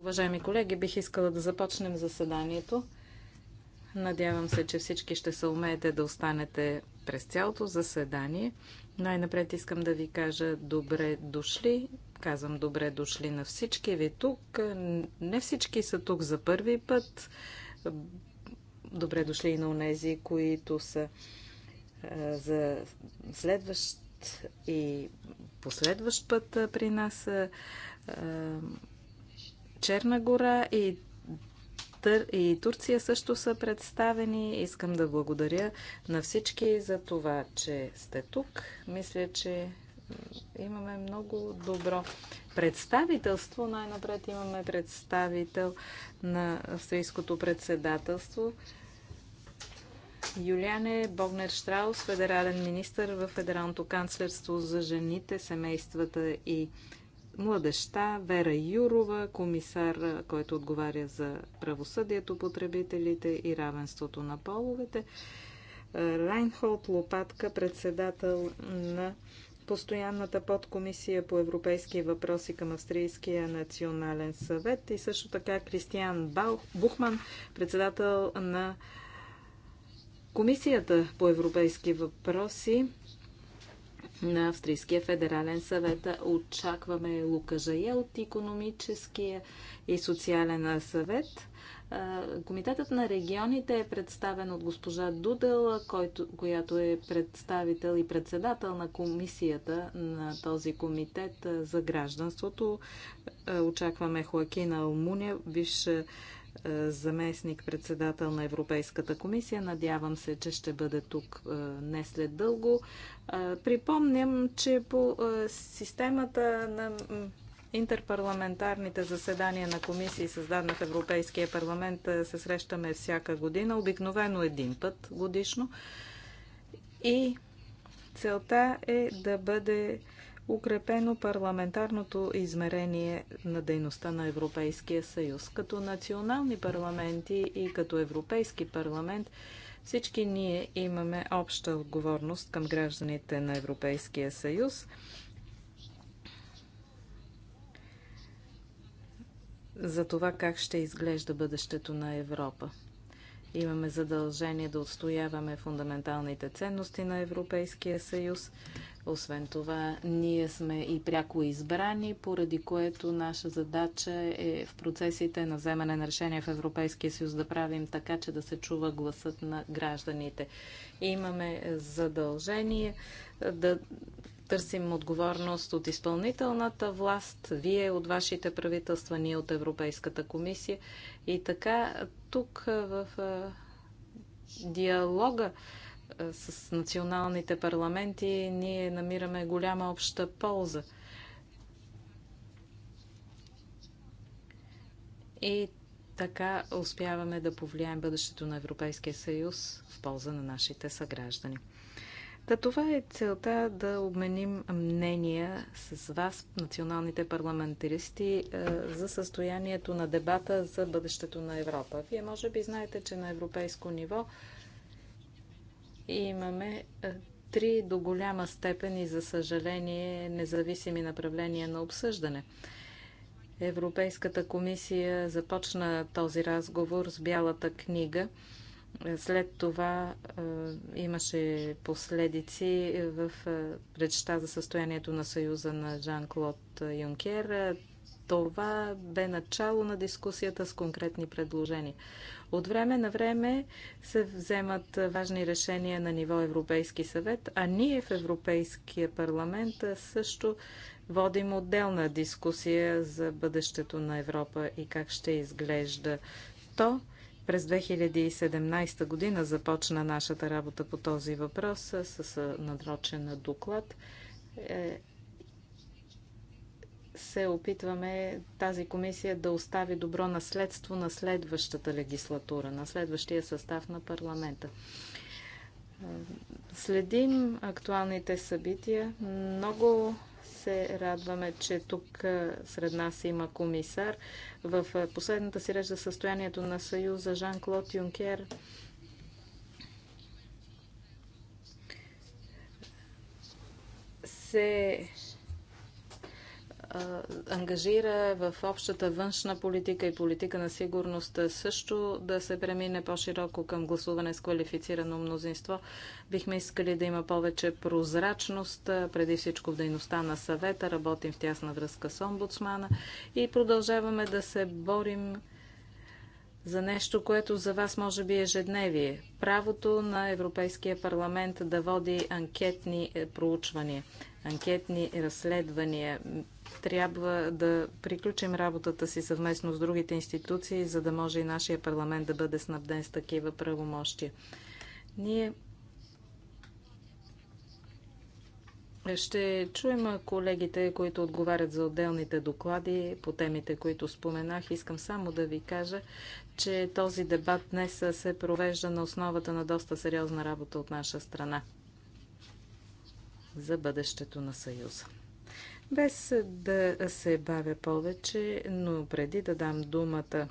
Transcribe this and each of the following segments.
Уважаеми колеги, бих искала да започнем заседанието. Надявам се, че всички ще се умеете да останете през цялото заседание. Най-напред искам да ви кажа добре дошли. Казвам добре дошли на всички ви тук. Не всички са тук за първи път. Добре дошли и на унези, които са за следващ и последващ път при нас Черна гора и и Турция също са представени. Искам да благодаря на всички за това, че сте тук. Мисля, че имаме много добро представителство. Най-напред имаме представител на австрийското председателство. Юлиане Богнер Штраус, федерален министр в Федералното канцлерство за жените, семействата и младеща, Вера Юрова, комисар, който отговаря за правосъдието, потребителите и равенството на половете, Райнхолд Лопатка, председател на постоянната подкомисия по европейски въпроси към Австрийския национален съвет и също така Кристиан Бухман, председател на Комисията по европейски въпроси на Австрийския федерален съвет очакваме Лука Жаел от економическия и социален съвет. Комитетът на регионите е представен от госпожа Дудел, който, която е представител и председател на комисията на този комитет за гражданството. Очакваме Хоакина Алмуня, бивш е, заместник-председател на Европейската комисия. Надявам се, че ще бъде тук е, не след дълго. Е, припомням, че по системата на интерпарламентарните заседания на комисии, създадена в Европейския парламент, се срещаме всяка година, обикновено един път годишно. И целта е да бъде укрепено парламентарното измерение на дейността на Европейския съюз. Като национални парламенти и като Европейски парламент всички ние имаме обща отговорност към гражданите на Европейския съюз. за това как ще изглежда бъдещето на Европа. Имаме задължение да отстояваме фундаменталните ценности на Европейския съюз, освен това, ние сме и пряко избрани, поради което наша задача е в процесите на вземане на решения в Европейския съюз да правим така, че да се чува гласът на гражданите. Имаме задължение да търсим отговорност от изпълнителната власт, вие от вашите правителства, ние от Европейската комисия. И така, тук в диалога е, с националните парламенти ние намираме голяма обща полза. И така успяваме да повлияем бъдещето на Европейския съюз в полза на нашите съграждани. Та това е целта да обменим мнения с вас, националните парламентаристи, е, за състоянието на дебата за бъдещето на Европа. Вие може би знаете, че на европейско ниво и имаме е, три до голяма степен и за съжаление независими направления на обсъждане. Европейската комисия започна този разговор с Бялата книга. Е, след това е, имаше последици в речта за състоянието на Съюза на Жан-Клод Юнкер. Това бе начало на дискусията с конкретни предложения. От време на време се вземат важни решения на ниво Европейски съвет, а ние в Европейския парламент също водим отделна дискусия за бъдещето на Европа и как ще изглежда то. През 2017 година започна нашата работа по този въпрос с надрочен доклад. Е, се опитваме тази комисия да остави добро наследство на следващата легислатура, на следващия състав на парламента. Следим актуалните събития. Много се радваме, че тук сред нас има комисар. В последната си реч за състоянието на Съюза Жан-Клод Юнкер се ангажира в общата външна политика и политика на сигурност също да се премине по-широко към гласуване с квалифицирано мнозинство. Бихме искали да има повече прозрачност, преди всичко в дейността на съвета. Работим в тясна връзка с омбудсмана и продължаваме да се борим за нещо, което за вас може би е ежедневие. Правото на Европейския парламент да води анкетни е, проучвания, анкетни разследвания. Трябва да приключим работата си съвместно с другите институции, за да може и нашия парламент да бъде снабден с такива правомощия. Ние Ще чуем колегите, които отговарят за отделните доклади по темите, които споменах. Искам само да ви кажа, че този дебат днес се провежда на основата на доста сериозна работа от наша страна за бъдещето на Съюза. Без да се бавя повече, но преди да дам думата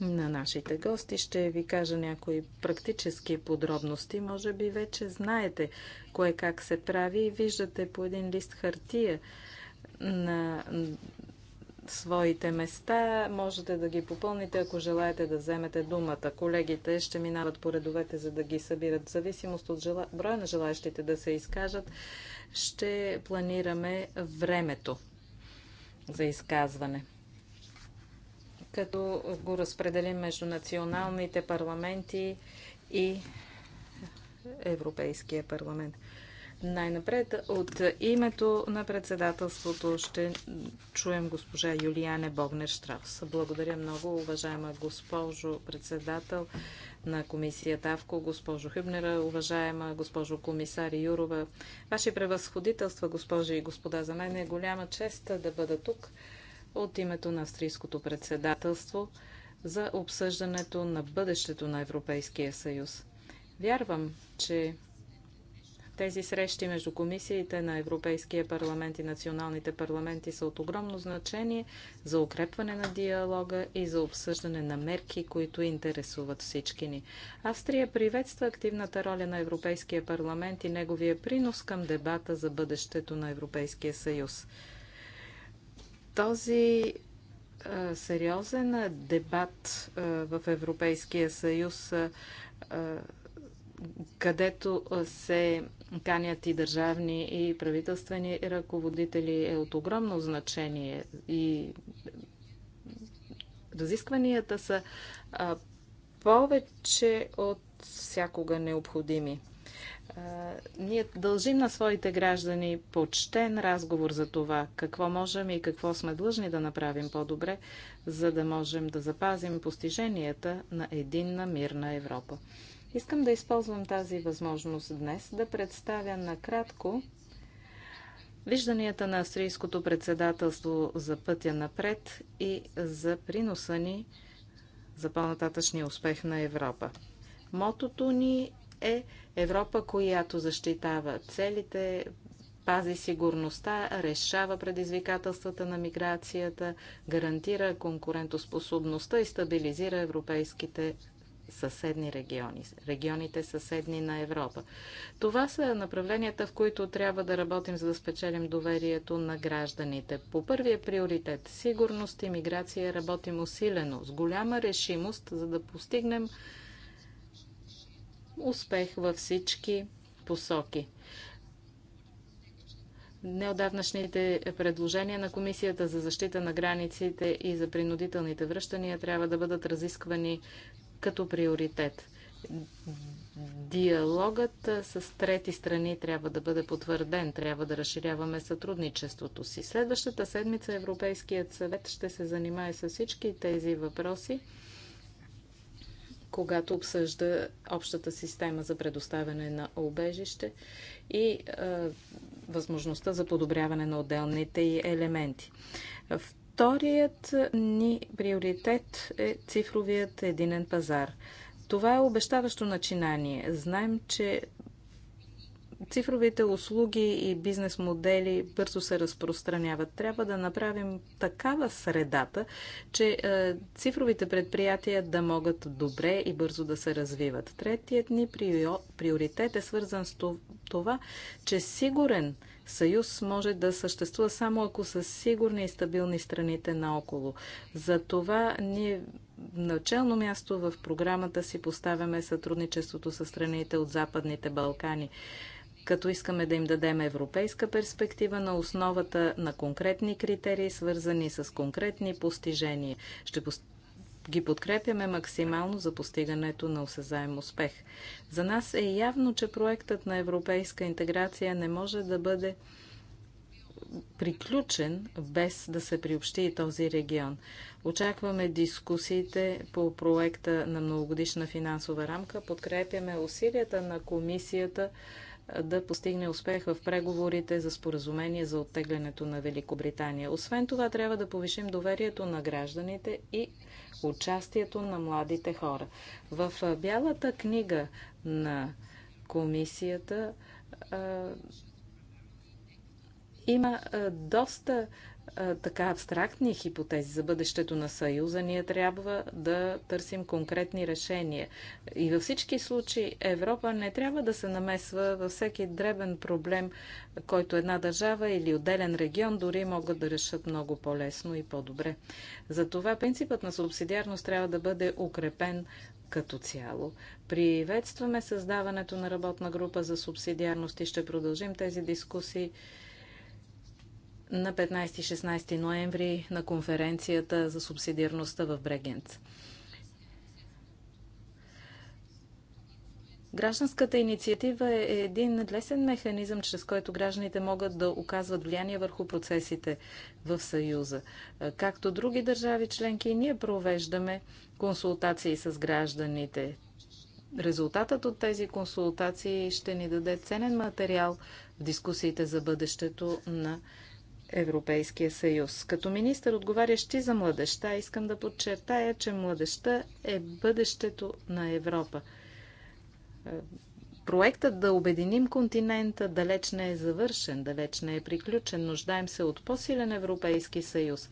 на нашите гости, ще ви кажа някои практически подробности. Може би вече знаете кое как се прави и виждате по един лист хартия на своите места. Можете да ги попълните, ако желаете да вземете думата. Колегите ще минават по редовете, за да ги събират. В зависимост от жела... броя на желаящите да се изкажат, ще планираме времето за изказване. Като го разпределим между националните парламенти и Европейския парламент. Най-напред от името на председателството ще чуем госпожа Юлияне Богнер Штраус. Благодаря много, уважаема госпожо председател на комисията АВКО, госпожо Хюбнера, уважаема госпожо комисар Юрова. Ваши превъзходителства, госпожи и господа, за мен е голяма чест да бъда тук от името на австрийското председателство за обсъждането на бъдещето на Европейския съюз. Вярвам, че тези срещи между комисиите на Европейския парламент и националните парламенти са от огромно значение за укрепване на диалога и за обсъждане на мерки, които интересуват всички ни. Австрия приветства активната роля на Европейския парламент и неговия принос към дебата за бъдещето на Европейския съюз. Този сериозен дебат в Европейския съюз, където се канят и държавни и правителствени ръководители е от огромно значение и разискванията са а, повече от всякога необходими. А, ние дължим на своите граждани почтен разговор за това какво можем и какво сме длъжни да направим по-добре, за да можем да запазим постиженията на единна мирна Европа. Искам да използвам тази възможност днес да представя накратко вижданията на австрийското председателство за пътя напред и за приноса ни за по-нататъчния успех на Европа. Мотото ни е Европа, която защитава целите, пази сигурността, решава предизвикателствата на миграцията, гарантира конкурентоспособността и стабилизира европейските съседни региони, регионите съседни на Европа. Това са направленията, в които трябва да работим, за да спечелим доверието на гражданите. По първия приоритет сигурност и миграция работим усилено, с голяма решимост, за да постигнем успех във всички посоки. Неодавнашните предложения на Комисията за защита на границите и за принудителните връщания трябва да бъдат разисквани като приоритет. Диалогът с трети страни трябва да бъде потвърден, трябва да разширяваме сътрудничеството си. Следващата седмица Европейският съвет ще се занимае с всички тези въпроси, когато обсъжда общата система за предоставяне на обежище и е, възможността за подобряване на отделните елементи. В Вторият ни приоритет е цифровият единен пазар. Това е обещаващо начинание. Знаем, че цифровите услуги и бизнес модели бързо се разпространяват. Трябва да направим такава средата, че е, цифровите предприятия да могат добре и бързо да се развиват. Третият ни приоритет е свързан с това, че сигурен съюз може да съществува само ако са сигурни и стабилни страните наоколо. За това ние начално място в програмата си поставяме сътрудничеството с страните от Западните Балкани като искаме да им дадем европейска перспектива на основата на конкретни критерии, свързани с конкретни постижения. Ще ги подкрепяме максимално за постигането на осезаем успех. За нас е явно, че проектът на европейска интеграция не може да бъде приключен без да се приобщи и този регион. Очакваме дискусиите по проекта на многогодишна финансова рамка. Подкрепяме усилията на комисията да постигне успех в преговорите за споразумение за оттеглянето на Великобритания. Освен това, трябва да повишим доверието на гражданите и участието на младите хора. В Бялата книга на комисията има доста така абстрактни хипотези за бъдещето на Съюза, ние трябва да търсим конкретни решения. И във всички случаи Европа не трябва да се намесва във всеки дребен проблем, който една държава или отделен регион дори могат да решат много по-лесно и по-добре. Затова принципът на субсидиарност трябва да бъде укрепен като цяло. Приветстваме създаването на работна група за субсидиарност и ще продължим тези дискусии на 15-16 ноември на конференцията за субсидиарността в Брегенц. Гражданската инициатива е един лесен механизъм, чрез който гражданите могат да оказват влияние върху процесите в Съюза. Както други държави членки, ние провеждаме консултации с гражданите. Резултатът от тези консултации ще ни даде ценен материал в дискусиите за бъдещето на Европейския съюз. Като министър, отговарящи за младеща, искам да подчертая, че младеща е бъдещето на Европа. Е, проектът да обединим континента далеч не е завършен, далеч не е приключен. Нуждаем се от по-силен Европейски съюз.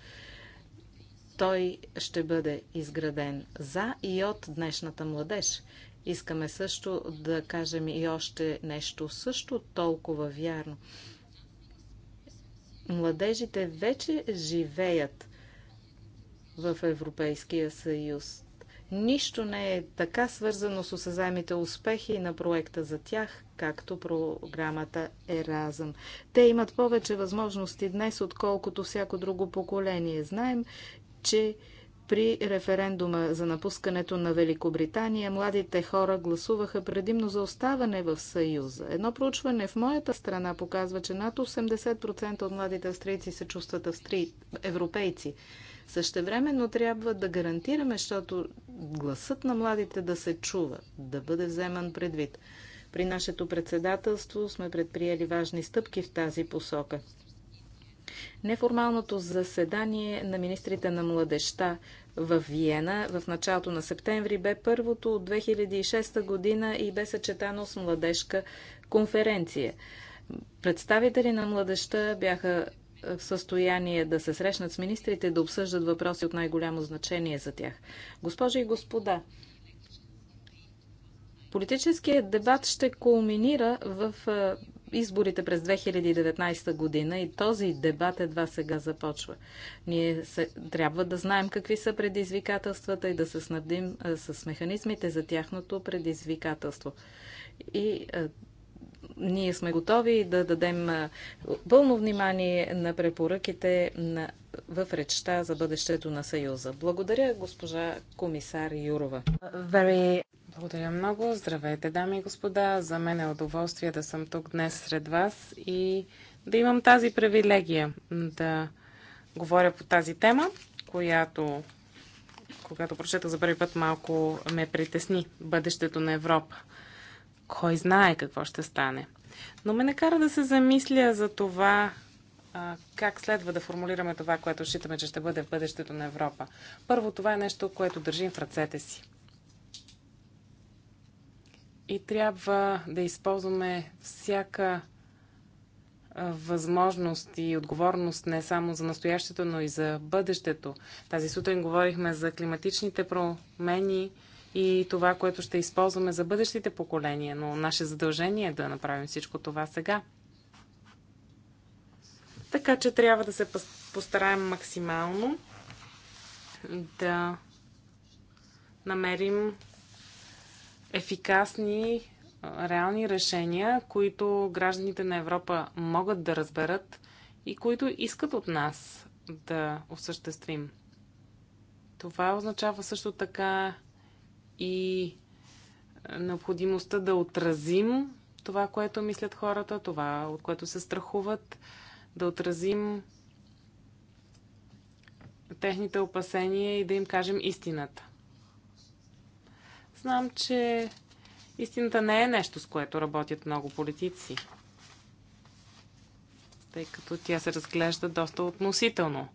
Той ще бъде изграден за и от днешната младеж. Искаме също да кажем и още нещо също толкова вярно – Младежите вече живеят в Европейския съюз. Нищо не е така свързано с осъзаемите успехи на проекта за тях, както програмата Еразъм. Те имат повече възможности днес, отколкото всяко друго поколение. Знаем, че при референдума за напускането на Великобритания младите хора гласуваха предимно за оставане в Съюза. Едно проучване в моята страна показва, че над 80% от младите австрийци се чувстват австри... европейци. Същевременно трябва да гарантираме, защото гласът на младите да се чува, да бъде вземан предвид. При нашето председателство сме предприели важни стъпки в тази посока. Неформалното заседание на министрите на младеща в Виена в началото на септември бе първото от 2006 година и бе съчетано с младежка конференция. Представители на младежта бяха в състояние да се срещнат с министрите, да обсъждат въпроси от най-голямо значение за тях. Госпожи и господа, политическият дебат ще кулминира в изборите през 2019 година и този дебат едва сега започва. Ние се, трябва да знаем какви са предизвикателствата и да се снабдим а, с механизмите за тяхното предизвикателство. И а, ние сме готови да дадем пълно внимание на препоръките на, в речта за бъдещето на Съюза. Благодаря, госпожа комисар Юрова. Very... Благодаря много. Здравейте, дами и господа. За мен е удоволствие да съм тук днес сред вас и да имам тази привилегия да говоря по тази тема, която, когато прочета за първи път, малко ме притесни бъдещето на Европа. Кой знае какво ще стане. Но ме накара да се замисля за това, как следва да формулираме това, което считаме, че ще бъде в бъдещето на Европа. Първо, това е нещо, което държим в ръцете си. И трябва да използваме всяка възможност и отговорност не само за настоящето, но и за бъдещето. Тази сутрин говорихме за климатичните промени и това, което ще използваме за бъдещите поколения, но наше задължение е да направим всичко това сега. Така че трябва да се постараем максимално да намерим ефикасни, реални решения, които гражданите на Европа могат да разберат и които искат от нас да осъществим. Това означава също така и необходимостта да отразим това, което мислят хората, това, от което се страхуват, да отразим техните опасения и да им кажем истината. Знам, че истината не е нещо, с което работят много политици, тъй като тя се разглежда доста относително.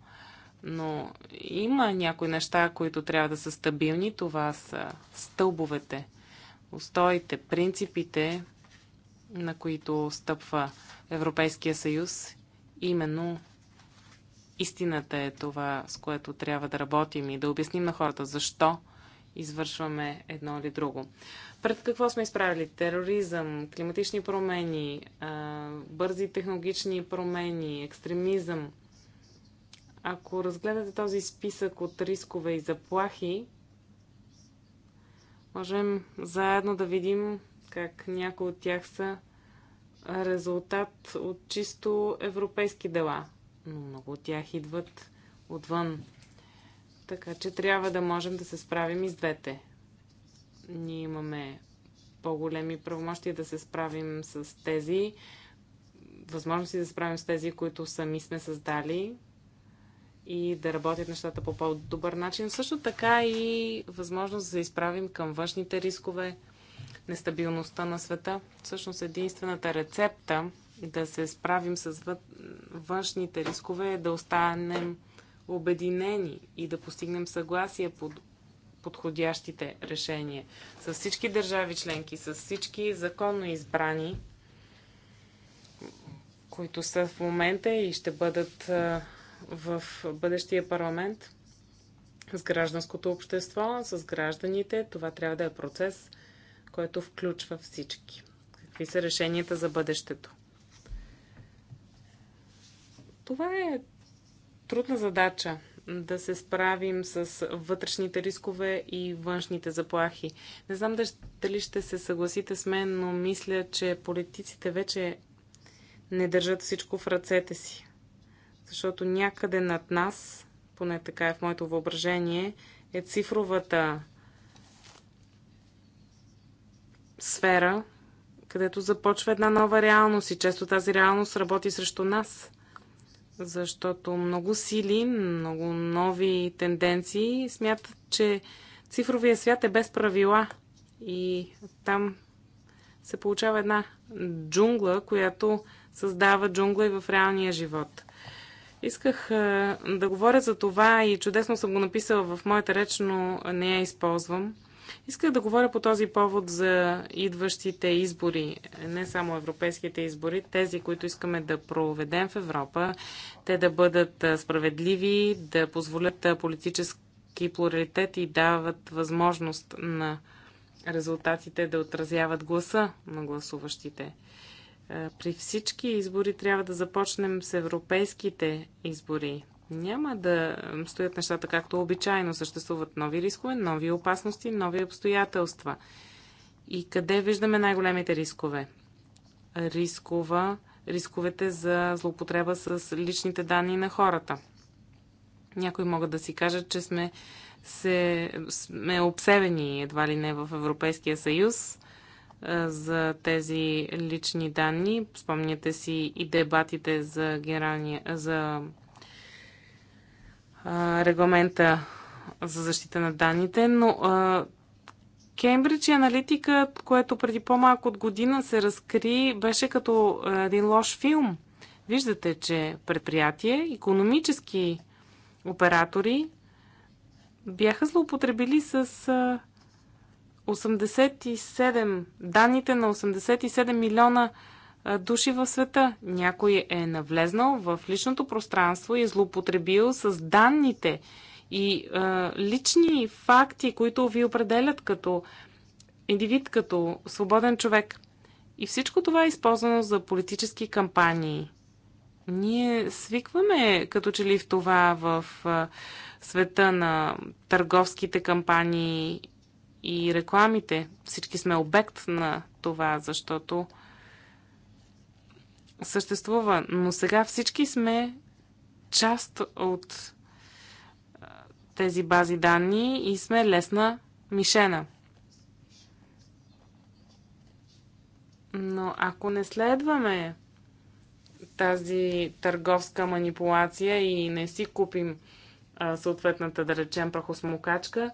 Но има някои неща, които трябва да са стабилни. Това са стълбовете, устоите, принципите, на които стъпва Европейския съюз. Именно истината е това, с което трябва да работим и да обясним на хората защо извършваме едно или друго. Пред какво сме изправили? Тероризъм, климатични промени, бързи технологични промени, екстремизъм. Ако разгледате този списък от рискове и заплахи, можем заедно да видим как някои от тях са резултат от чисто европейски дела. Но много от тях идват отвън така че трябва да можем да се справим и с двете. Ние имаме по-големи правомощи да се справим с тези, възможности да се справим с тези, които сами сме създали и да работят нещата по по-добър начин. Също така и възможност да се изправим към външните рискове, нестабилността на света. Всъщност единствената рецепта да се справим с външните рискове е да останем обединени и да постигнем съгласие под подходящите решения с всички държави членки, с всички законно избрани, които са в момента и ще бъдат в бъдещия парламент, с гражданското общество, с гражданите. Това трябва да е процес, който включва всички. Какви са решенията за бъдещето? Това е трудна задача да се справим с вътрешните рискове и външните заплахи. Не знам дали ще се съгласите с мен, но мисля, че политиците вече не държат всичко в ръцете си. Защото някъде над нас, поне така е в моето въображение, е цифровата сфера, където започва една нова реалност и често тази реалност работи срещу нас защото много сили, много нови тенденции смятат, че цифровия свят е без правила. И там се получава една джунгла, която създава джунгла и в реалния живот. Исках да говоря за това и чудесно съм го написала в моята реч, но не я използвам. Исках да говоря по този повод за идващите избори, не само европейските избори, тези, които искаме да проведем в Европа, те да бъдат справедливи, да позволят политически плуралитет и дават възможност на резултатите да отразяват гласа на гласуващите. При всички избори трябва да започнем с европейските избори няма да стоят нещата както обичайно. Съществуват нови рискове, нови опасности, нови обстоятелства. И къде виждаме най-големите рискове? Рискова, рисковете за злоупотреба с личните данни на хората. Някои могат да си кажат, че сме, се, сме обсебени едва ли не в Европейския съюз за тези лични данни. Спомняте си и дебатите за, герания, за регламента за защита на данните, но Кембридж и аналитика, което преди по-малко от година се разкри, беше като един лош филм. Виждате, че предприятие, економически оператори бяха злоупотребили с 87, данните на 87 милиона души в света. Някой е навлезнал в личното пространство и е злоупотребил с данните и а, лични факти, които ви определят като индивид, като свободен човек. И всичко това е използвано за политически кампании. Ние свикваме като че ли в това в а, света на търговските кампании и рекламите. Всички сме обект на това, защото съществува, но сега всички сме част от тези бази данни и сме лесна мишена. Но ако не следваме тази търговска манипулация и не си купим съответната, да речем, прахосмокачка,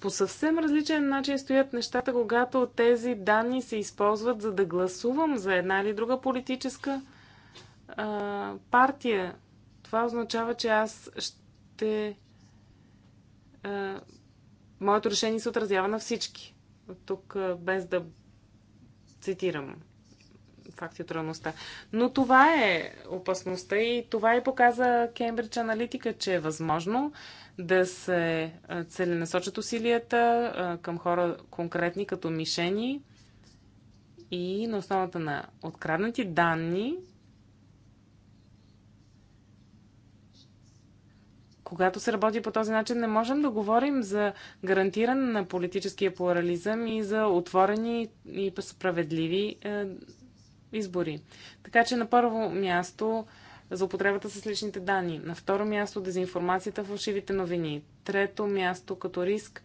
по съвсем различен начин стоят нещата, когато тези данни се използват за да гласувам за една или друга политическа а, партия. Това означава, че аз ще. А, моето решение се отразява на всички. тук, а, без да цитирам факти от реалността. Но това е опасността и това и показа Кембридж Аналитика, че е възможно да се целенасочат усилията към хора конкретни като мишени и на основата на откраднати данни, когато се работи по този начин, не можем да говорим за гарантиране на политическия плурализъм и за отворени и справедливи е, избори. Така че на първо място за употребата с личните данни. На второ място дезинформацията, фалшивите новини. Трето място като риск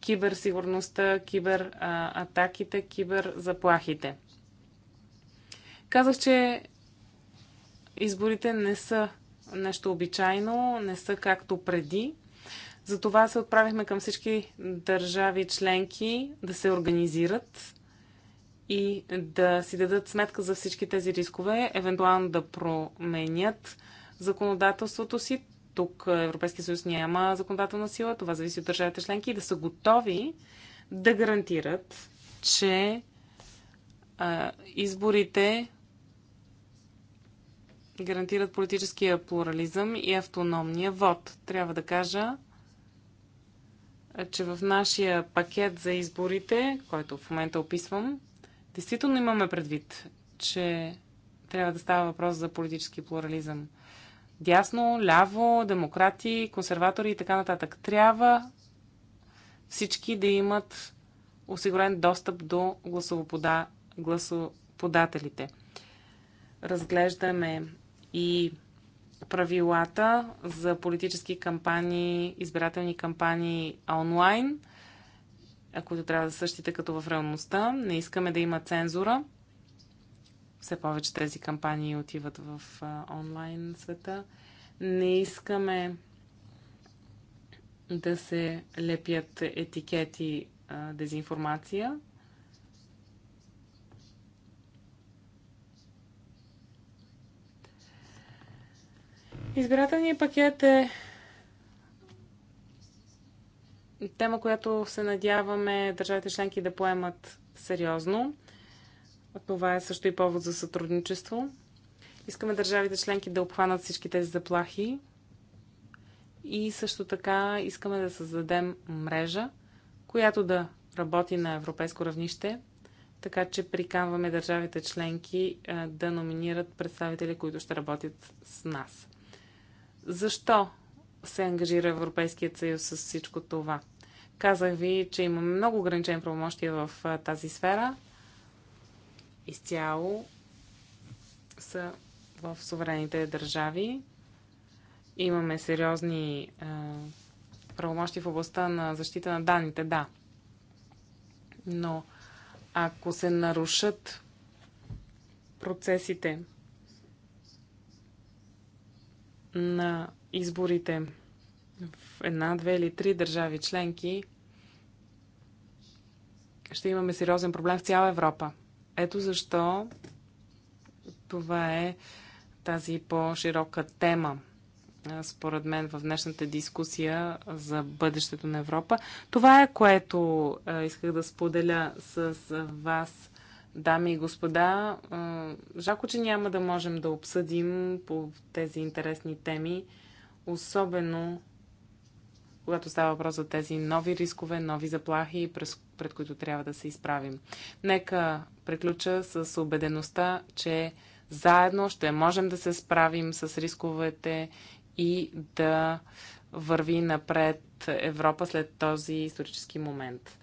киберсигурността, кибератаките, киберзаплахите. Казах, че изборите не са нещо обичайно, не са както преди. Затова се отправихме към всички държави членки да се организират, и да си дадат сметка за всички тези рискове, евентуално да променят законодателството си. Тук Европейския съюз няма законодателна сила, това зависи от държавите членки и да са готови да гарантират, че а, изборите гарантират политическия плурализъм и автономния вод. Трябва да кажа, че в нашия пакет за изборите, който в момента описвам, Действително имаме предвид, че трябва да става въпрос за политически плурализъм. Дясно, ляво, демократи, консерватори и така нататък. Трябва всички да имат осигурен достъп до гласовопода, гласоподателите. Разглеждаме и правилата за политически кампании, избирателни кампании онлайн – които трябва да са същите като в реалността. Не искаме да има цензура. Все повече тези кампании отиват в онлайн света. Не искаме да се лепят етикети а, дезинформация. Избирателният пакет е тема, която се надяваме държавите членки да поемат сериозно. Това е също и повод за сътрудничество. Искаме държавите членки да обхванат всички тези заплахи и също така искаме да създадем мрежа, която да работи на европейско равнище, така че приканваме държавите членки да номинират представители, които ще работят с нас. Защо се ангажира Европейският съюз с всичко това. Казах ви, че имаме много ограничени правомощия в тази сфера. Изцяло са в суверените държави. Имаме сериозни а, правомощи в областта на защита на данните, да. Но ако се нарушат процесите на изборите в една, две или три държави членки, ще имаме сериозен проблем в цяла Европа. Ето защо това е тази по-широка тема, според мен, в днешната дискусия за бъдещето на Европа. Това е което исках да споделя с вас, дами и господа. Жалко, че няма да можем да обсъдим по тези интересни теми особено когато става въпрос за тези нови рискове, нови заплахи, през, пред които трябва да се изправим. Нека приключа с убедеността, че заедно ще можем да се справим с рисковете и да върви напред Европа след този исторически момент.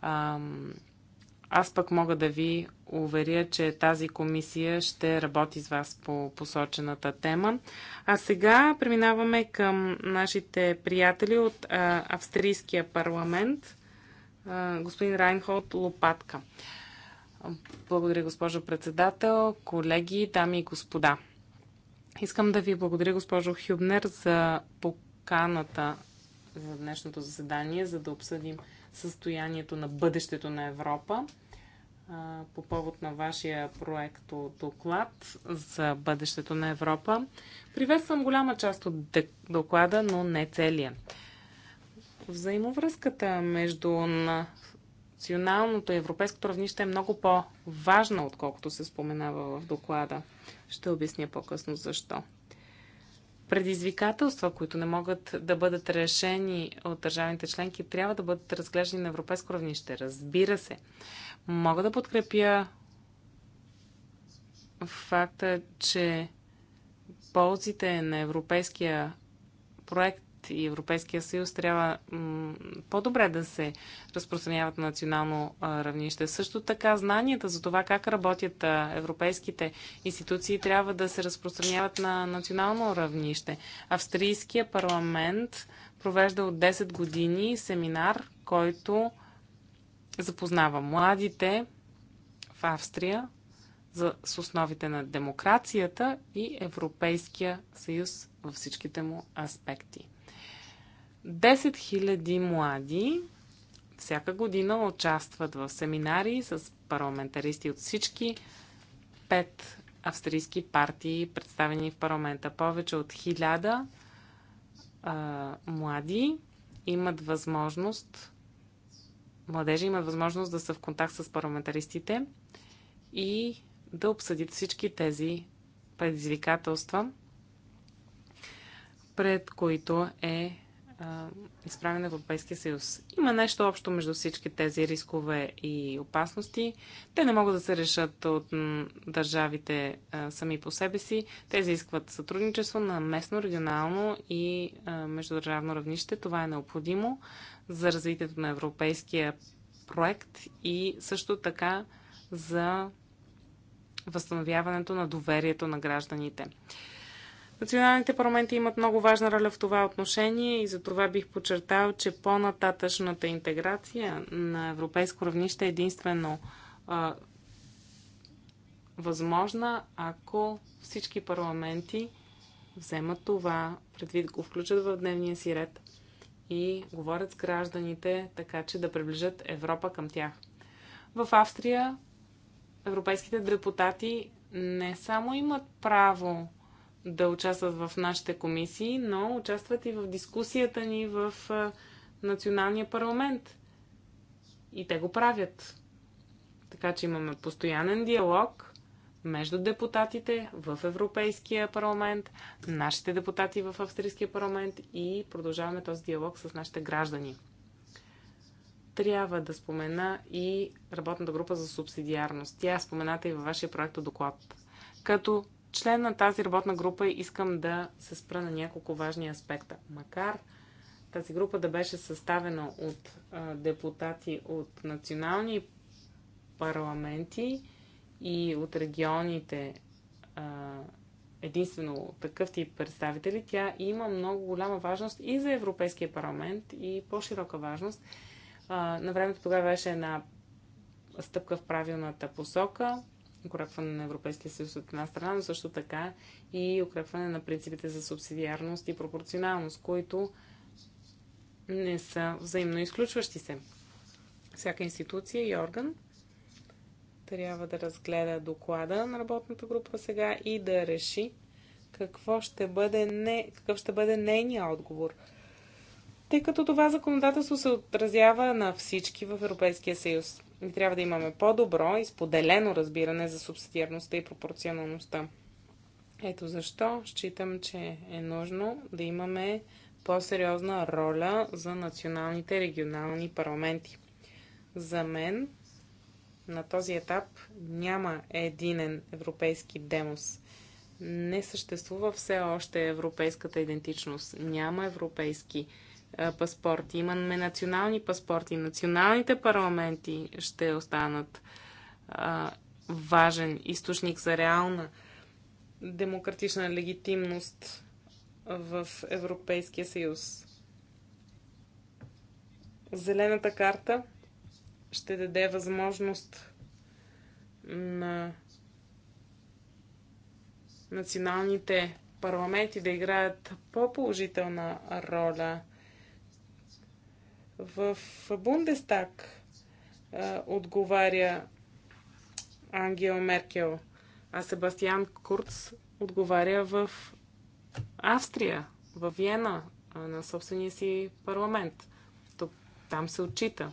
Ам, аз пък мога да ви уверя, че тази комисия ще работи с вас по посочената тема. А сега преминаваме към нашите приятели от а, Австрийския парламент, а, господин Райнхолд Лопатка. Благодаря, госпожо председател, колеги, дами и господа. Искам да ви благодаря, госпожо Хюбнер, за поканата за днешното заседание, за да обсъдим състоянието на бъдещето на Европа по повод на вашия проект доклад за бъдещето на Европа. Приветствам голяма част от доклада, но не целия. Взаимовръзката между националното и европейското равнище е много по-важна, отколкото се споменава в доклада. Ще обясня по-късно защо предизвикателства, които не могат да бъдат решени от държавните членки, трябва да бъдат разглеждани на европейско равнище. Разбира се. Мога да подкрепя факта, че ползите на европейския проект и Европейския съюз трябва по-добре да се разпространяват на национално а, равнище. Също така знанията за това как работят а, европейските институции трябва да се разпространяват на национално равнище. Австрийския парламент провежда от 10 години семинар, който запознава младите в Австрия за, с основите на демокрацията и Европейския съюз във всичките му аспекти. 10 000 млади всяка година участват в семинари с парламентаристи от всички пет австрийски партии, представени в парламента. Повече от 1000 а, млади имат възможност, младежи имат възможност да са в контакт с парламентаристите и да обсъдят всички тези предизвикателства, пред които е изправен Европейския съюз. Има нещо общо между всички тези рискове и опасности. Те не могат да се решат от държавите а, сами по себе си. Те изискват сътрудничество на местно, регионално и а, междудържавно равнище. Това е необходимо за развитието на европейския проект и също така за възстановяването на доверието на гражданите. Националните парламенти имат много важна роля в това отношение и за това бих подчертал, че по-нататъчната интеграция на европейско равнище е единствено а, възможна, ако всички парламенти вземат това, предвид го включат в дневния си ред и говорят с гражданите, така че да приближат Европа към тях. В Австрия европейските депутати не само имат право да участват в нашите комисии, но участват и в дискусията ни в националния парламент. И те го правят. Така че имаме постоянен диалог между депутатите в Европейския парламент, нашите депутати в Австрийския парламент и продължаваме този диалог с нашите граждани. Трябва да спомена и работната група за субсидиарност. Тя е спомената и във вашия проект доклад. Като член на тази работна група искам да се спра на няколко важни аспекта. Макар тази група да беше съставена от а, депутати от национални парламенти и от регионите, а, единствено такъв тип представители, тя има много голяма важност и за Европейския парламент и по-широка важност. А, на времето тогава беше една стъпка в правилната посока укрепване на Европейския съюз от една страна, но също така и укрепване на принципите за субсидиарност и пропорционалност, които не са взаимно изключващи се. Всяка институция и орган трябва да разгледа доклада на работната група сега и да реши какво ще бъде не, какъв ще бъде нейният отговор. Тъй като това законодателство се отразява на всички в Европейския съюз трябва да имаме по-добро и споделено разбиране за субсидиарността и пропорционалността. Ето защо считам, че е нужно да имаме по-сериозна роля за националните регионални парламенти. За мен на този етап няма единен европейски демос. Не съществува все още европейската идентичност. Няма европейски демос паспорти. Имаме национални паспорти. Националните парламенти ще останат а, важен източник за реална демократична легитимност в Европейския съюз. Зелената карта ще даде възможност на националните парламенти да играят по-положителна роля – в Бундестаг отговаря Ангел Меркел, а Себастиан Курц отговаря в Австрия, в Виена, на собствения си парламент. там се отчита.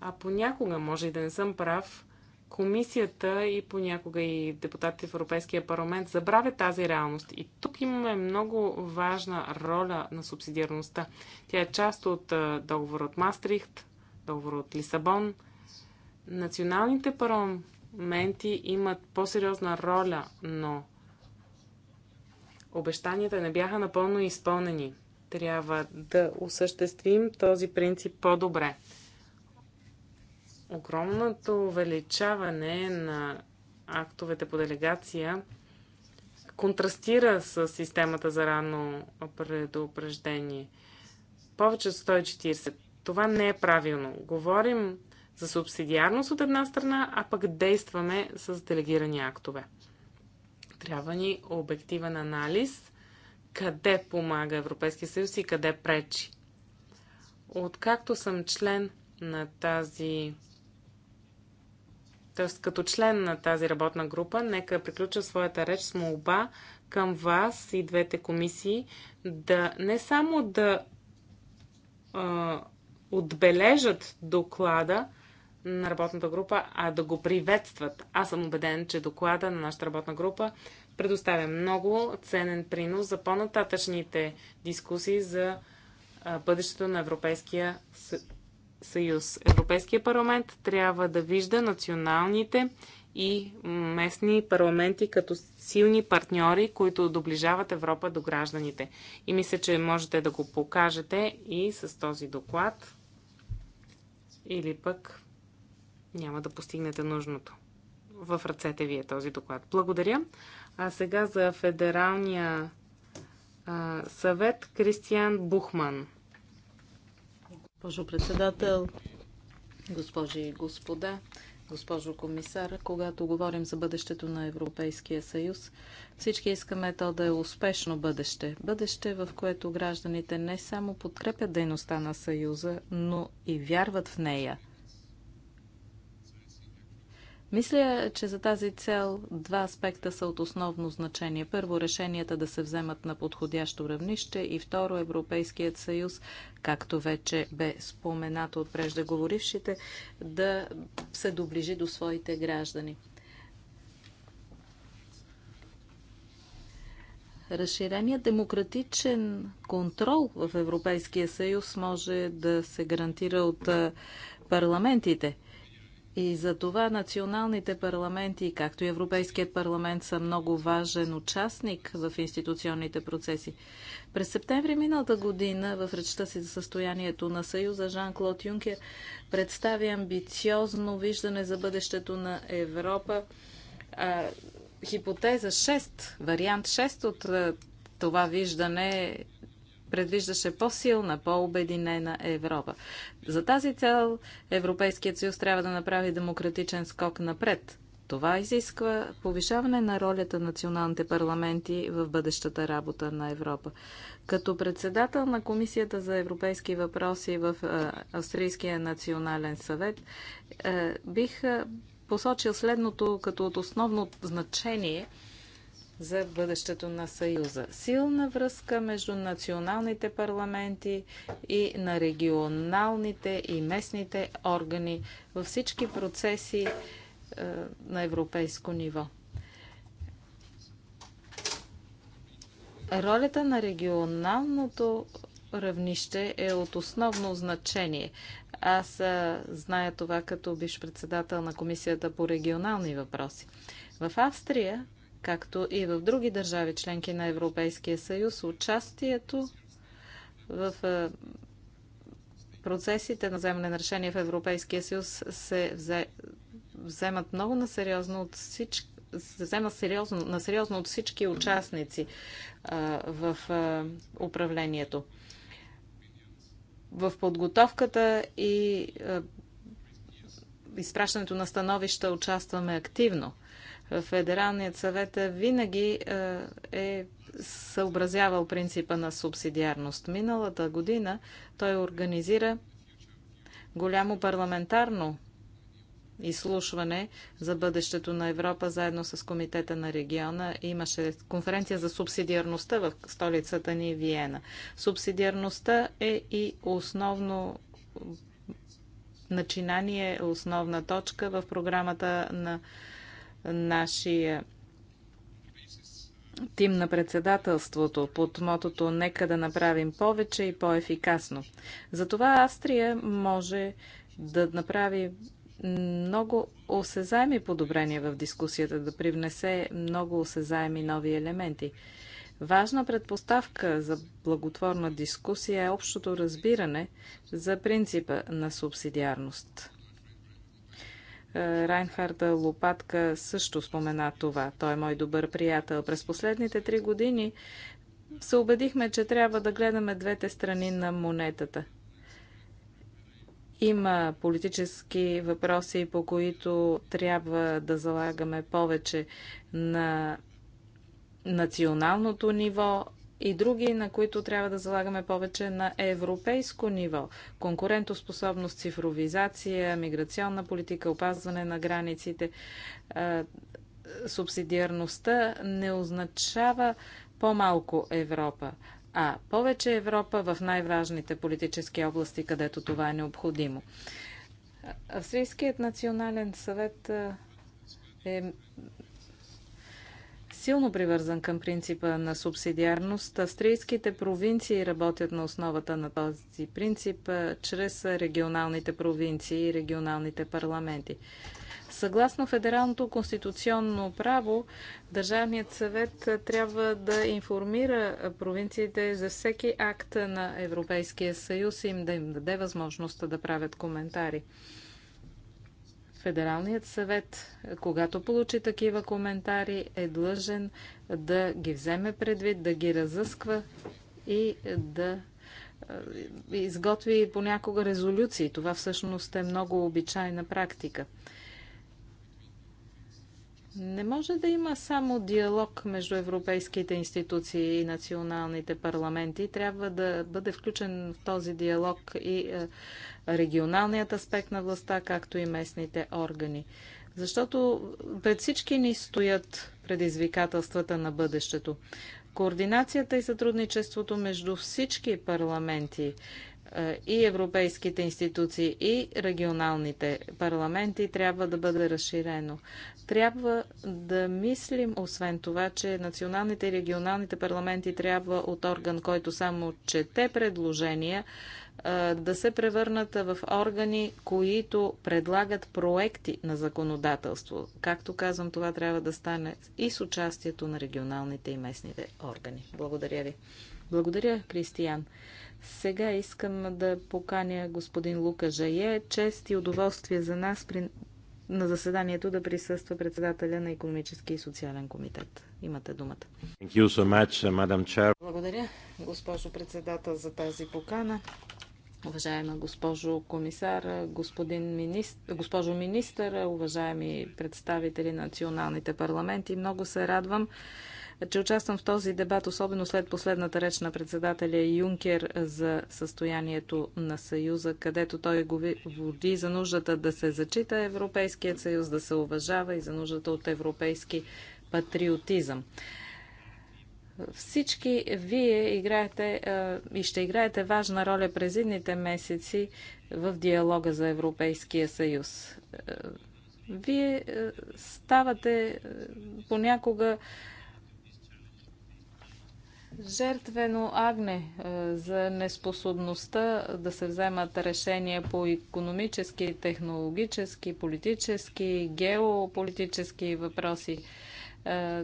А понякога, може и да не съм прав, комисията и понякога и депутатите в Европейския парламент забравят тази реалност. И тук имаме много важна роля на субсидиарността. Тя е част от договора от Мастрихт, договора от Лисабон. Националните парламенти имат по-сериозна роля, но обещанията не бяха напълно изпълнени. Трябва да осъществим този принцип по-добре огромното увеличаване на актовете по делегация контрастира с системата за рано предупреждение. Повече от 140. Това не е правилно. Говорим за субсидиарност от една страна, а пък действаме с делегирани актове. Трябва ни обективен анализ къде помага Европейския съюз и къде пречи. Откакто съм член на тази т.е. като член на тази работна група, нека приключа своята реч с молба към вас и двете комисии да не само да а, отбележат доклада на работната група, а да го приветстват. Аз съм убеден, че доклада на нашата работна група предоставя много ценен принос за по-нататъчните дискусии за бъдещето на Европейския съюз. Европейския парламент трябва да вижда националните и местни парламенти като силни партньори, които доближават Европа до гражданите. И мисля, че можете да го покажете и с този доклад, или пък няма да постигнете нужното. В ръцете ви е този доклад. Благодаря. А сега за Федералния а, съвет Кристиан Бухман. Госпожо председател, госпожи и господа, госпожо комисар, когато говорим за бъдещето на Европейския съюз, всички искаме то да е успешно бъдеще. Бъдеще, в което гражданите не само подкрепят дейността на съюза, но и вярват в нея – мисля, че за тази цел два аспекта са от основно значение. Първо, решенията да се вземат на подходящо равнище и второ, Европейският съюз, както вече бе споменато от преждеговорившите, да се доближи до своите граждани. Разширения демократичен контрол в Европейския съюз може да се гарантира от парламентите – и за това националните парламенти, както и Европейският парламент, са много важен участник в институционните процеси. През септември миналата година в речта си за състоянието на Съюза Жан-Клод Юнкер представи амбициозно виждане за бъдещето на Европа. А, хипотеза 6, вариант 6 от това виждане Предвиждаше по-силна, по-обединена Европа. За тази цел Европейският съюз трябва да направи демократичен скок напред. Това изисква повишаване на ролята на националните парламенти в бъдещата работа на Европа. Като председател на Комисията за европейски въпроси в Австрийския национален съвет, бих посочил следното като от основно значение – за бъдещето на Съюза. Силна връзка между националните парламенти и на регионалните и местните органи във всички процеси е, на европейско ниво. Ролята на регионалното равнище е от основно значение. Аз а, е, зная това като биш председател на Комисията по регионални въпроси. В Австрия както и в други държави, членки на Европейския съюз, участието в процесите на вземане на решения в Европейския съюз се взе, вземат много на сериозно от всички се взема сериозно, на сериозно от всички участници а, в а, управлението. В подготовката и а, изпращането на становища участваме активно. Федералният съвет винаги е, е съобразявал принципа на субсидиарност. Миналата година той организира голямо парламентарно изслушване за бъдещето на Европа заедно с Комитета на региона. Имаше конференция за субсидиарността в столицата ни Виена. Субсидиарността е и основно начинание, основна точка в програмата на нашия тим на председателството под мотото «Нека да направим повече и по-ефикасно». Затова Австрия може да направи много осезаеми подобрения в дискусията, да привнесе много осезаеми нови елементи. Важна предпоставка за благотворна дискусия е общото разбиране за принципа на субсидиарност – е, Райнхард Лопатка също спомена това. Той е мой добър приятел. През последните три години се убедихме, че трябва да гледаме двете страни на монетата. Има политически въпроси, по които трябва да залагаме повече на националното ниво, и други, на които трябва да залагаме повече на европейско ниво. Конкурентоспособност, цифровизация, миграционна политика, опазване на границите. Субсидиарността не означава по-малко Европа, а повече Европа в най-важните политически области, където това е необходимо. Австрийският национален съвет е силно привързан към принципа на субсидиарност. Австрийските провинции работят на основата на този принцип чрез регионалните провинции и регионалните парламенти. Съгласно федералното конституционно право, Държавният съвет трябва да информира провинциите за всеки акт на Европейския съюз и им да им даде възможност да правят коментари. Федералният съвет, когато получи такива коментари, е длъжен да ги вземе предвид, да ги разъсква и да е, изготви понякога резолюции. Това всъщност е много обичайна практика. Не може да има само диалог между европейските институции и националните парламенти. Трябва да бъде включен в този диалог и е, регионалният аспект на властта, както и местните органи. Защото пред всички ни стоят предизвикателствата на бъдещето. Координацията и сътрудничеството между всички парламенти и европейските институции, и регионалните парламенти трябва да бъде разширено. Трябва да мислим, освен това, че националните и регионалните парламенти трябва от орган, който само чете предложения, да се превърнат в органи, които предлагат проекти на законодателство. Както казвам, това трябва да стане и с участието на регионалните и местните органи. Благодаря ви. Благодаря, Кристиян. Сега искам да поканя господин Лука Жае. Чест и удоволствие за нас при... на заседанието да присъства председателя на економически и социален комитет. Имате думата. So much, uh, Благодаря, госпожо председател, за тази покана. Уважаема госпожо комисар, господин министр, госпожо министър, уважаеми представители на националните парламенти, много се радвам, че участвам в този дебат, особено след последната реч на председателя Юнкер за състоянието на Съюза, където той го води за нуждата да се зачита Европейският съюз, да се уважава и за нуждата от европейски патриотизъм. Всички вие играете и ще играете важна роля през едните месеци в диалога за Европейския съюз. Вие ставате понякога жертвено агне е, за неспособността да се вземат решения по економически, технологически, политически, геополитически въпроси. Е,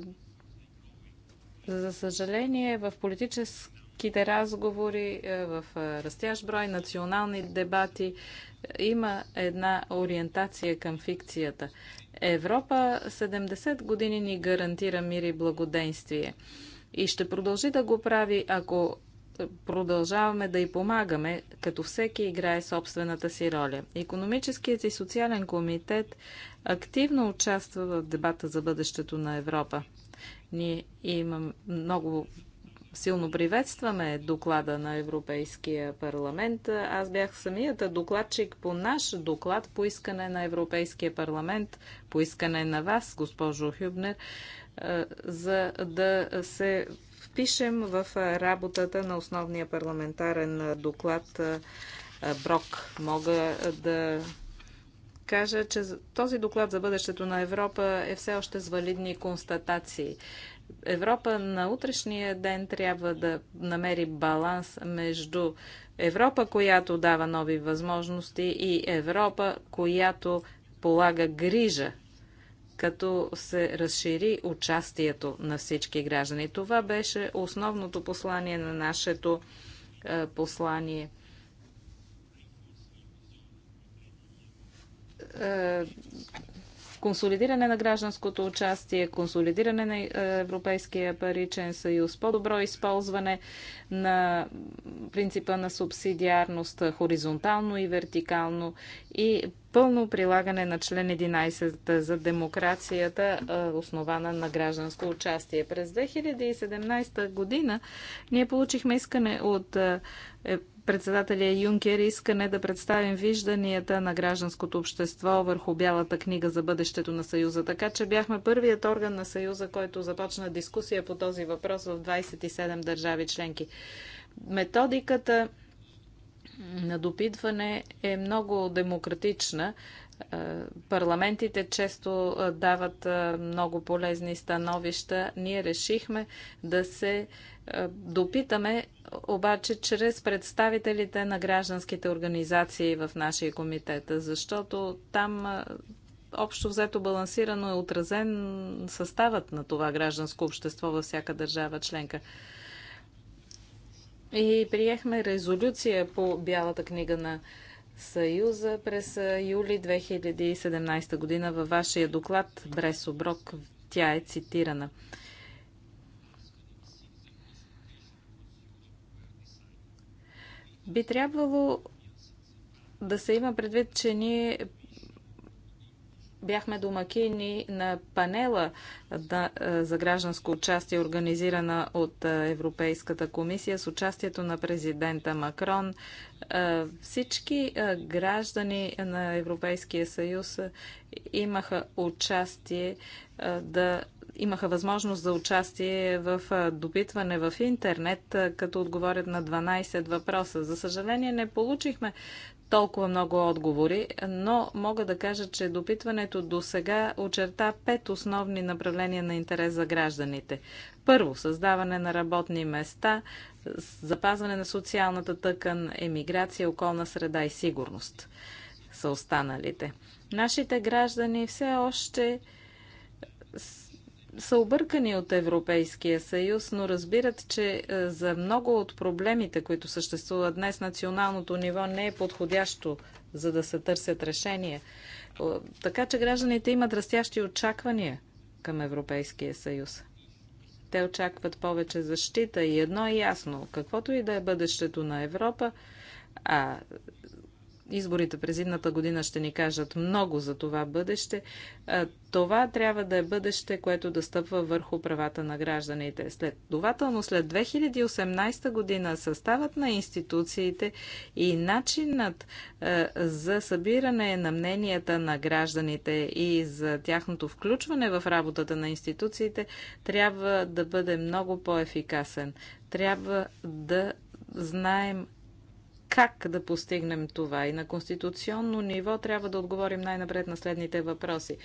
за съжаление, в политическите разговори, е, в растящ брой национални дебати, има една ориентация към фикцията. Европа 70 години ни гарантира мир и благоденствие и ще продължи да го прави, ако продължаваме да й помагаме, като всеки играе собствената си роля. Економическият и социален комитет активно участва в дебата за бъдещето на Европа. Ние имам много силно приветстваме доклада на Европейския парламент. Аз бях самията докладчик по наш доклад по искане на Европейския парламент, по искане на вас, госпожо Хюбнер за да се впишем в работата на основния парламентарен доклад Брок. Мога да кажа, че този доклад за бъдещето на Европа е все още с валидни констатации. Европа на утрешния ден трябва да намери баланс между Европа, която дава нови възможности и Европа, която полага грижа като се разшири участието на всички граждани. Това беше основното послание на нашето е, послание. Е, консолидиране на гражданското участие, консолидиране на е, Европейския паричен съюз, по-добро използване на принципа на субсидиарност хоризонтално и вертикално и пълно прилагане на член 11 за демокрацията, е, основана на гражданско участие. През 2017 година ние получихме искане от е, председателя Юнкер искане да представим вижданията на гражданското общество върху Бялата книга за бъдещето на Съюза. Така че бяхме първият орган на Съюза, който започна дискусия по този въпрос в 27 държави членки. Методиката на допитване е много демократична. Парламентите често дават много полезни становища. Ние решихме да се допитаме обаче чрез представителите на гражданските организации в нашия комитет, защото там общо взето балансирано е отразен съставът на това гражданско общество във всяка държава членка. И приехме резолюция по Бялата книга на Съюза през юли 2017 година във вашия доклад Бресо Брок. Тя е цитирана. Би трябвало да се има предвид, че ние бяхме домакини на панела е, за гражданско участие, организирана от е, Европейската комисия с участието на президента Макрон. Е, всички граждани на Европейския съюз имаха участие да имаха възможност за участие в допитване в интернет, като отговорят на 12 въпроса. За съжаление не получихме толкова много отговори, но мога да кажа, че допитването до сега очерта пет основни направления на интерес за гражданите. Първо, създаване на работни места, запазване на социалната тъкан, емиграция, околна среда и сигурност са останалите. Нашите граждани все още са объркани от Европейския съюз, но разбират, че е, за много от проблемите, които съществуват днес, националното ниво не е подходящо за да се търсят решения. Така че гражданите имат растящи очаквания към Европейския съюз. Те очакват повече защита и едно е ясно, каквото и да е бъдещето на Европа, а изборите през едната година ще ни кажат много за това бъдеще. Това трябва да е бъдеще, което да стъпва върху правата на гражданите. Следователно, след 2018 година съставът на институциите и начинът за събиране на мненията на гражданите и за тяхното включване в работата на институциите трябва да бъде много по-ефикасен. Трябва да знаем как да постигнем това. И на конституционно ниво трябва да отговорим най-напред на следните въпроси.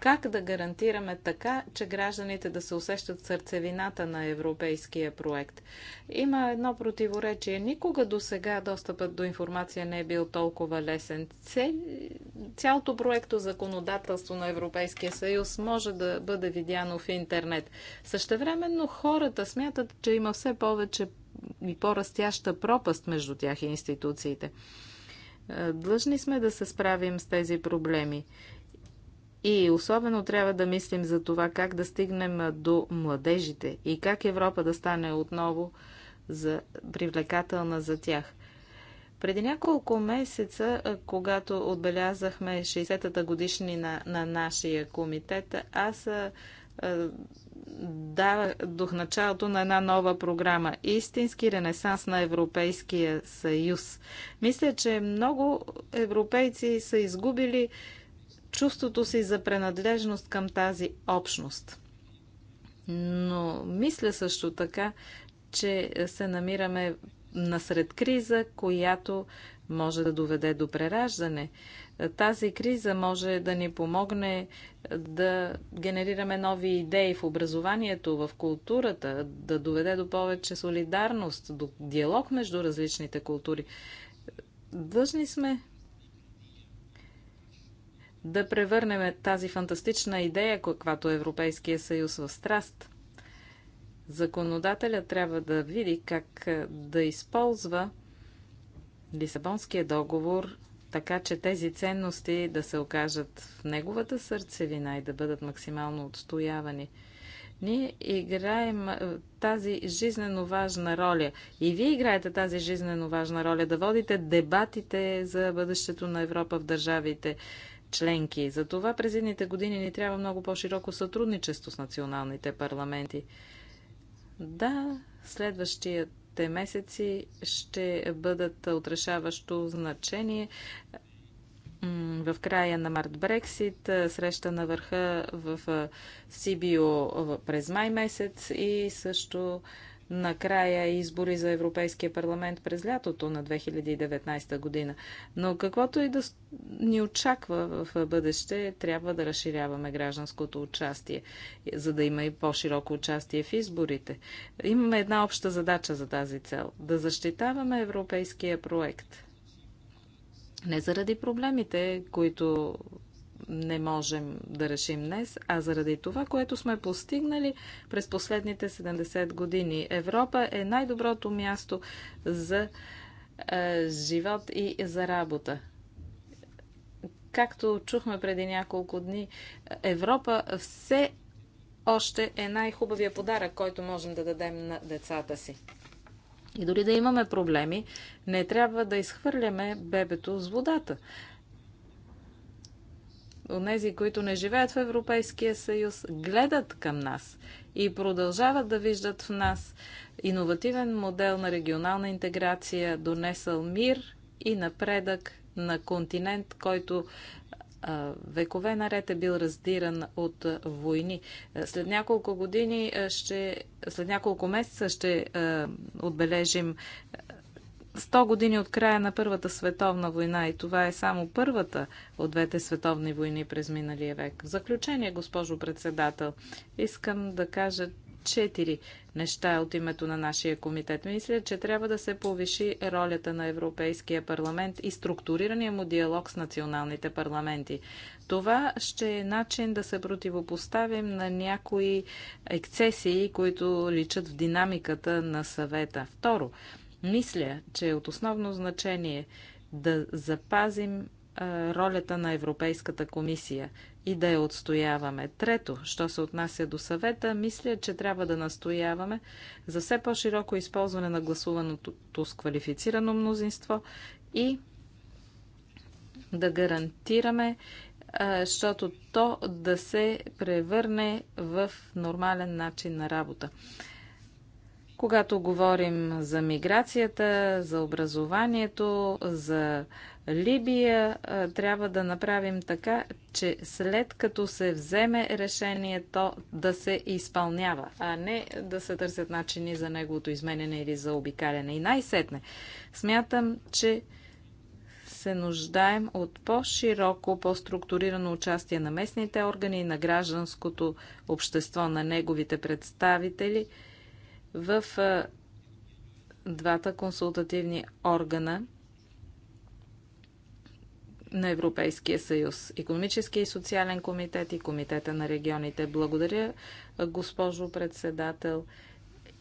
Как да гарантираме така, че гражданите да се усещат сърцевината на европейския проект? Има едно противоречие. Никога до сега достъпът до информация не е бил толкова лесен. Цялото проекто законодателство на Европейския съюз може да бъде видяно в интернет. Същевременно хората смятат, че има все повече и по-растяща пропаст между тях и институциите. Е, длъжни сме да се справим с тези проблеми. И особено трябва да мислим за това как да стигнем до младежите и как Европа да стане отново за привлекателна за тях. Преди няколко месеца, е, когато отбелязахме 60-та годишнина на нашия комитет, аз е, дадох началото на една нова програма Истински ренесанс на Европейския съюз. Мисля, че много европейци са изгубили чувството си за принадлежност към тази общност. Но мисля също така, че се намираме насред криза, която може да доведе до прераждане. Тази криза може да ни помогне да генерираме нови идеи в образованието, в културата, да доведе до повече солидарност, до диалог между различните култури. Дължни сме да превърнем тази фантастична идея, каквато е Европейския съюз, в страст. Законодателя трябва да види как да използва Лисабонския договор така че тези ценности да се окажат в неговата сърцевина и да бъдат максимално отстоявани. Ние играем тази жизнено важна роля. И вие играете тази жизнено важна роля да водите дебатите за бъдещето на Европа в държавите членки. За това през едните години ни трябва много по-широко сътрудничество с националните парламенти. Да, следващият следващите месеци ще бъдат отрешаващо значение. В края на март Брексит, среща на върха в Сибио през май месец и също накрая избори за Европейския парламент през лятото на 2019 година. Но каквото и да ни очаква в бъдеще, трябва да разширяваме гражданското участие, за да има и по-широко участие в изборите. Имаме една обща задача за тази цел да защитаваме европейския проект. Не заради проблемите, които не можем да решим днес, а заради това, което сме постигнали през последните 70 години. Европа е най-доброто място за е, живот и за работа. Както чухме преди няколко дни, Европа все още е най-хубавия подарък, който можем да дадем на децата си. И дори да имаме проблеми, не трябва да изхвърляме бебето с водата онези, които не живеят в Европейския съюз, гледат към нас и продължават да виждат в нас иновативен модел на регионална интеграция, донесъл мир и напредък на континент, който векове наред е бил раздиран от войни. След няколко години ще, след няколко месеца ще отбележим 100 години от края на Първата световна война и това е само първата от двете световни войни през миналия век. В заключение, госпожо председател, искам да кажа четири неща от името на нашия комитет. Мисля, че трябва да се повиши ролята на Европейския парламент и структурирания му диалог с националните парламенти. Това ще е начин да се противопоставим на някои ексесии, които личат в динамиката на съвета. Второ, мисля, че е от основно значение да запазим ролята на Европейската комисия и да я отстояваме. Трето, що се отнася до съвета, мисля, че трябва да настояваме за все по-широко използване на гласуваното с квалифицирано мнозинство и да гарантираме, защото то да се превърне в нормален начин на работа. Когато говорим за миграцията, за образованието, за Либия, трябва да направим така, че след като се вземе решение, то да се изпълнява, а не да се търсят начини за неговото изменене или за обикаляне. И най-сетне, смятам, че се нуждаем от по-широко, по-структурирано участие на местните органи и на гражданското общество, на неговите представители – в двата консултативни органа на Европейския съюз. Економическия и социален комитет и комитета на регионите. Благодаря, госпожо председател,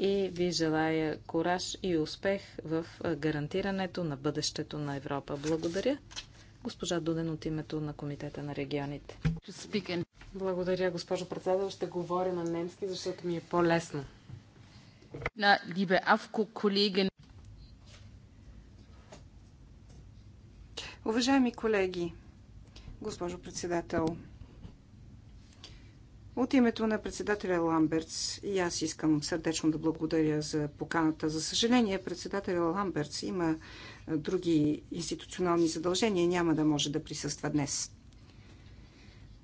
и ви желая кораж и успех в гарантирането на бъдещето на Европа. Благодаря. Госпожа Дуден от името на Комитета на регионите. Благодаря, госпожо председател. Ще говоря на немски, защото ми е по-лесно. Na, liebe Afko-Kollegin. Уважаеми колеги, госпожо председател, от името на председателя Ламберц, и аз искам сърдечно да благодаря за поканата. За съжаление, председателя Ламберц има други институционални задължения и няма да може да присъства днес.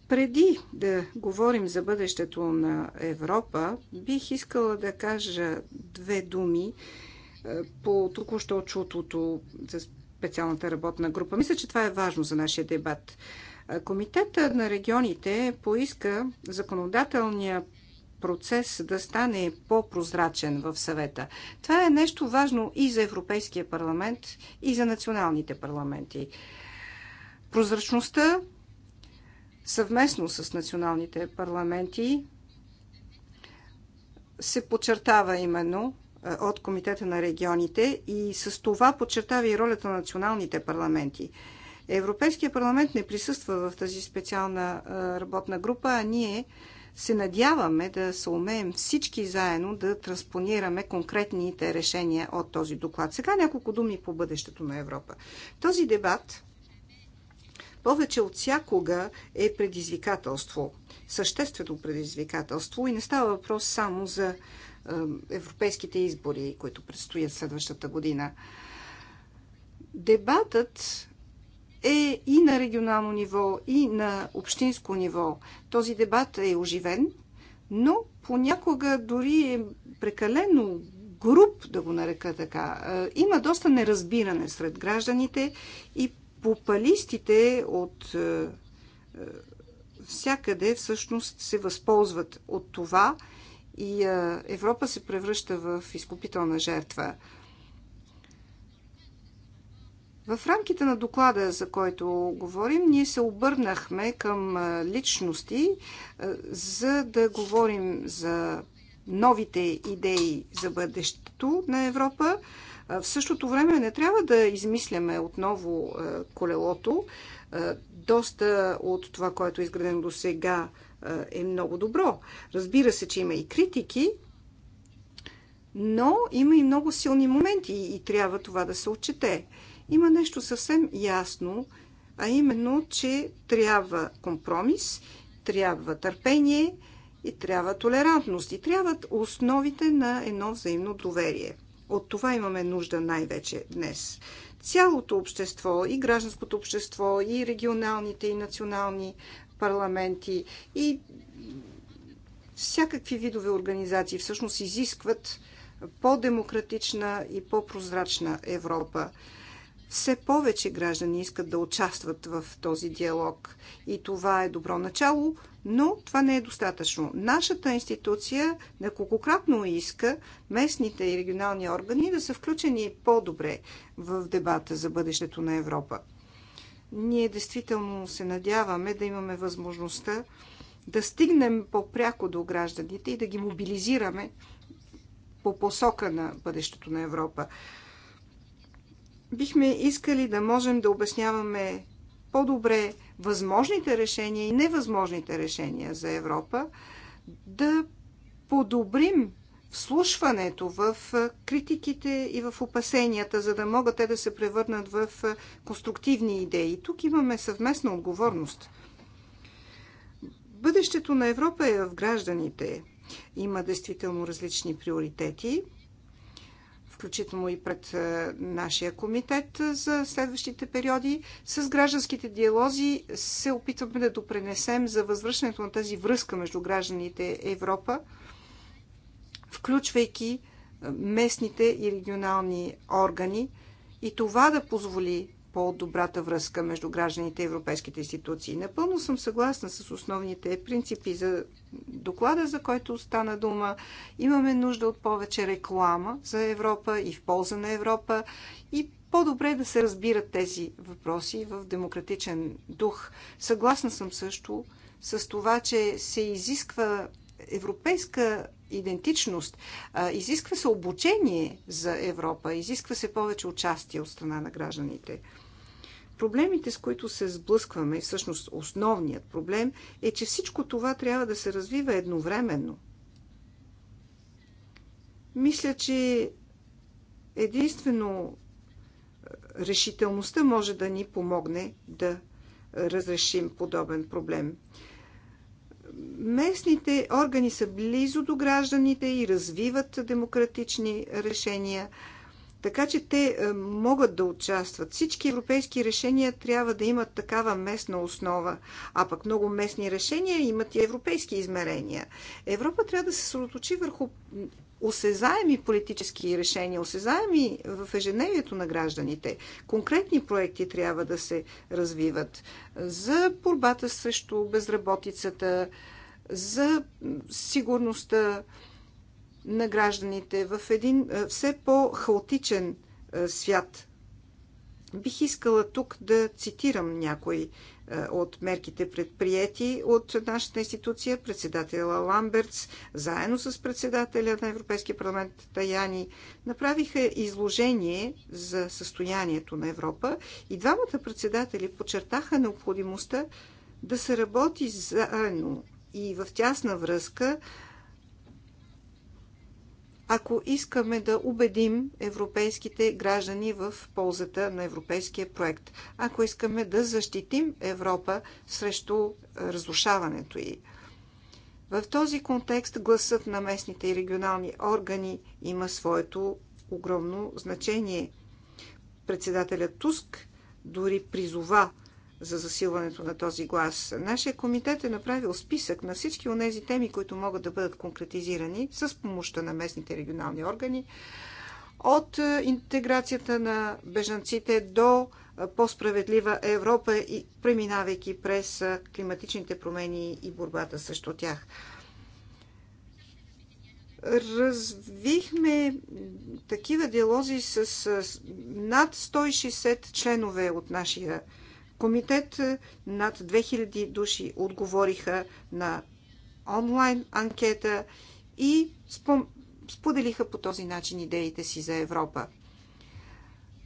Преди да говорим за бъдещето на Европа, бих искала да кажа две думи е, по току-що чутото за специалната работна група. Мисля, че това е важно за нашия дебат. Е, Комитета на регионите поиска законодателния процес да стане по-прозрачен в съвета. Това е нещо важно и за Европейския парламент, и за националните парламенти. Прозрачността съвместно с националните парламенти се подчертава именно е, от Комитета на регионите и с това подчертава и ролята на националните парламенти. Европейския парламент не присъства в тази специална е, работна група, а ние се надяваме да се умеем всички заедно да транспонираме конкретните решения от този доклад. Сега няколко думи по бъдещето на Европа. Този дебат повече от всякога е предизвикателство. Съществено предизвикателство и не става въпрос само за европейските избори, които предстоят следващата година. Дебатът е и на регионално ниво, и на общинско ниво. Този дебат е оживен, но понякога дори е прекалено груп, да го нарека така. Е, има доста неразбиране сред гражданите и попалистите от е, е, всякъде всъщност се възползват от това и е, Европа се превръща в изкупителна жертва. В рамките на доклада, за който говорим, ние се обърнахме към личности, за да говорим за новите идеи за бъдещето на Европа, в същото време не трябва да измисляме отново колелото. Доста от това, което е изградено до сега, е много добро. Разбира се, че има и критики, но има и много силни моменти и трябва това да се отчете. Има нещо съвсем ясно, а именно, че трябва компромис, трябва търпение и трябва толерантност и трябват основите на едно взаимно доверие. От това имаме нужда най-вече днес. Цялото общество, и гражданското общество, и регионалните, и национални парламенти, и всякакви видове организации всъщност изискват по-демократична и по-прозрачна Европа. Все повече граждани искат да участват в този диалог и това е добро начало, но това не е достатъчно. Нашата институция неколкократно иска местните и регионални органи да са включени по-добре в дебата за бъдещето на Европа. Ние действително се надяваме да имаме възможността да стигнем по-пряко до гражданите и да ги мобилизираме по посока на бъдещето на Европа. Бихме искали да можем да обясняваме по-добре възможните решения и невъзможните решения за Европа, да подобрим вслушването в критиките и в опасенията, за да могат те да се превърнат в конструктивни идеи. Тук имаме съвместна отговорност. Бъдещето на Европа е в гражданите. Има действително различни приоритети – включително и пред е, нашия комитет е, за следващите периоди. С гражданските диалози се опитваме да допренесем за възвръщането на тази връзка между гражданите Европа, включвайки е, местните и регионални органи и това да позволи по-добрата връзка между гражданите и европейските институции. Напълно съм съгласна с основните принципи за доклада, за който стана дума. Имаме нужда от повече реклама за Европа и в полза на Европа и по-добре да се разбират тези въпроси в демократичен дух. Съгласна съм също с това, че се изисква европейска идентичност. Изисква се обучение за Европа, изисква се повече участие от страна на гражданите. Проблемите, с които се сблъскваме, всъщност основният проблем, е, че всичко това трябва да се развива едновременно. Мисля, че единствено е, решителността може да ни помогне да разрешим подобен проблем. Местните органи са близо до гражданите и развиват демократични решения – така че те е, могат да участват. Всички европейски решения трябва да имат такава местна основа, а пък много местни решения имат и европейски измерения. Европа трябва да се съсредоточи върху осезаеми политически решения, осезаеми в ежедневието на гражданите. Конкретни проекти трябва да се развиват за борбата срещу безработицата, за сигурността, на гражданите в един е, все по-хаотичен е, свят. Бих искала тук да цитирам някои е, от мерките предприяти от нашата институция, председателя Ламбертс, заедно с председателя на Европейския парламент Таяни, направиха изложение за състоянието на Европа и двамата председатели подчертаха необходимостта да се работи заедно и в тясна връзка ако искаме да убедим европейските граждани в ползата на европейския проект, ако искаме да защитим Европа срещу разрушаването й. В този контекст гласът на местните и регионални органи има своето огромно значение. Председателят Туск дори призова – за засилването на този глас. Нашия комитет е направил списък на всички от тези теми, които могат да бъдат конкретизирани с помощта на местните регионални органи, от е, интеграцията на бежанците до е, по-справедлива Европа и преминавайки през е, климатичните промени и борбата срещу тях. Развихме такива диалози с над 160 членове от нашия комитет. Над 2000 души отговориха на онлайн анкета и споделиха по този начин идеите си за Европа.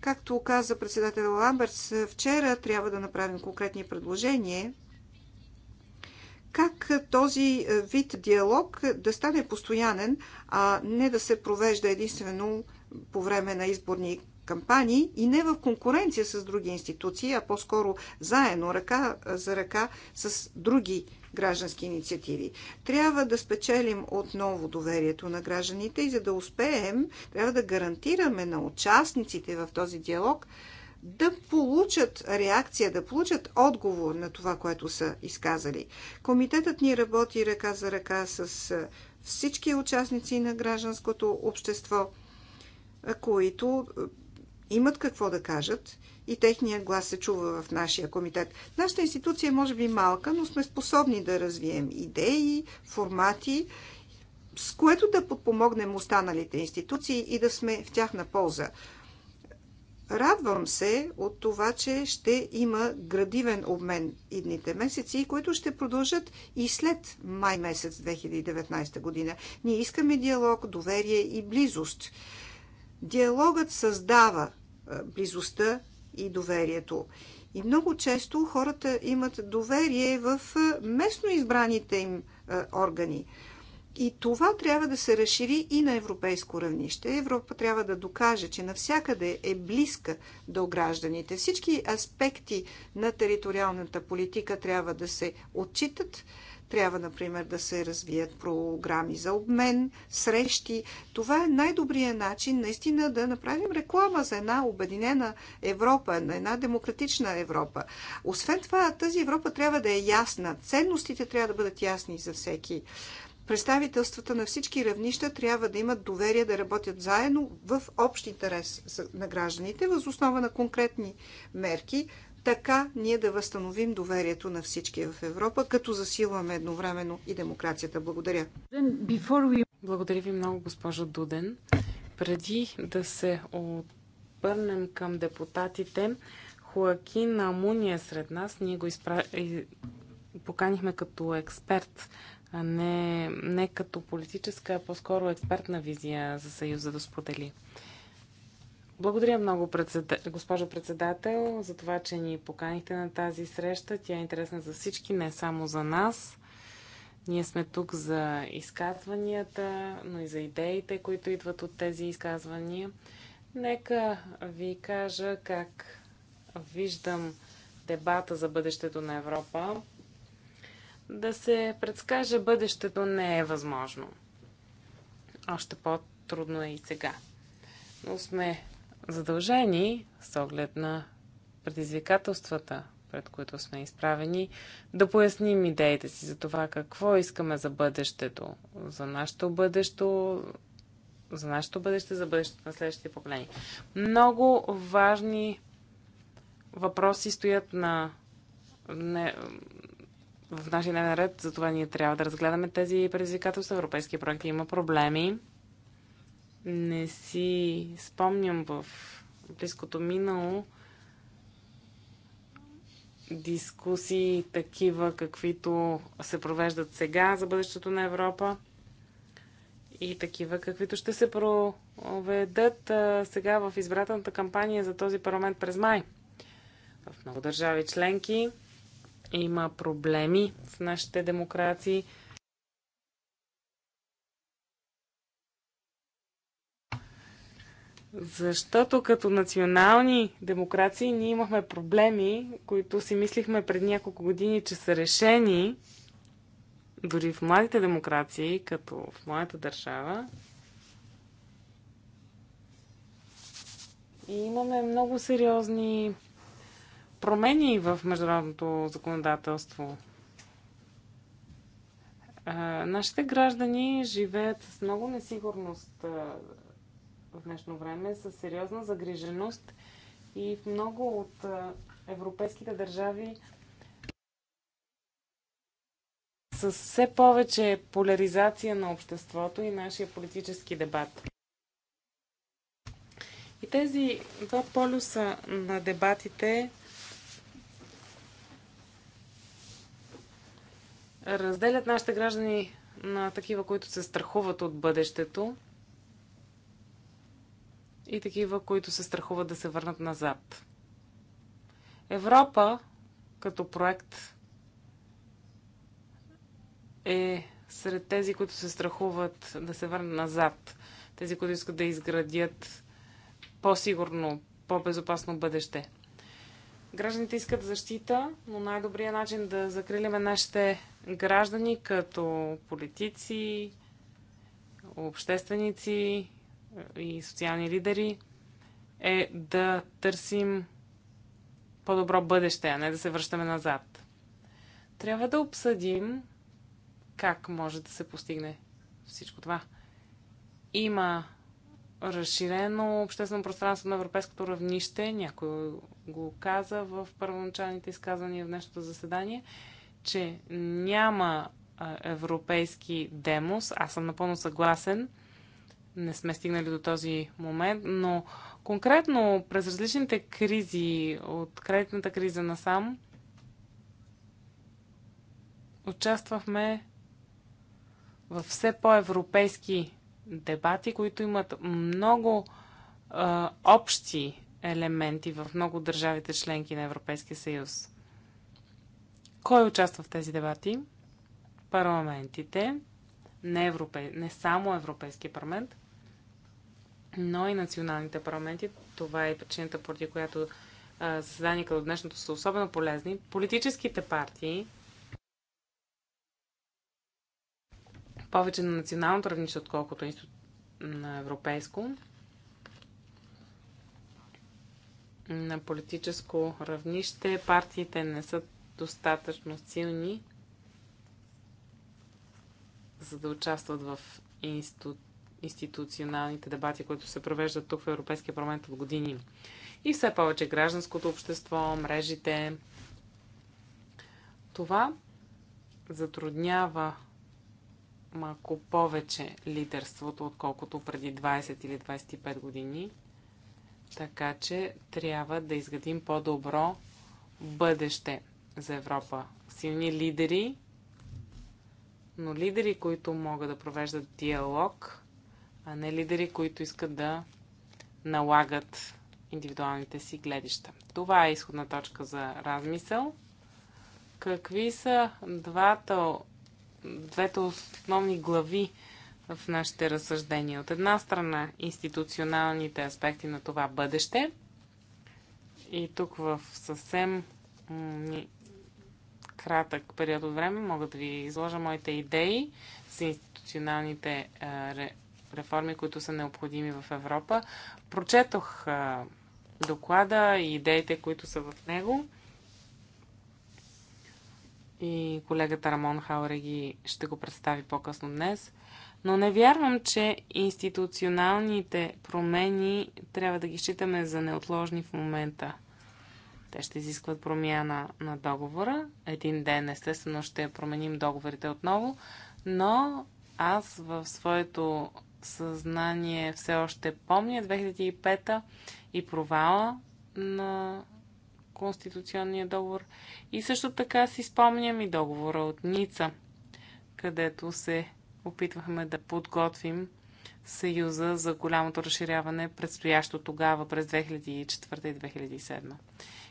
Както каза председател Ламберс, вчера трябва да направим конкретни предложения как този вид диалог да стане постоянен, а не да се провежда единствено по време на изборни кампании и не в конкуренция с други институции, а по-скоро заедно, ръка за ръка с други граждански инициативи. Трябва да спечелим отново доверието на гражданите и за да успеем, трябва да гарантираме на участниците в този диалог да получат реакция, да получат отговор на това, което са изказали. Комитетът ни работи ръка за ръка с всички участници на гражданското общество, които имат какво да кажат и техният глас се чува в нашия комитет. Нашата институция е може би малка, но сме способни да развием идеи, формати, с което да подпомогнем останалите институции и да сме в тяхна полза. Радвам се от това, че ще има градивен обмен идните месеци, които ще продължат и след май месец 2019 година. Ние искаме диалог, доверие и близост. Диалогът създава близостта и доверието. И много често хората имат доверие в местно избраните им органи. И това трябва да се разшири и на европейско равнище. Европа трябва да докаже, че навсякъде е близка до гражданите. Всички аспекти на териториалната политика трябва да се отчитат трябва, например, да се развият програми за обмен, срещи. Това е най-добрият начин наистина да направим реклама за една обединена Европа, на една демократична Европа. Освен това, тази Европа трябва да е ясна. Ценностите трябва да бъдат ясни за всеки. Представителствата на всички равнища трябва да имат доверие да работят заедно в общ интерес на гражданите, въз основа на конкретни мерки, така ние да възстановим доверието на всички в Европа, като засилваме едновременно и демокрацията. Благодаря. Благодаря ви много, госпожо Дуден. Преди да се обърнем към депутатите, Хоакин Амуния е сред нас. Ние го изпра... поканихме като експерт, а не, не като политическа, а по-скоро експертна визия за Съюза да сподели. Благодаря много, председател, госпожо председател, за това, че ни поканихте на тази среща. Тя е интересна за всички, не само за нас. Ние сме тук за изказванията, но и за идеите, които идват от тези изказвания. Нека ви кажа как виждам дебата за бъдещето на Европа. Да се предскаже бъдещето не е възможно. Още по-трудно е и сега. Но сме задължени с оглед на предизвикателствата, пред които сме изправени, да поясним идеите си за това какво искаме за бъдещето, за нашето бъдещо, за нашето бъдеще, за бъдещето на следващите поколения. Много важни въпроси стоят на не, в нашия дневен ред, затова ние трябва да разгледаме тези предизвикателства. Европейския проект има проблеми не си спомням в близкото минало дискусии такива, каквито се провеждат сега за бъдещето на Европа и такива, каквито ще се проведат сега в избирателната кампания за този парламент през май. В много държави членки има проблеми с нашите демокрации – Защото като национални демокрации ние имахме проблеми, които си мислихме пред няколко години, че са решени, дори в младите демокрации, като в моята държава. И имаме много сериозни промени в международното законодателство. А, нашите граждани живеят с много несигурност а, в днешно време с сериозна загриженост и в много от европейските държави с все повече поляризация на обществото и нашия политически дебат. И тези два полюса на дебатите разделят нашите граждани на такива, които се страхуват от бъдещето и такива, които се страхуват да се върнат назад. Европа като проект е сред тези, които се страхуват да се върнат назад, тези, които искат да изградят по-сигурно, по-безопасно бъдеще. Гражданите искат защита, но най-добрият начин да закрилиме нашите граждани като политици, общественици и социални лидери е да търсим по-добро бъдеще, а не да се връщаме назад. Трябва да обсъдим как може да се постигне всичко това. Има разширено обществено пространство на европейското равнище, някой го каза в първоначалните изказвания в днешното заседание, че няма европейски демос. Аз съм напълно съгласен не сме стигнали до този момент, но конкретно през различните кризи, от кредитната криза насам, участвахме в все по-европейски дебати, които имат много а, общи елементи в много държавите членки на Европейския съюз. Кой участва в тези дебати? Парламентите, не, европе... не само Европейския парламент, но и националните парламенти. Това е причината, поради която заседания като днешното са особено полезни. Политическите партии, повече на националното равнище, отколкото на европейско, на политическо равнище партиите не са достатъчно силни, за да участват в институт институционалните дебати, които се провеждат тук в Европейския парламент от години. И все повече гражданското общество, мрежите. Това затруднява малко повече лидерството, отколкото преди 20 или 25 години. Така че трябва да изградим по-добро бъдеще за Европа. Силни лидери, но лидери, които могат да провеждат диалог а не лидери, които искат да налагат индивидуалните си гледища. Това е изходна точка за размисъл. Какви са двата, двете основни глави в нашите разсъждения? От една страна институционалните аспекти на това бъдеще. И тук в съвсем кратък период от време мога да ви изложа моите идеи за институционалните реформи, които са необходими в Европа. Прочетох доклада и идеите, които са в него. И колегата Рамон Хауреги ще го представи по-късно днес. Но не вярвам, че институционалните промени трябва да ги считаме за неотложни в момента. Те ще изискват промяна на договора. Един ден, естествено, ще променим договорите отново, но аз в своето съзнание все още помня 2005 и провала на Конституционния договор. И също така си спомням и договора от Ница, където се опитвахме да подготвим Съюза за голямото разширяване, предстоящо тогава през 2004 и 2007.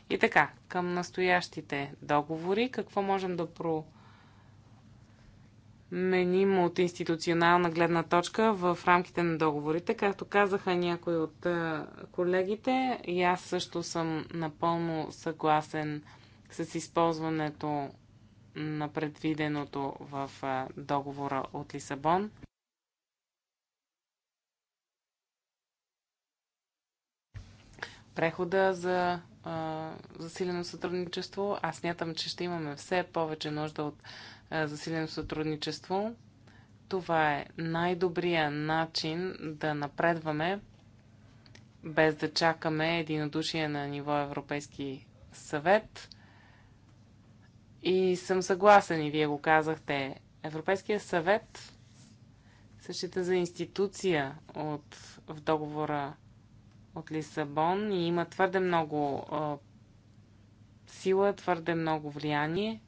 И така, към настоящите договори, какво можем да про? меним от институционална гледна точка в рамките на договорите. Както казаха някои от колегите, и аз също съм напълно съгласен с използването на предвиденото в договора от Лисабон. прехода за засилено сътрудничество. Аз смятам, че ще имаме все повече нужда от засилено сътрудничество. Това е най-добрия начин да напредваме, без да чакаме единодушие на ниво Европейски съвет. И съм съгласен, и вие го казахте, Европейския съвет същита за институция от, в договора от Лисабон и има твърде много а, сила, твърде много влияние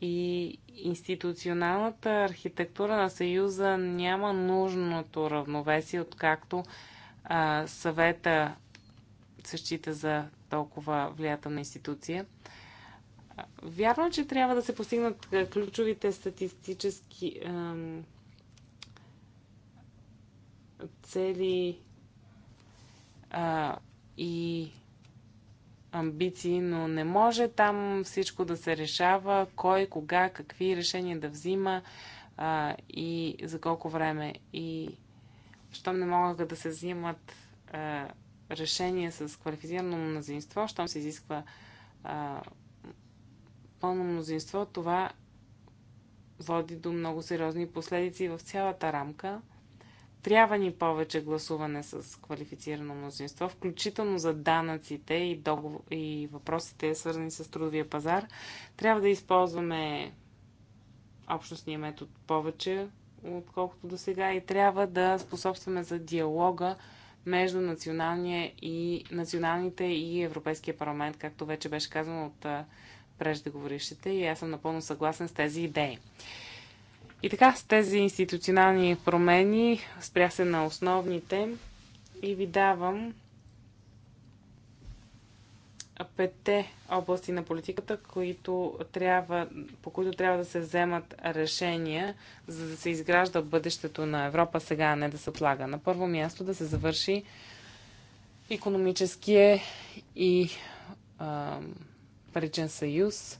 и институционалната архитектура на Съюза няма нужното равновесие, откакто а, съвета се счита за толкова влиятелна институция. Вярно, че трябва да се постигнат ключовите статистически ам, цели а, и амбиции, но не може там всичко да се решава, кой, кога, какви решения да взима а, и за колко време. И щом не могат да се взимат а, решения с квалифицирано мнозинство, щом се изисква а, пълно мнозинство, това води до много сериозни последици в цялата рамка – трябва ни повече гласуване с квалифицирано мнозинство, включително за данъците и, договор... и въпросите, свързани с трудовия пазар. Трябва да използваме общностния метод повече, отколкото до сега, и трябва да способстваме за диалога между националния и, националните и Европейския парламент, както вече беше казано от преждеговорившите, и аз съм напълно съгласен с тези идеи. И така, с тези институционални промени спря се на основните и ви давам петте области на политиката, които трябва, по които трябва да се вземат решения, за да се изгражда бъдещето на Европа сега, а не да се отлага. На първо място да се завърши економическия и а, паричен съюз.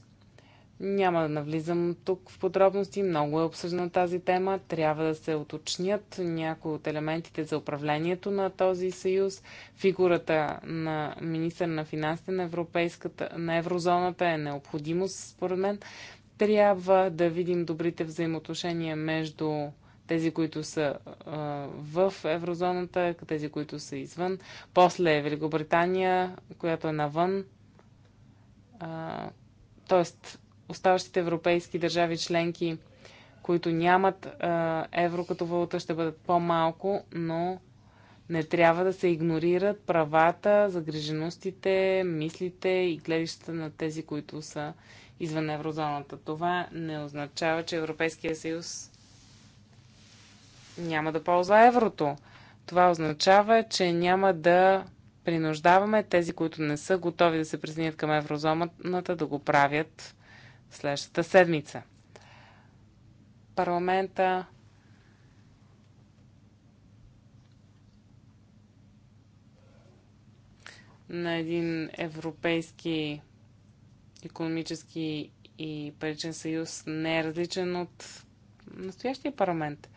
Няма да навлизам тук в подробности, много е обсъждана тази тема. Трябва да се уточнят някои от елементите за управлението на този съюз. Фигурата на министър на финансите на, европейската, на еврозоната е необходимост, според мен. Трябва да видим добрите взаимоотношения между тези, които са а, в еврозоната, тези, които са извън. После е Великобритания, която е навън. А, тоест, оставащите европейски държави членки, които нямат евро като валута, ще бъдат по-малко, но не трябва да се игнорират правата, загриженостите, мислите и гледищата на тези, които са извън еврозоната. Това не означава, че Европейския съюз няма да ползва еврото. Това означава, че няма да принуждаваме тези, които не са готови да се присъединят към еврозоната, да го правят следващата седмица. Парламента на един европейски економически и паричен съюз не е различен от настоящия парламент.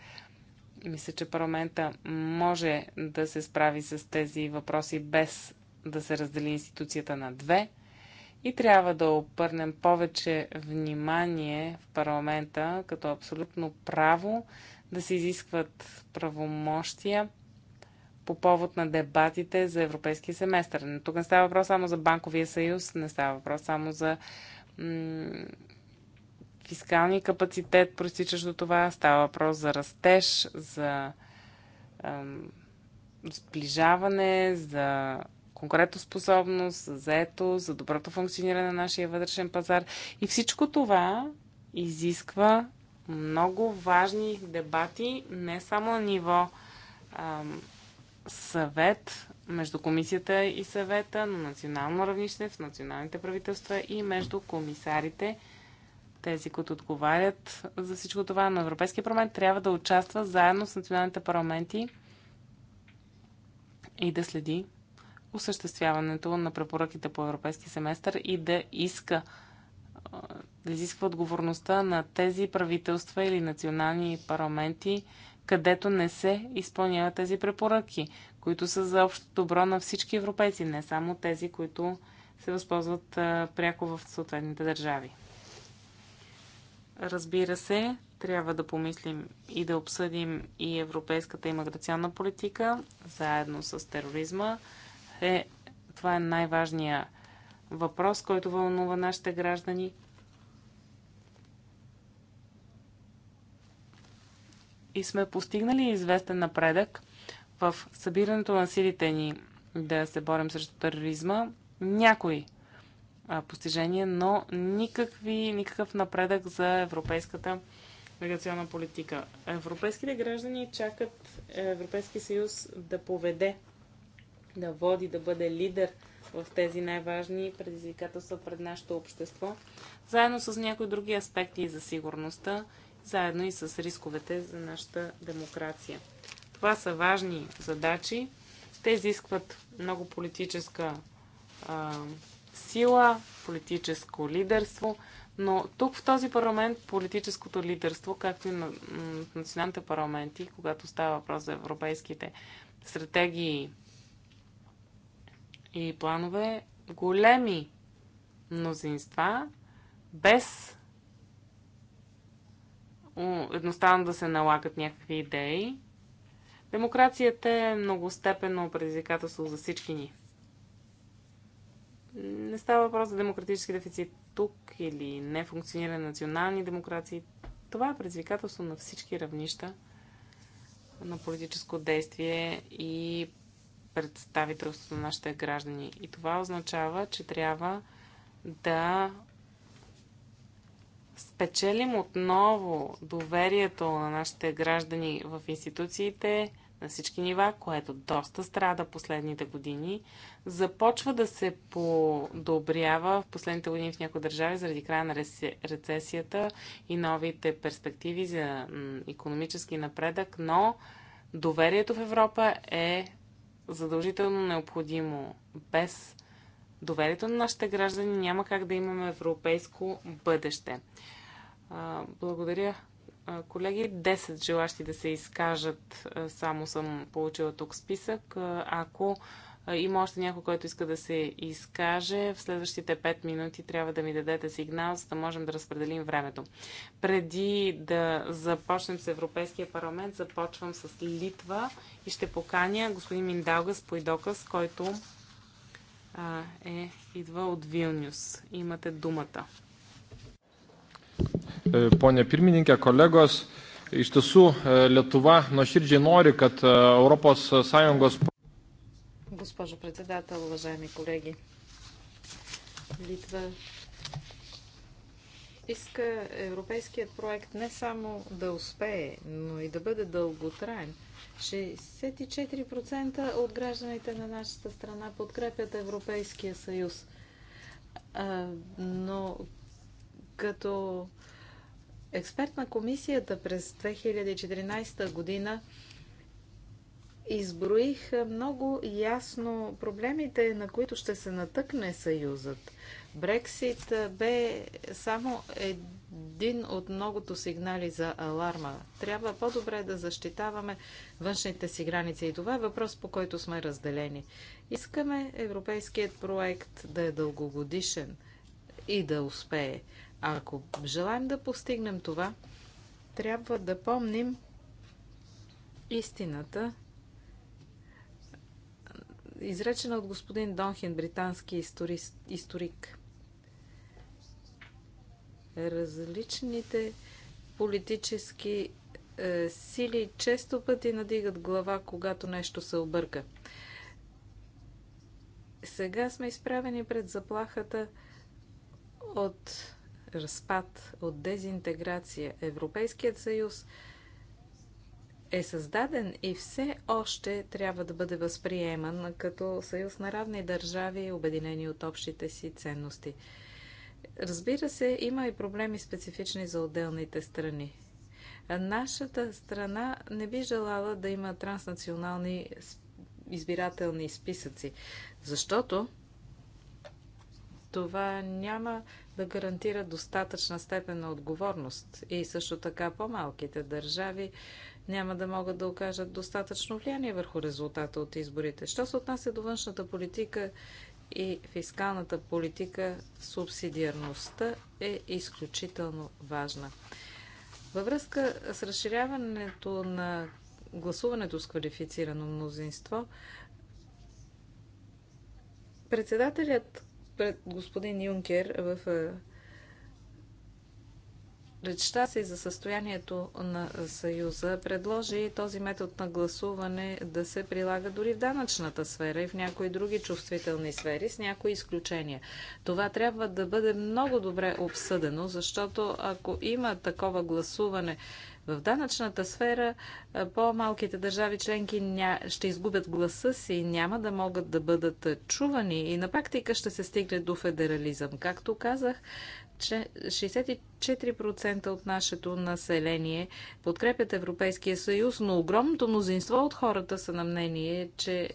Мисля, че парламента може да се справи с тези въпроси без да се раздели институцията на две – и трябва да обърнем повече внимание в парламента, като абсолютно право да се изискват правомощия по повод на дебатите за европейския семестър. Тук не става въпрос само за банковия съюз, не става въпрос само за фискалния капацитет, проистичащ до това, става въпрос за растеж, за ем, сближаване, за конкурентоспособност, заето, за доброто функциониране на нашия вътрешен пазар. И всичко това изисква много важни дебати, не само на ниво ам, съвет между комисията и съвета, на национално равнище, в националните правителства и между комисарите, тези, които отговарят за всичко това но Европейския парламент, трябва да участва заедно с националните парламенти и да следи осъществяването на препоръките по европейски семестър и да иска да изисква отговорността на тези правителства или национални парламенти, където не се изпълняват тези препоръки, които са за общо добро на всички европейци, не само тези, които се възползват пряко в съответните държави. Разбира се, трябва да помислим и да обсъдим и европейската имиграционна политика, заедно с тероризма, въобще това е най-важният въпрос, който вълнува нашите граждани. И сме постигнали известен напредък в събирането на силите ни да се борим срещу тероризма. Някои постижения, но никакви, никакъв напредък за европейската миграционна политика. Европейските граждани чакат Европейски съюз да поведе да води, да бъде лидер в тези най-важни предизвикателства пред нашето общество, заедно с някои други аспекти за сигурността, заедно и с рисковете за нашата демокрация. Това са важни задачи. Те изискват много политическа а, сила, политическо лидерство, но тук в този парламент политическото лидерство, както и на, националните парламенти, когато става въпрос за европейските стратегии и планове големи мнозинства, без едностранно да се налагат някакви идеи. Демокрацията е многостепенно предизвикателство за всички ни. Не става въпрос за демократически дефицит тук или не функционира национални демокрации. Това е предизвикателство на всички равнища на политическо действие и представителството на нашите граждани. И това означава, че трябва да спечелим отново доверието на нашите граждани в институциите на всички нива, което доста страда последните години, започва да се подобрява в последните години в някои държави заради края на рецесията и новите перспективи за економически напредък, но доверието в Европа е задължително необходимо. Без доверието на нашите граждани няма как да имаме европейско бъдеще. Благодаря, колеги. 10 желащи да се изкажат само съм получила тук списък. Ако има още някой, който иска да се изкаже. В следващите 5 минути трябва да ми дадете сигнал, за да можем да разпределим времето. Преди да започнем с Европейския парламент, започвам с Литва и ще поканя господин Миндалгас Пойдокас, който а, е, идва от Вилнюс. Имате думата. Поне пирмininkė, kolegos, iš tiesų Lietuva nuoširdžiai nori, kad ES Госпожо председател, уважаеми колеги, Литва иска европейският проект не само да успее, но и да бъде дълготраен. 64% от гражданите на нашата страна подкрепят Европейския съюз. А, но като експерт на комисията през 2014 година изброих много ясно проблемите, на които ще се натъкне Съюзът. Брексит бе само един от многото сигнали за аларма. Трябва по-добре да защитаваме външните си граници и това е въпрос, по който сме разделени. Искаме европейският проект да е дългогодишен и да успее. А ако желаем да постигнем това, трябва да помним истината изречена от господин Донхин, британски историст, историк. Различните политически е, сили често пъти надигат глава, когато нещо се обърка. Сега сме изправени пред заплахата от разпад, от дезинтеграция. Европейският съюз – е създаден и все още трябва да бъде възприеман като съюз на равни държави, обединени от общите си ценности. Разбира се, има и проблеми специфични за отделните страни. Нашата страна не би желала да има транснационални избирателни списъци, защото това няма да гарантира достатъчна степен на отговорност. И също така по-малките държави няма да могат да окажат достатъчно влияние върху резултата от изборите. Що се отнася до външната политика и фискалната политика, субсидиарността е изключително важна. Във връзка с разширяването на гласуването с квалифицирано мнозинство, председателят пред господин Юнкер в речта си за състоянието на Съюза предложи този метод на гласуване да се прилага дори в данъчната сфера и в някои други чувствителни сфери, с някои изключения. Това трябва да бъде много добре обсъдено, защото ако има такова гласуване в данъчната сфера, по-малките държави членки ня... ще изгубят гласа си и няма да могат да бъдат чувани и на практика ще се стигне до федерализъм. Както казах, 64% от нашето население подкрепят Европейския съюз, но огромното мнозинство от хората са на мнение, че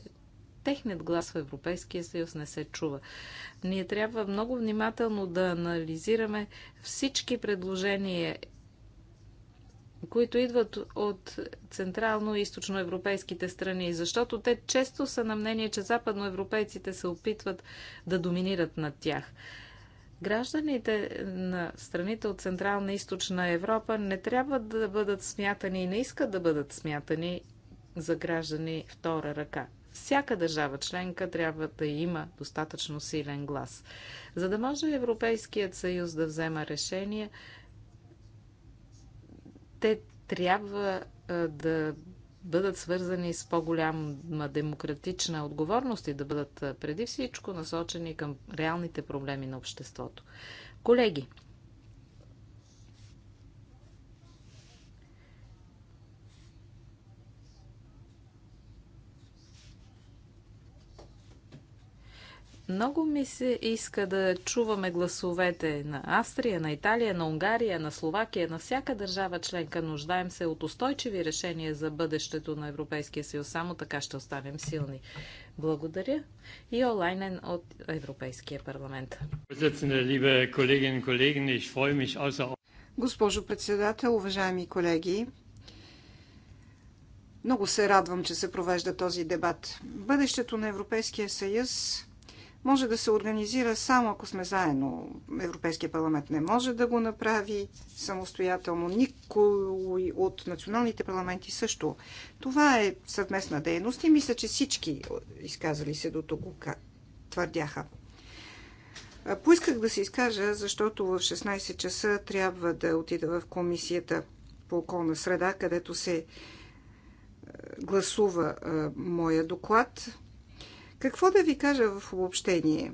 техният глас в Европейския съюз не се чува. Ние трябва много внимателно да анализираме всички предложения, които идват от централно и източно европейските страни, защото те често са на мнение, че западноевропейците се опитват да доминират над тях. Гражданите на страните от Централна и Източна Европа не трябва да бъдат смятани и не искат да бъдат смятани за граждани втора ръка. Всяка държава членка трябва да има достатъчно силен глас. За да може Европейският съюз да взема решения, те трябва да бъдат свързани с по-голяма демократична отговорност и да бъдат преди всичко насочени към реалните проблеми на обществото. Колеги, Много ми се иска да чуваме гласовете на Австрия, на Италия, на Унгария, на Словакия, на всяка държава членка. Нуждаем се от устойчиви решения за бъдещето на Европейския съюз. Само така ще останем силни. Благодаря. И онлайнен от Европейския парламент. Госпожо председател, уважаеми колеги, много се радвам, че се провежда този дебат. Бъдещето на Европейския съюз може да се организира само ако сме заедно. Европейския парламент не може да го направи самостоятелно. Никой от националните парламенти също. Това е съвместна дейност и мисля, че всички изказали се до тук твърдяха. Поисках да се изкажа, защото в 16 часа трябва да отида в комисията по околна среда, където се гласува моя доклад какво да ви кажа в обобщение?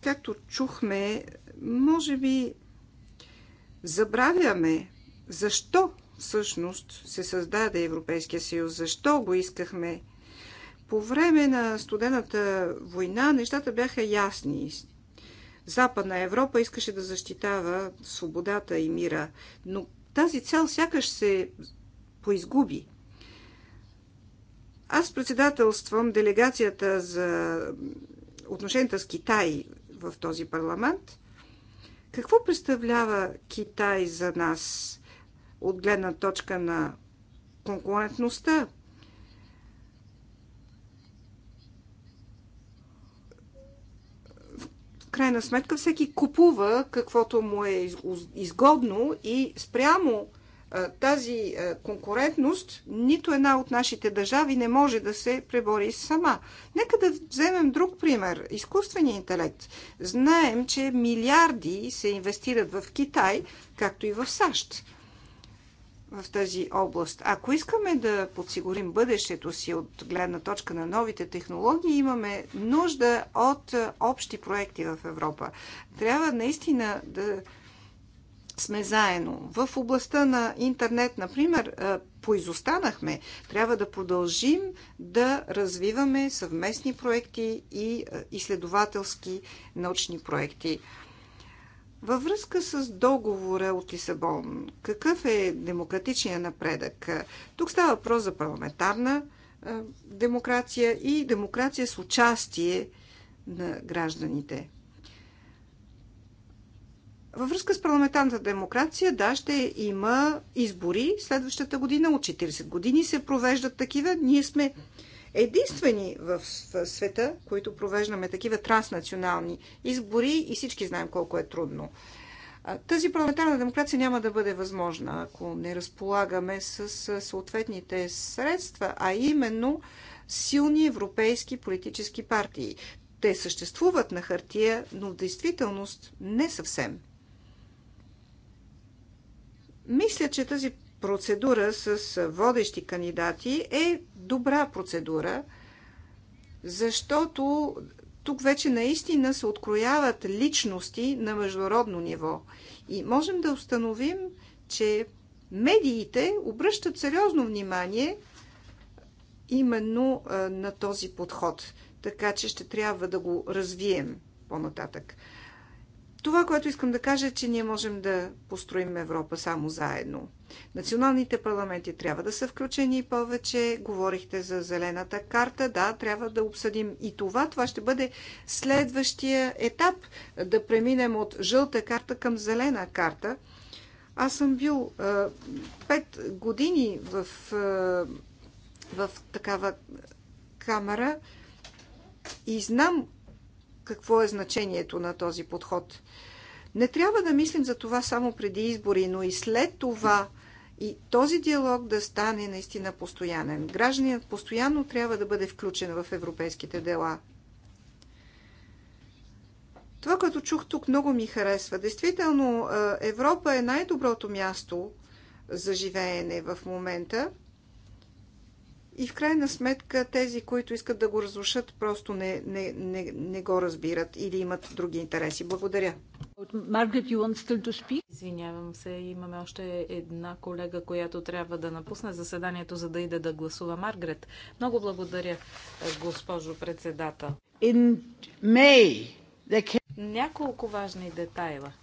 Както чухме, може би забравяме защо всъщност се създаде Европейския съюз, защо го искахме. По време на студената война нещата бяха ясни. Западна Европа искаше да защитава свободата и мира, но тази цел сякаш се поизгуби. Аз председателствам делегацията за отношенията с Китай в този парламент. Какво представлява Китай за нас от гледна точка на конкурентността? В крайна сметка всеки купува каквото му е изгодно и спрямо тази конкурентност нито една от нашите държави не може да се пребори сама. Нека да вземем друг пример. Изкуственият интелект. Знаем, че милиарди се инвестират в Китай, както и в САЩ в тази област. Ако искаме да подсигурим бъдещето си от гледна точка на новите технологии, имаме нужда от общи проекти в Европа. Трябва наистина да сме заедно. В областта на интернет, например, е, поизостанахме. Трябва да продължим да развиваме съвместни проекти и е, изследователски научни проекти. Във връзка с договора от Лисабон, какъв е демократичният напредък? Тук става въпрос за парламентарна е, демокрация и демокрация с участие на гражданите – във връзка с парламентарната демокрация, да, ще има избори следващата година. От 40 години се провеждат такива. Ние сме единствени в света, които провеждаме такива транснационални избори и всички знаем колко е трудно. Тази парламентарна демокрация няма да бъде възможна, ако не разполагаме с съответните средства, а именно силни европейски политически партии. Те съществуват на хартия, но в действителност не съвсем. Мисля, че тази процедура с водещи кандидати е добра процедура, защото тук вече наистина се открояват личности на международно ниво. И можем да установим, че медиите обръщат сериозно внимание именно на този подход. Така че ще трябва да го развием по-нататък. Това, което искам да кажа е, че ние можем да построим Европа само заедно. Националните парламенти трябва да са включени и повече. Говорихте за зелената карта. Да, трябва да обсъдим и това. Това ще бъде следващия етап да преминем от жълта карта към зелена карта. Аз съм бил пет години в, в такава камера и знам какво е значението на този подход. Не трябва да мислим за това само преди избори, но и след това и този диалог да стане наистина постоянен. Гражданинът постоянно трябва да бъде включен в европейските дела. Това, което чух тук, много ми харесва. Действително, е, Европа е най-доброто място за живеене в момента. И в крайна сметка тези, които искат да го разрушат, просто не, не, не, не го разбират или имат други интереси. Благодаря. Маргарет, you want still to speak? Извинявам се, имаме още една колега, която трябва да напусне заседанието, за да иде да гласува. Маргарет, много благодаря, госпожо председател. In May, can... Няколко важни детайла –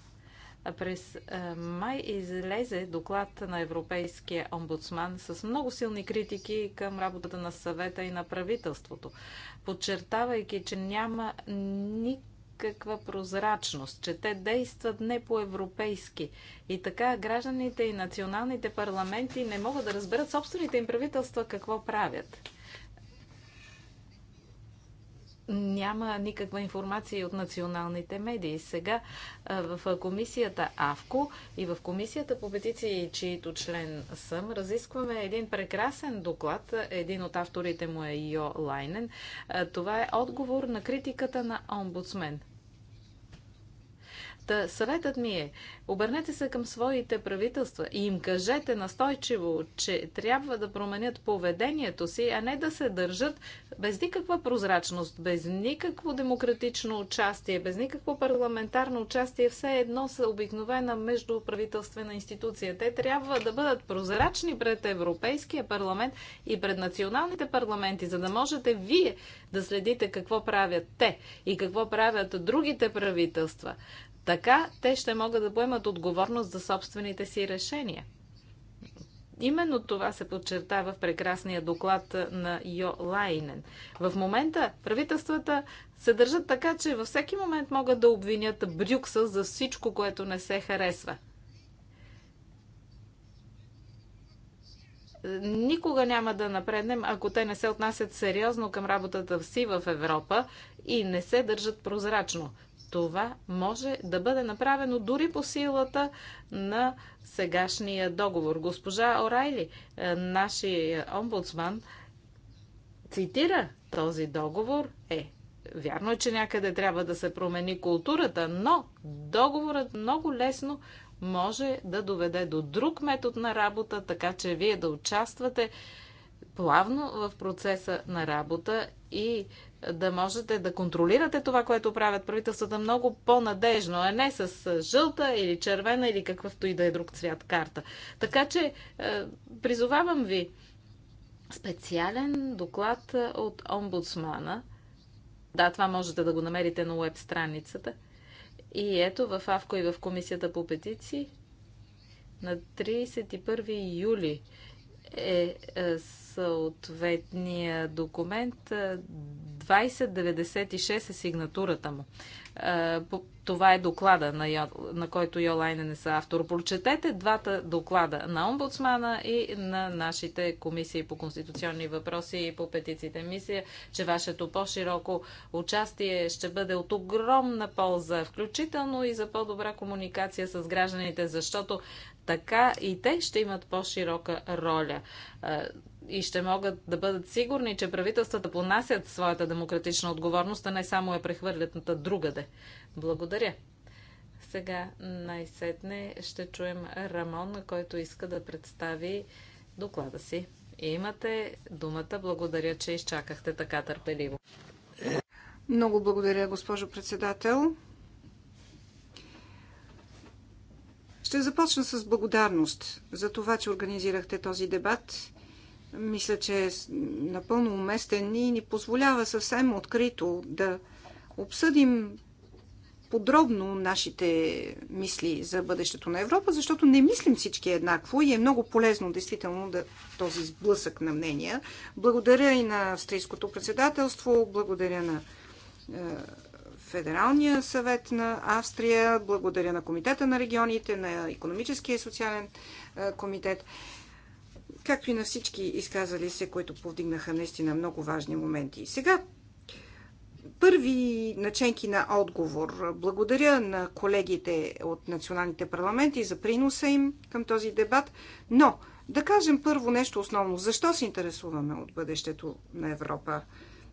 през е, май излезе доклад на Европейския омбудсман с много силни критики към работата на съвета и на правителството, подчертавайки, че няма никаква прозрачност, че те действат не по-европейски. И така гражданите и националните парламенти не могат да разберат собствените им правителства какво правят няма никаква информация от националните медии. Сега в комисията АВКО и в комисията по петиции, чието член съм, разискваме един прекрасен доклад. Един от авторите му е Йо Лайнен. Това е отговор на критиката на омбудсмен – Та съветът ми е, обърнете се към своите правителства и им кажете настойчиво, че трябва да променят поведението си, а не да се държат без никаква прозрачност, без никакво демократично участие, без никакво парламентарно участие. Все едно са обикновена междуправителствена институция. Те трябва да бъдат прозрачни пред Европейския парламент и пред националните парламенти, за да можете вие да следите какво правят те и какво правят другите правителства. Така те ще могат да поемат отговорност за собствените си решения. Именно това се подчертава в прекрасния доклад на Йо Лайнен. В момента правителствата се държат така, че във всеки момент могат да обвинят Брюксел за всичко, което не се харесва. никога няма да напреднем, ако те не се отнасят сериозно към работата си в Европа и не се държат прозрачно това може да бъде направено дори по силата на сегашния договор. Госпожа Орайли, е, нашия омбудсман, цитира този договор. Е, вярно е, че някъде трябва да се промени културата, но договорът много лесно може да доведе до друг метод на работа, така че вие да участвате плавно в процеса на работа и да можете да контролирате това, което правят правителствата много по-надежно, а не с жълта или червена или какъвто и да е друг цвят карта. Така че е, призовавам ви специален доклад е, от омбудсмана. Да, това можете да го намерите на веб страницата. И ето в Авко и в Комисията по петиции на 31 юли е, е съответния документ 2096 е сигнатурата му. Е, това е доклада, на, Йо, на който Йолайнен не са автор. Прочетете двата доклада на омбудсмана и на нашите комисии по конституционни въпроси и по петициите. Мисля, че вашето по-широко участие ще бъде от огромна полза, включително и за по-добра комуникация с гражданите, защото така и те ще имат по-широка роля. Е, и ще могат да бъдат сигурни, че правителствата понасят своята демократична отговорност, а не само я прехвърлят на другаде. Благодаря. Сега най-сетне ще чуем Рамон, който иска да представи доклада си. И имате думата. Благодаря, че изчакахте така търпеливо. Много благодаря, госпожо председател. Ще започна с благодарност за това, че организирахте този дебат мисля, че е напълно уместен и ни позволява съвсем открито да обсъдим подробно нашите мисли за бъдещето на Европа, защото не мислим всички еднакво и е много полезно действително да, този сблъсък на мнения. Благодаря и на австрийското председателство, благодаря на е, Федералния съвет на Австрия, благодаря на Комитета на регионите, на Економическия и социален е, комитет както и на всички изказали се, които повдигнаха наистина много важни моменти. Сега, първи наченки на отговор. Благодаря на колегите от националните парламенти за приноса им към този дебат, но да кажем първо нещо основно. Защо се интересуваме от бъдещето на Европа?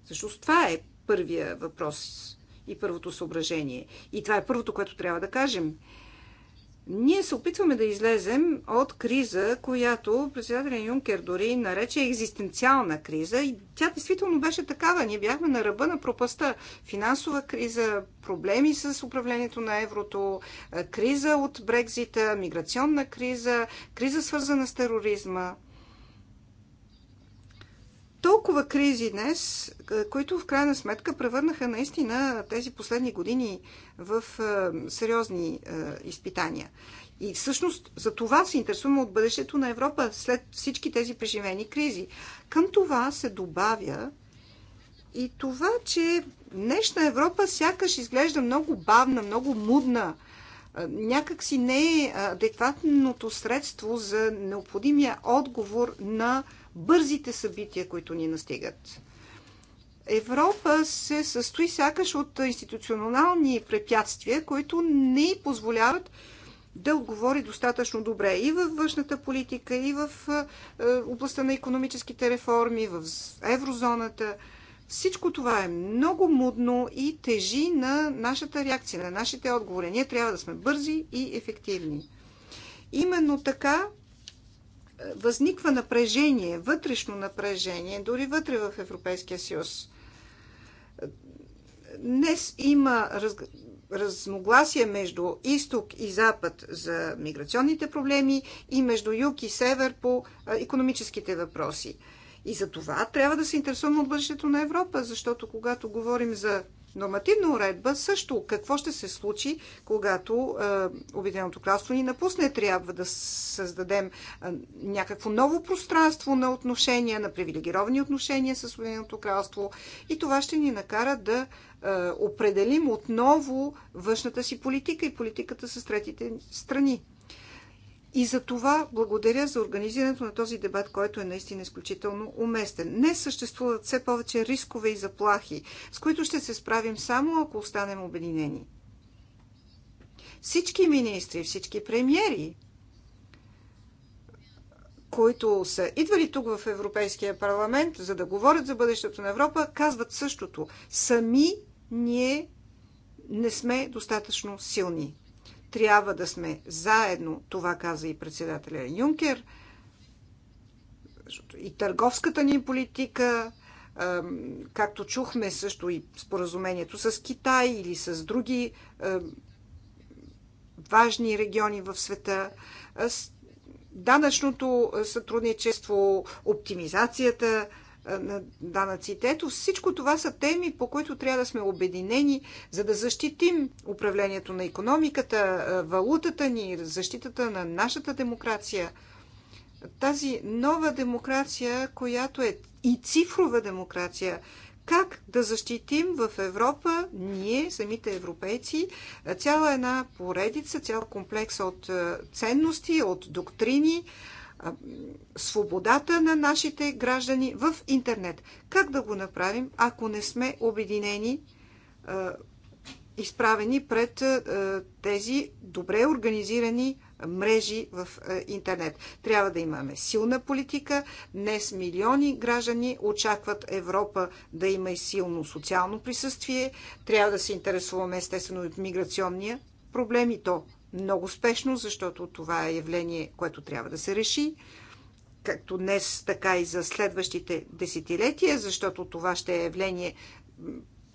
Защо това е първия въпрос и първото съображение. И това е първото, което трябва да кажем. Ние се опитваме да излезем от криза, която председателя Юнкер дори нарече екзистенциална криза. И тя действително беше такава. Ние бяхме на ръба на пропаста. Финансова криза, проблеми с управлението на еврото, е, криза от Брекзита, миграционна криза, криза свързана с тероризма толкова кризи днес, които в крайна сметка превърнаха наистина тези последни години в сериозни изпитания. И всъщност за това се интересуваме от бъдещето на Европа след всички тези преживени кризи. Към това се добавя и това, че днешна Европа сякаш изглежда много бавна, много мудна, някак си не е адекватното средство за необходимия отговор на бързите събития, които ни настигат. Европа се състои сякаш от институционални препятствия, които не й позволяват да отговори достатъчно добре и във външната политика, и в е, областта на економическите реформи, в еврозоната. Всичко това е много мудно и тежи на нашата реакция, на нашите отговори. Ние трябва да сме бързи и ефективни. Именно така възниква напрежение, вътрешно напрежение, дори вътре в Европейския съюз. Днес има раз, разногласия между изток и запад за миграционните проблеми и между юг и север по економическите въпроси. И за това трябва да се интересуваме от бъдещето на Европа, защото когато говорим за нормативна уредба също какво ще се случи, когато е, Обединеното кралство ни напусне. Трябва да създадем е, някакво ново пространство на отношения, на привилегировани отношения с Обединеното кралство и това ще ни накара да е, определим отново външната си политика и политиката с третите страни. И за това благодаря за организирането на този дебат, който е наистина изключително уместен. Не съществуват все повече рискове и заплахи, с които ще се справим само ако останем обединени. Всички министри, всички премьери, които са идвали тук в Европейския парламент, за да говорят за бъдещето на Европа, казват същото. Сами ние не сме достатъчно силни. Трябва да сме заедно, това каза и председателя Юнкер. И търговската ни политика, както чухме също и споразумението с Китай или с други важни региони в света, данъчното сътрудничество, оптимизацията, е, на данъците. Ето всичко това са теми, по които трябва да сме обединени, за да защитим управлението на економиката, е, валутата ни, защитата на нашата демокрация. Тази нова демокрация, която е и цифрова демокрация, как да защитим в Европа, ние, самите европейци, е, цяла една поредица, цял комплекс от ценности, от доктрини, свободата на нашите граждани в интернет. Как да го направим, ако не сме обединени, изправени пред тези добре организирани мрежи в интернет. Трябва да имаме силна политика. Днес милиони граждани очакват Европа да има и силно социално присъствие. Трябва да се интересуваме естествено от миграционния проблем и то много спешно, защото това е явление, което трябва да се реши, както днес, така и за следващите десетилетия, защото това ще е явление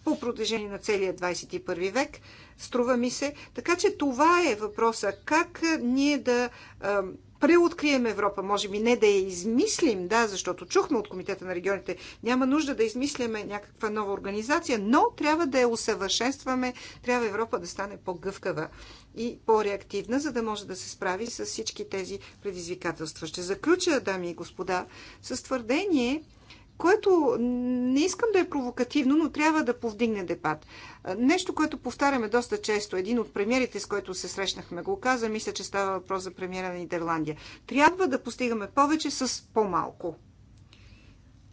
по протежение на целия 21 век, струва ми се. Така че това е въпроса. Как ние да преоткрием Европа? Може би не да я измислим, да, защото чухме от Комитета на регионите, няма нужда да измисляме някаква нова организация, но трябва да я усъвършенстваме, трябва Европа да стане по-гъвкава и по-реактивна, за да може да се справи с всички тези предизвикателства. Ще заключа, дами и господа, с твърдение, което не искам да е провокативно, но трябва да повдигне депат. Нещо, което повтаряме доста често, един от премиерите, с който се срещнахме, го каза, мисля, че става въпрос за премиера на Нидерландия. Трябва да постигаме повече с по-малко.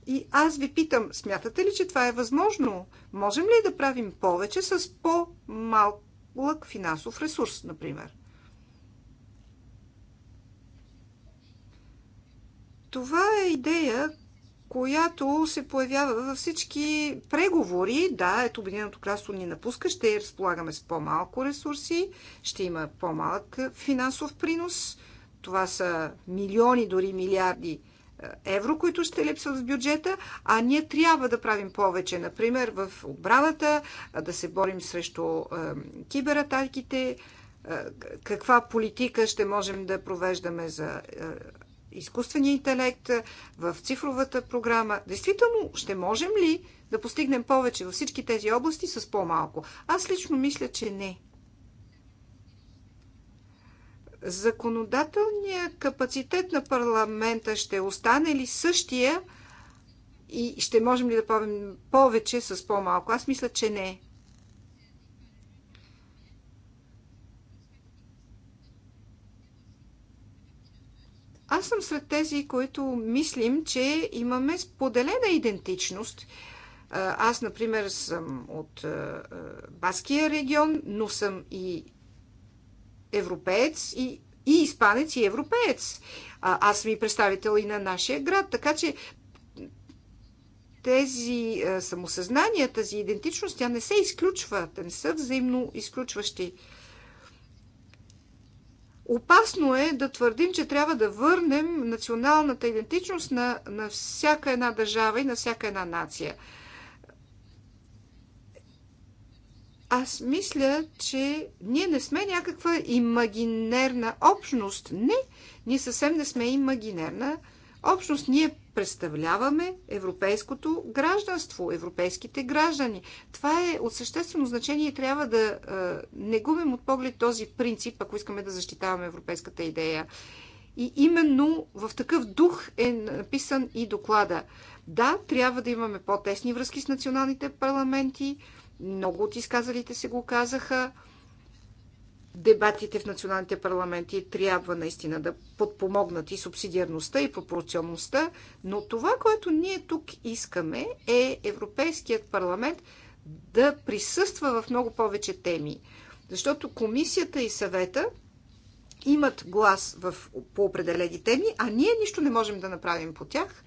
И аз ви питам, смятате ли, че това е възможно? Можем ли да правим повече с по-малко? лък финансов ресурс, например. Това е идея, която се появява във всички преговори. Да, ето Обединеното кралство ни напуска, ще разполагаме с по-малко ресурси, ще има по-малък финансов принос. Това са милиони, дори милиарди евро, които ще липсват в бюджета, а ние трябва да правим повече. Например, в отбраната, да се борим срещу кибератаките, каква политика ще можем да провеждаме за изкуствения интелект, в цифровата програма. Действително, ще можем ли да постигнем повече във всички тези области с по-малко? Аз лично мисля, че не законодателният капацитет на парламента ще остане ли същия и ще можем ли да правим повече с по-малко? Аз мисля, че не. Аз съм сред тези, които мислим, че имаме споделена идентичност. Аз, например, съм от Баския регион, но съм и европеец и, и испанец, и европеец. А, аз съм и представител и на нашия град, така че тези а, самосъзнания, тази идентичност, тя не се изключва, те не са взаимно изключващи. Опасно е да твърдим, че трябва да върнем националната идентичност на, на всяка една държава и на всяка една нация. Аз мисля, че ние не сме някаква имагинерна общност. Не, ние съвсем не сме имагинерна общност. Ние представляваме европейското гражданство, европейските граждани. Това е от съществено значение и трябва да а, не губим от поглед този принцип, ако искаме да защитаваме европейската идея. И именно в такъв дух е написан и доклада. Да, трябва да имаме по-тесни връзки с националните парламенти, много от изказалите се го казаха. Дебатите в националните парламенти трябва наистина да подпомогнат и субсидиарността, и пропорционността, но това, което ние тук искаме е Европейският парламент да присъства в много повече теми. Защото комисията и съвета имат глас в, по определени теми, а ние нищо не можем да направим по тях,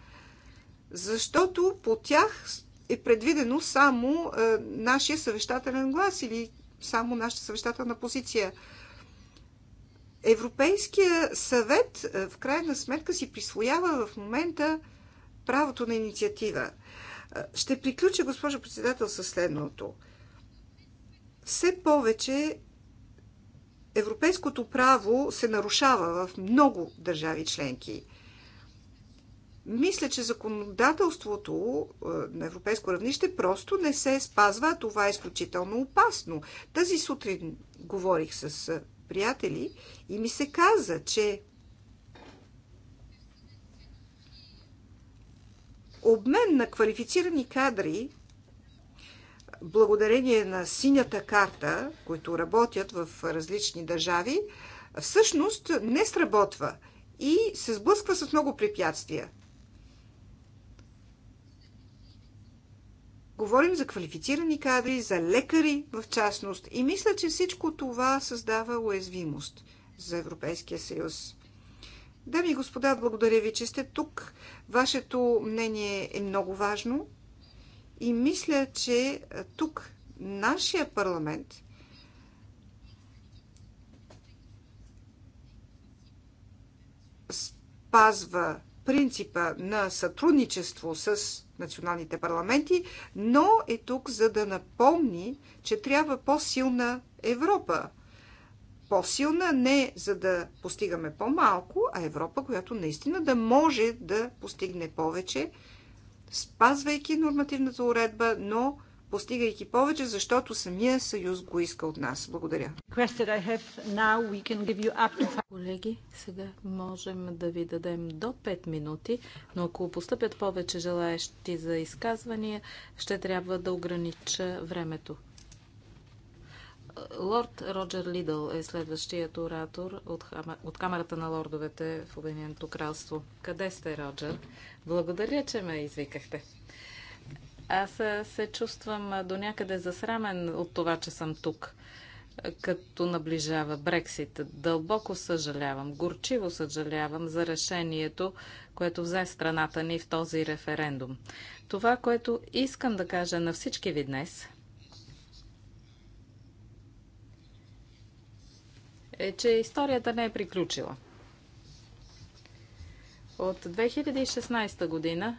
защото по тях е предвидено само е, нашия съвещателен глас или само нашата съвещателна позиция. Европейския съвет е, в крайна сметка си присвоява в момента правото на инициатива. Е, ще приключа, госпожо председател, със следното. Все повече европейското право се нарушава в много държави членки. Мисля, че законодателството е, на европейско равнище просто не се спазва, а това е изключително опасно. Тази сутрин говорих с е, приятели и ми се каза, че обмен на квалифицирани кадри благодарение на синята карта, които работят в различни държави, всъщност не сработва и се сблъсква с много препятствия. Говорим за квалифицирани кадри, за лекари в частност. И мисля, че всичко това създава уязвимост за Европейския съюз. Дами и господа, благодаря ви, че сте тук. Вашето мнение е много важно. И мисля, че тук нашия парламент спазва принципа на сътрудничество с националните парламенти, но е тук за да напомни, че трябва по-силна Европа. По-силна не за да постигаме по-малко, а Европа, която наистина да може да постигне повече, спазвайки нормативната уредба, но постигайки повече, защото самия съюз го иска от нас. Благодаря. Колеги, сега можем да ви дадем до 5 минути, но ако постъпят повече желаящи за изказвания, ще трябва да огранича времето. Лорд Роджер Лидъл е следващият оратор от, хама, от Камерата на лордовете в Обединеното кралство. Къде сте, Роджер? Благодаря, че ме извикахте. Аз е, се чувствам е, до някъде засрамен от това, че съм тук, е, като наближава Брексит. Дълбоко съжалявам, горчиво съжалявам за решението, което взе страната ни в този референдум. Това, което искам да кажа на всички ви днес, е, че историята не е приключила. От 2016 година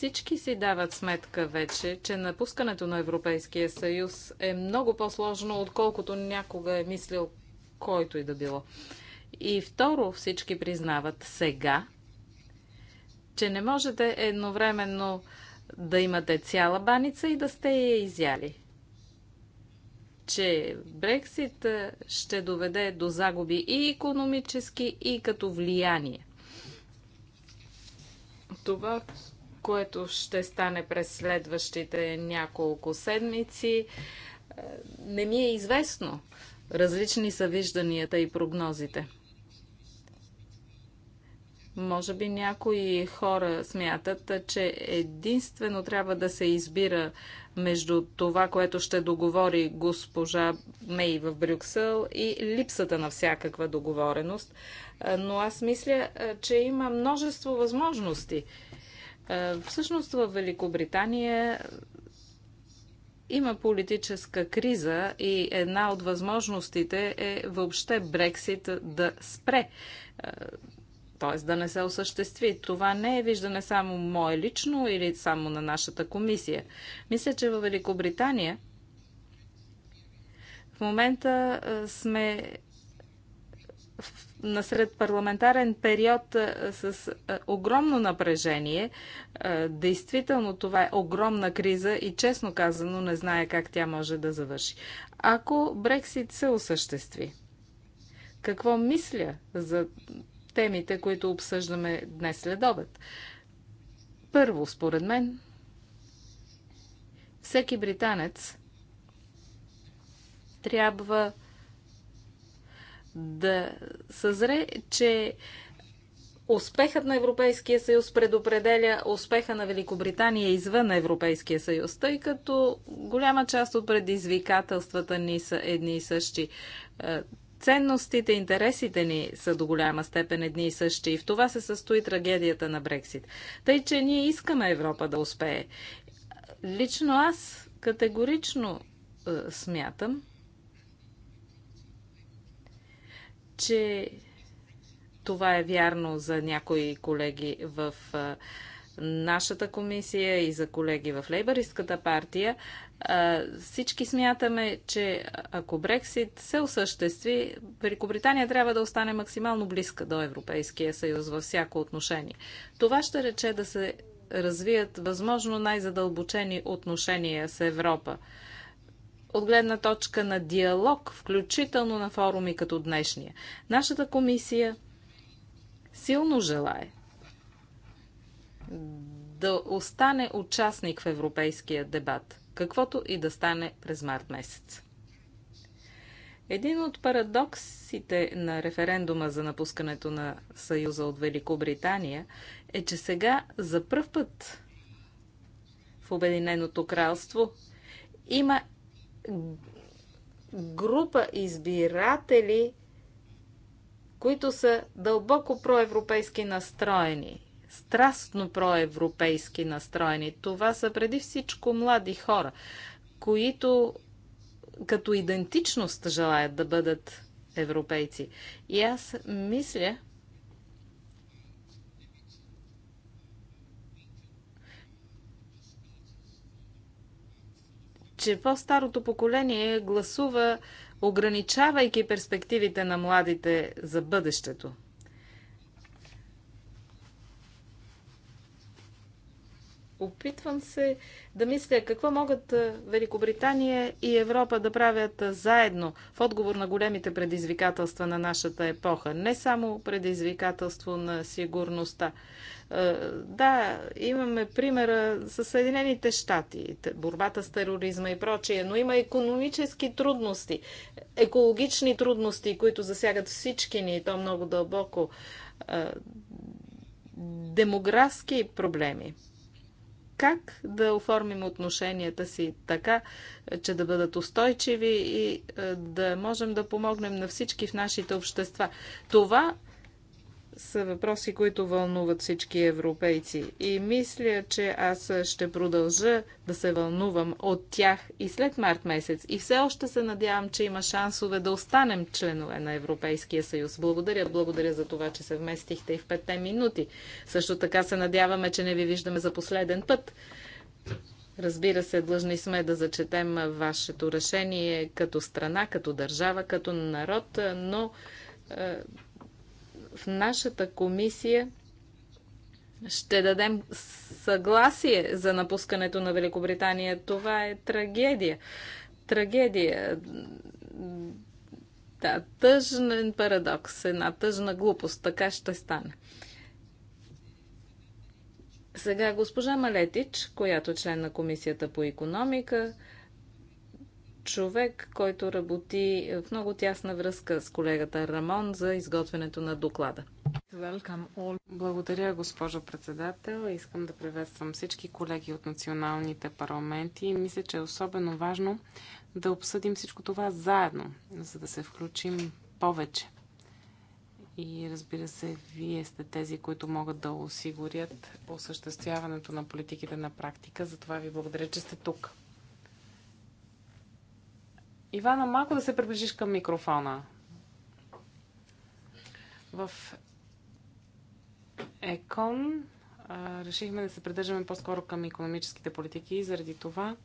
всички си дават сметка вече, че напускането на Европейския съюз е много по-сложно, отколкото някога е мислил който и да било. И второ, всички признават сега, че не можете едновременно да имате цяла баница и да сте я изяли. Че Брексит ще доведе до загуби и економически, и като влияние. Това, което ще стане през следващите няколко седмици, е, не ми е известно. Различни са вижданията и прогнозите. Може би някои хора смятат, че единствено трябва да се избира между това, което ще договори госпожа Мей в Брюксел и липсата на всякаква договореност. Е, но аз мисля, е, че има множество възможности е, всъщност в Великобритания има политическа криза и една от възможностите е въобще Брексит да спре т.е. да не се осъществи. Това не е виждане само мое лично или само на нашата комисия. Мисля, че във Великобритания в момента е, сме насред парламентарен период с огромно напрежение. Действително това е огромна криза и честно казано не знае как тя може да завърши. Ако Брексит се осъществи, какво мисля за темите, които обсъждаме днес след обед? Първо, според мен, всеки британец трябва да съзре, че успехът на Европейския съюз предопределя успеха на Великобритания извън Европейския съюз, тъй като голяма част от предизвикателствата ни са едни и същи. Е, ценностите, интересите ни са до голяма степен едни и същи и в това се състои трагедията на Брексит. Тъй, че ние искаме Европа да успее. Лично аз категорично е, смятам, че това е вярно за някои колеги в нашата комисия и за колеги в Лейбористската партия. Всички смятаме, че ако Брексит се осъществи, Великобритания трябва да остане максимално близка до Европейския съюз във всяко отношение. Това ще рече да се развият възможно най-задълбочени отношения с Европа от гледна точка на диалог, включително на форуми като днешния. Нашата комисия силно желае да остане участник в европейския дебат, каквото и да стане през март месец. Един от парадоксите на референдума за напускането на Съюза от Великобритания е, че сега за пръв път в Обединеното кралство има група избиратели, които са дълбоко проевропейски настроени, страстно проевропейски настроени. Това са преди всичко млади хора, които като идентичност желаят да бъдат европейци. И аз мисля, че по-старото поколение гласува, ограничавайки перспективите на младите за бъдещето. Опитвам се да мисля какво могат Великобритания и Европа да правят заедно в отговор на големите предизвикателства на нашата епоха. Не само предизвикателство на сигурността. Да, имаме примера с Съединените щати, борбата с тероризма и прочие, но има економически трудности, екологични трудности, които засягат всички ни и то много дълбоко демографски проблеми как да оформим отношенията си така, че да бъдат устойчиви и е, да можем да помогнем на всички в нашите общества. Това са въпроси, които вълнуват всички европейци. И мисля, че аз ще продължа да се вълнувам от тях и след март месец. И все още се надявам, че има шансове да останем членове на Европейския съюз. Благодаря, благодаря за това, че се вместихте и в петте минути. Също така се надяваме, че не ви виждаме за последен път. Разбира се, длъжни сме да зачетем вашето решение като страна, като държава, като народ, но е, в нашата комисия ще дадем съгласие за напускането на Великобритания. Това е трагедия. Трагедия. Да, тъжен парадокс, една тъжна глупост. Така ще стане. Сега госпожа Малетич, която е член на Комисията по економика, човек, който работи в много тясна връзка с колегата Рамон за изготвянето на доклада. Благодаря, госпожо председател. Искам да приветствам всички колеги от националните парламенти. Мисля, че е особено важно да обсъдим всичко това заедно, за да се включим повече. И разбира се, вие сте тези, които могат да осигурят осъществяването на политиките на практика. Затова ви благодаря, че сте тук. Ивана, малко да се приближиш към микрофона. В ЕКОН решихме да се придържаме по-скоро към економическите политики и заради това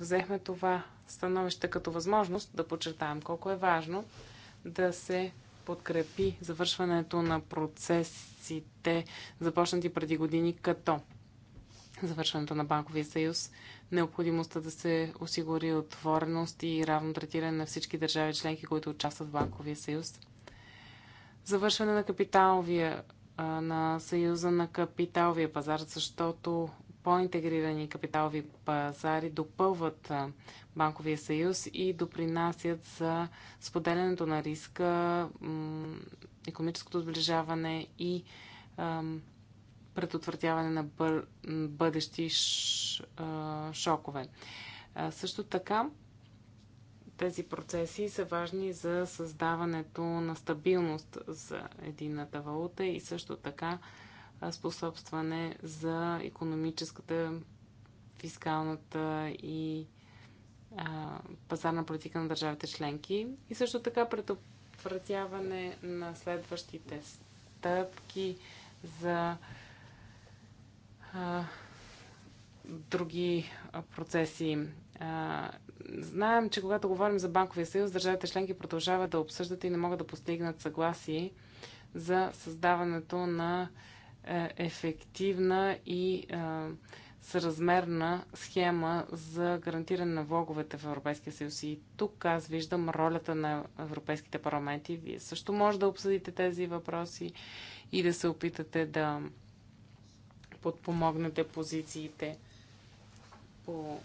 взехме това становище като възможност да подчертаем колко е важно да се подкрепи завършването на процесите, започнати преди години, като завършването на Банковия съюз, необходимостта да се осигури отвореност и равно третиране на всички държави членки, които участват в Банковия съюз. Завършване на капиталовия на съюза на капиталовия пазар, защото по-интегрирани капиталови пазари допълват банковия съюз и допринасят за споделянето на риска, економическото сближаване и ам, предотвратяване на бър... бъдещи ш... шокове. Също така, тези процеси са важни за създаването на стабилност за едината валута и също така способстване за економическата, фискалната и пазарна политика на държавите членки и също така предотвратяване на следващите стъпки за други процеси. знаем, че когато говорим за банковия съюз, държавите членки продължават да обсъждат и не могат да постигнат съгласие за създаването на е, ефективна и съразмерна схема за гарантиране на влоговете в Европейския съюз. И тук аз виждам ролята на европейските парламенти. Вие също може да обсъдите тези въпроси и да се опитате да подпомогнете позициите по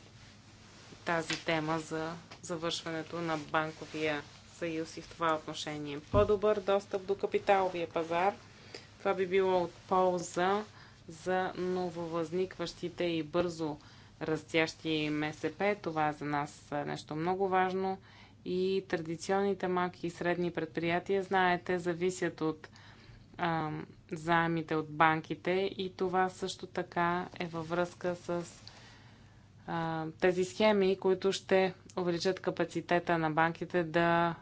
тази тема за завършването на банковия съюз и в това отношение. По-добър достъп до капиталовия пазар. Това би било от полза за нововъзникващите и бързо растящи МСП. Това е за нас нещо много важно. И традиционните малки и средни предприятия, знаете, зависят от а, заемите от банките и това също така е във връзка с а, тези схеми, които ще увеличат капацитета на банките да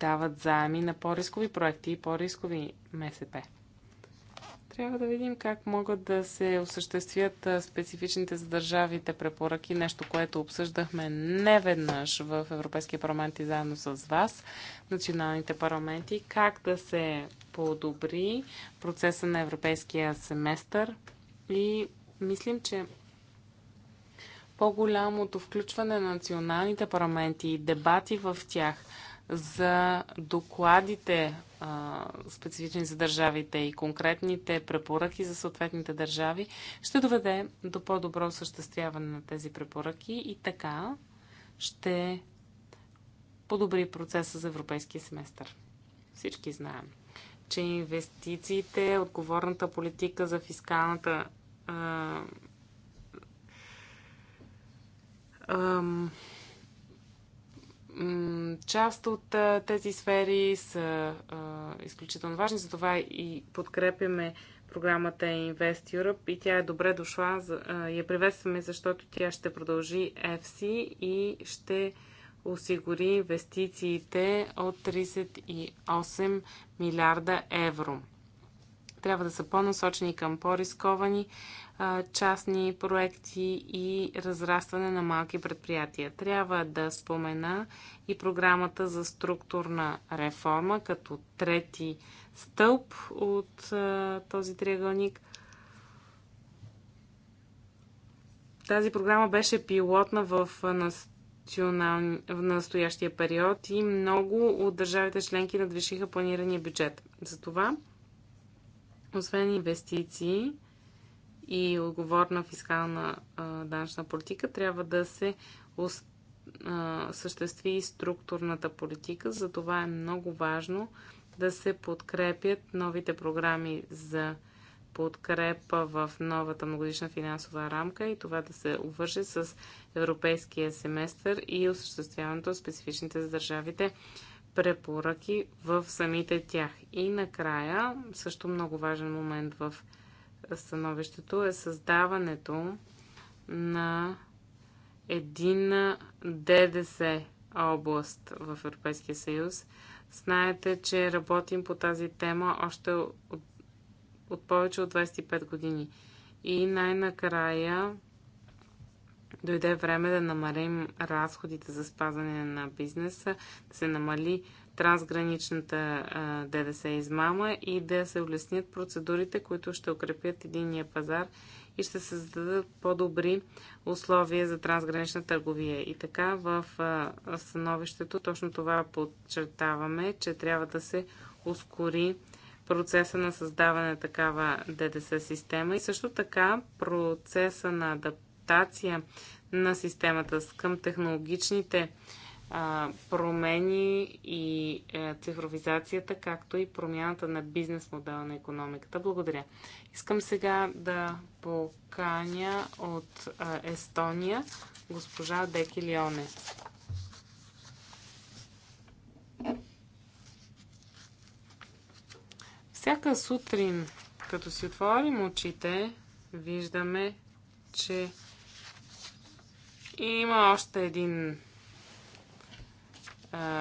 дават заеми на по-рискови проекти и по-рискови МСП трябва да видим как могат да се осъществят специфичните за държавите препоръки, нещо, което обсъждахме не веднъж в Европейския парламент и заедно с вас, националните парламенти, как да се подобри процеса на европейския семестър и мислим, че по-голямото включване на националните парламенти и дебати в тях – за докладите а, специфични за държавите и конкретните препоръки за съответните държави, ще доведе до по-добро осъществяване на тези препоръки и така ще подобри процеса за европейския семестър. Всички знаем, че инвестициите, отговорната политика за фискалната а, а, част от тези сфери са изключително важни, затова и подкрепяме програмата Invest Europe и тя е добре дошла. Я приветстваме, защото тя ще продължи FC и ще осигури инвестициите от 38 милиарда евро. Трябва да са по-насочени към по-рисковани частни проекти и разрастване на малки предприятия. Трябва да спомена и програмата за структурна реформа като трети стълб от този триъгълник. Тази програма беше пилотна в настоящия период и много от държавите членки надвишиха планирания бюджет. Затова, освен инвестиции, и отговорна фискална данъчна политика, трябва да се съществи и структурната политика. Затова е много важно да се подкрепят новите програми за подкрепа в новата многодишна финансова рамка и това да се увърже с европейския семестър и осъществяването специфичните за държавите препоръки в самите тях. И накрая, също много важен момент в становището е създаването на единна ДДС област в Европейския съюз. Знаете, че работим по тази тема още от, от повече от 25 години. И най-накрая дойде време да намалим разходите за спазване на бизнеса, да се намали трансграничната ДДС измама и да се улеснят процедурите, които ще укрепят единния пазар и ще създадат по-добри условия за трансгранична търговия. И така в становището точно това подчертаваме, че трябва да се ускори процеса на създаване на такава ДДС система и също така процеса на адаптация на системата към технологичните промени и е, цифровизацията, както и промяната на бизнес модела на економиката. Благодаря. Искам сега да поканя от Естония госпожа Деки Лионе. Всяка сутрин, като си отворим очите, виждаме, че има още един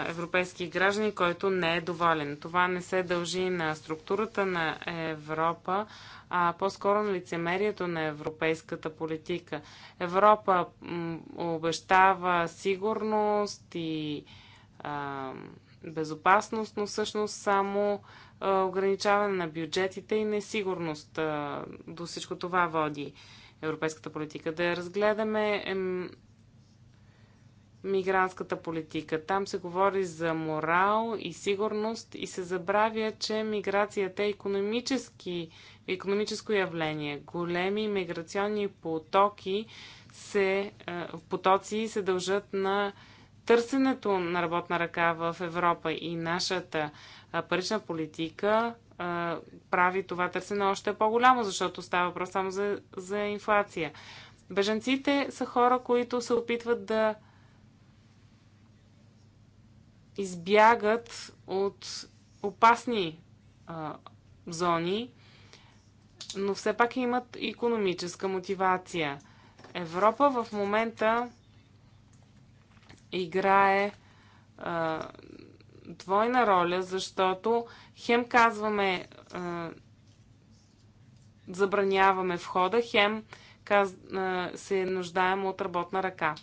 европейски граждани, който не е доволен. Това не се дължи на структурата на Европа, а по-скоро на лицемерието на европейската политика. Европа обещава сигурност и безопасност, но всъщност само ограничаване на бюджетите и несигурност до всичко това води европейската политика. Да разгледаме мигрантската политика. Там се говори за морал и сигурност и се забравя, че миграцията е економически, економическо явление. Големи миграционни потоки се, е, потоци се дължат на търсенето на работна ръка в Европа и нашата е, парична политика е, прави това търсене още по-голямо, защото става въпрос само за, за инфлация. Бежанците са хора, които се опитват да избягат от опасни а, зони, но все пак имат економическа мотивация. Европа в момента играе а, двойна роля, защото хем казваме а, забраняваме входа, хем каз, а, се нуждаем от работна ръка.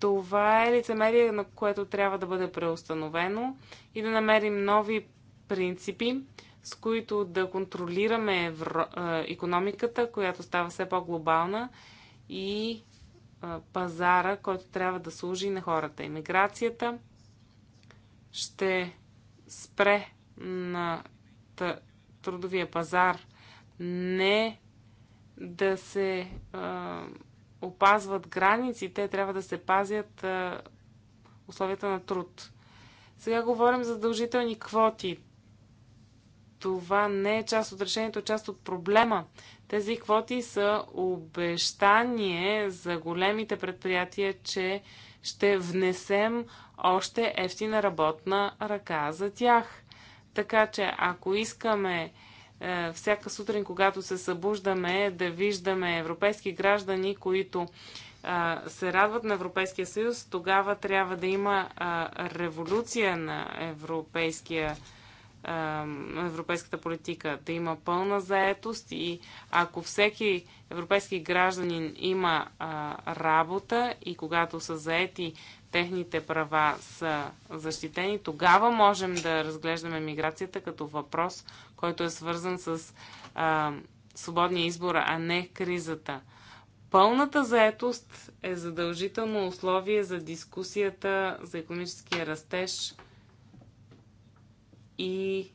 Това е лицемерие, на което трябва да бъде преустановено и да намерим нови принципи, с които да контролираме евро... економиката, която става все по-глобална и пазара, който трябва да служи на хората. Имиграцията ще спре на трудовия пазар не да се опазват границите, трябва да се пазят а, условията на труд. Сега говорим за дължителни квоти. Това не е част от решението, част от проблема. Тези квоти са обещание за големите предприятия, че ще внесем още ефтина работна ръка за тях. Така че, ако искаме е, всяка сутрин, когато се събуждаме, да виждаме европейски граждани, които е, се радват на Европейския съюз, тогава трябва да има е, революция на европейския европейската политика, да има пълна заетост и ако всеки европейски гражданин има а, работа и когато са заети техните права са защитени, тогава можем да разглеждаме миграцията като въпрос, който е свързан с а, свободния избор, а не кризата. Пълната заетост е задължително условие за дискусията за економическия растеж и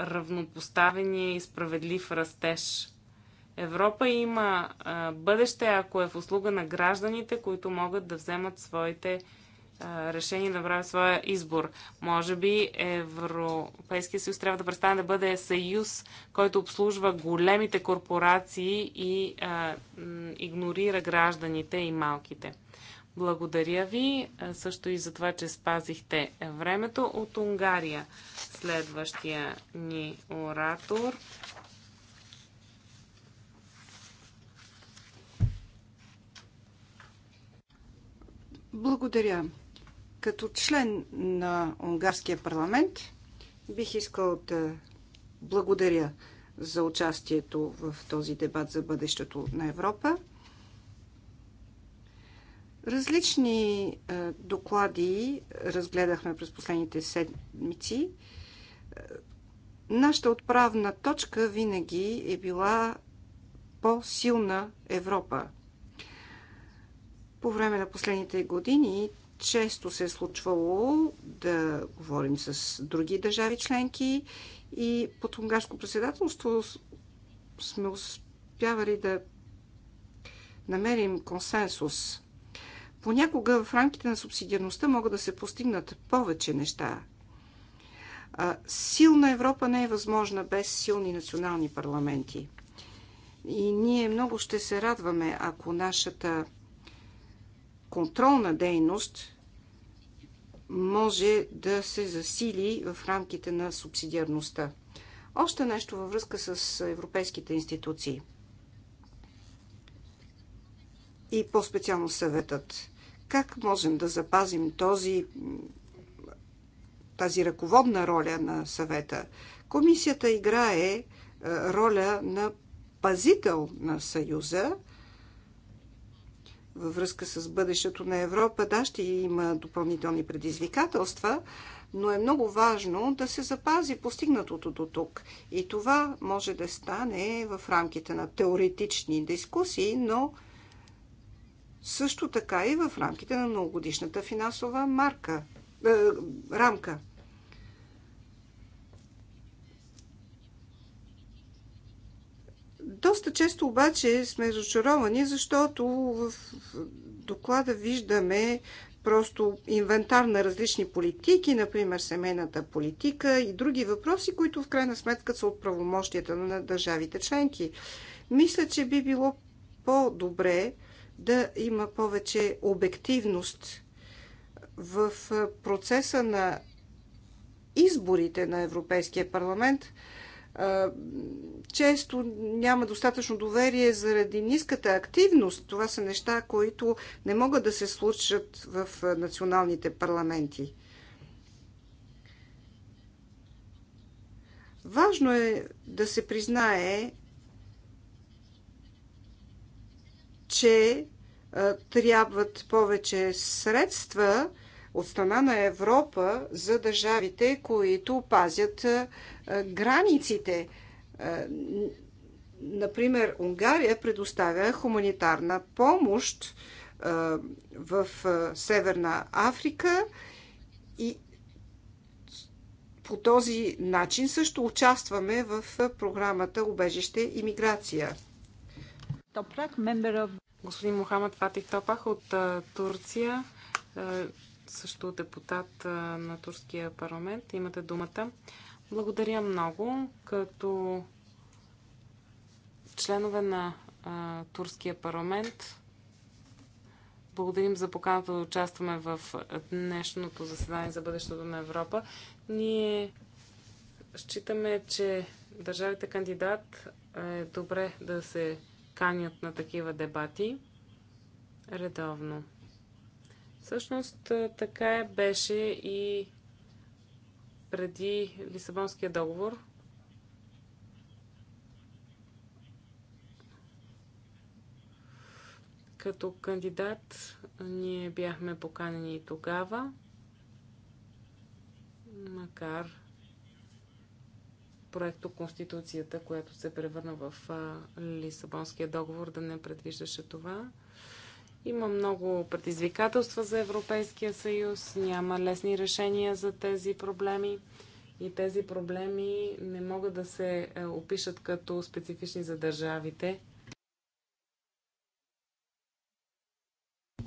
равнопоставения и справедлив растеж. Европа има а, бъдеще, ако е в услуга на гражданите, които могат да вземат своите решение да прави своя избор. Може би Европейския съюз трябва да престане да бъде съюз, който обслужва големите корпорации и а, игнорира гражданите и малките. Благодаря ви също и за това, че спазихте времето от Унгария. Следващия ни оратор. Благодаря. Като член на Унгарския парламент бих искал да благодаря за участието в този дебат за бъдещето на Европа. Различни е, доклади разгледахме през последните седмици. Е, нашата отправна точка винаги е била по-силна Европа. По време на последните години често се е случвало да говорим с други държави членки и под унгарско председателство сме успявали да намерим консенсус. Понякога в рамките на субсидиарността могат да се постигнат повече неща. Силна Европа не е възможна без силни национални парламенти. И ние много ще се радваме, ако нашата контролна дейност може да се засили в рамките на субсидиарността. Още нещо във връзка с европейските институции. И по-специално съветът. Как можем да запазим този, тази ръководна роля на съвета? Комисията играе роля на пазител на Съюза във връзка с бъдещето на Европа. Да, ще има допълнителни предизвикателства, но е много важно да се запази постигнатото до тук. И това може да стане в рамките на теоретични дискусии, но също така и в рамките на многогодишната финансова марка, э, рамка. Доста често обаче сме разочаровани, защото в доклада виждаме просто инвентар на различни политики, например семейната политика и други въпроси, които в крайна сметка са от правомощията на държавите членки. Мисля, че би било по-добре да има повече обективност в процеса на изборите на Европейския парламент – често няма достатъчно доверие заради ниската активност. Това са неща, които не могат да се случат в националните парламенти. Важно е да се признае, че трябват повече средства от страна на Европа за държавите, които пазят границите. Например, Унгария предоставя хуманитарна помощ в Северна Африка и по този начин също участваме в програмата Обежище и миграция. Господин Мохамед Фатих Топах от Турция, също депутат на Турския парламент. Имате думата. Благодаря много. Като членове на а, Турския парламент, благодарим за поканата да участваме в днешното заседание за бъдещето на Европа. Ние считаме, че държавите кандидат е добре да се канят на такива дебати редовно. Всъщност така е, беше и преди Лисабонския договор. Като кандидат ние бяхме поканени и тогава, макар проекто Конституцията, която се превърна в Лисабонския договор, да не предвиждаше това. Има много предизвикателства за Европейския съюз, няма лесни решения за тези проблеми и тези проблеми не могат да се е, опишат като специфични за държавите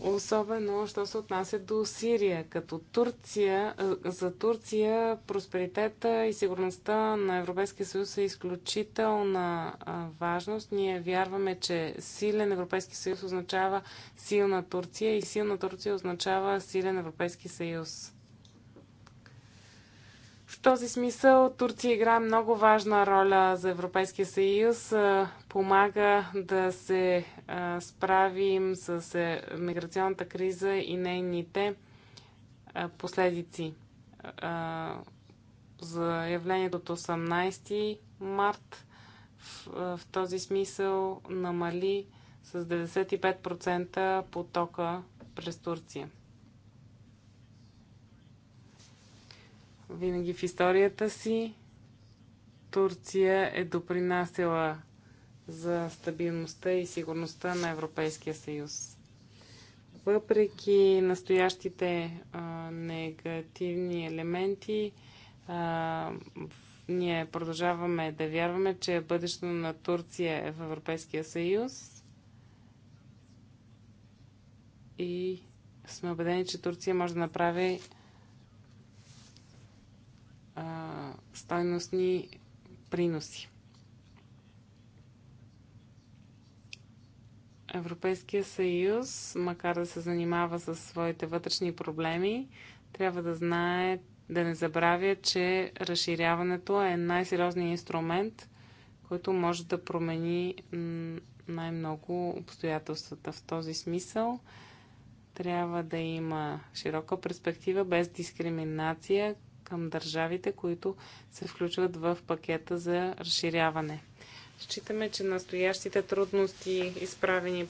особено, що се отнася до Сирия. Като Турция, е, за Турция просперитета и сигурността на Европейския съюз е изключителна важност. Ние вярваме, че силен Европейски съюз означава силна Турция и силна Турция означава силен Европейски съюз този смисъл Турция играе много важна роля за Европейския съюз. Помага да се справим с е, миграционната криза и нейните последици. За явлението от 18 март в този смисъл намали с 95% потока през Турция. Винаги в историята си Турция е допринасяла за стабилността и сигурността на Европейския съюз. Въпреки настоящите а, негативни елементи, а, ние продължаваме да вярваме, че бъдещето на Турция е в Европейския съюз и сме убедени, че Турция може да направи а, стойностни приноси. Европейския съюз, макар да се занимава с своите вътрешни проблеми, трябва да знае, да не забравя, че разширяването е най-сериозният инструмент, който може да промени най-много обстоятелствата. В този смисъл трябва да има широка перспектива без дискриминация, към държавите, които се включват в пакета за разширяване. Считаме, че настоящите трудности, изправени,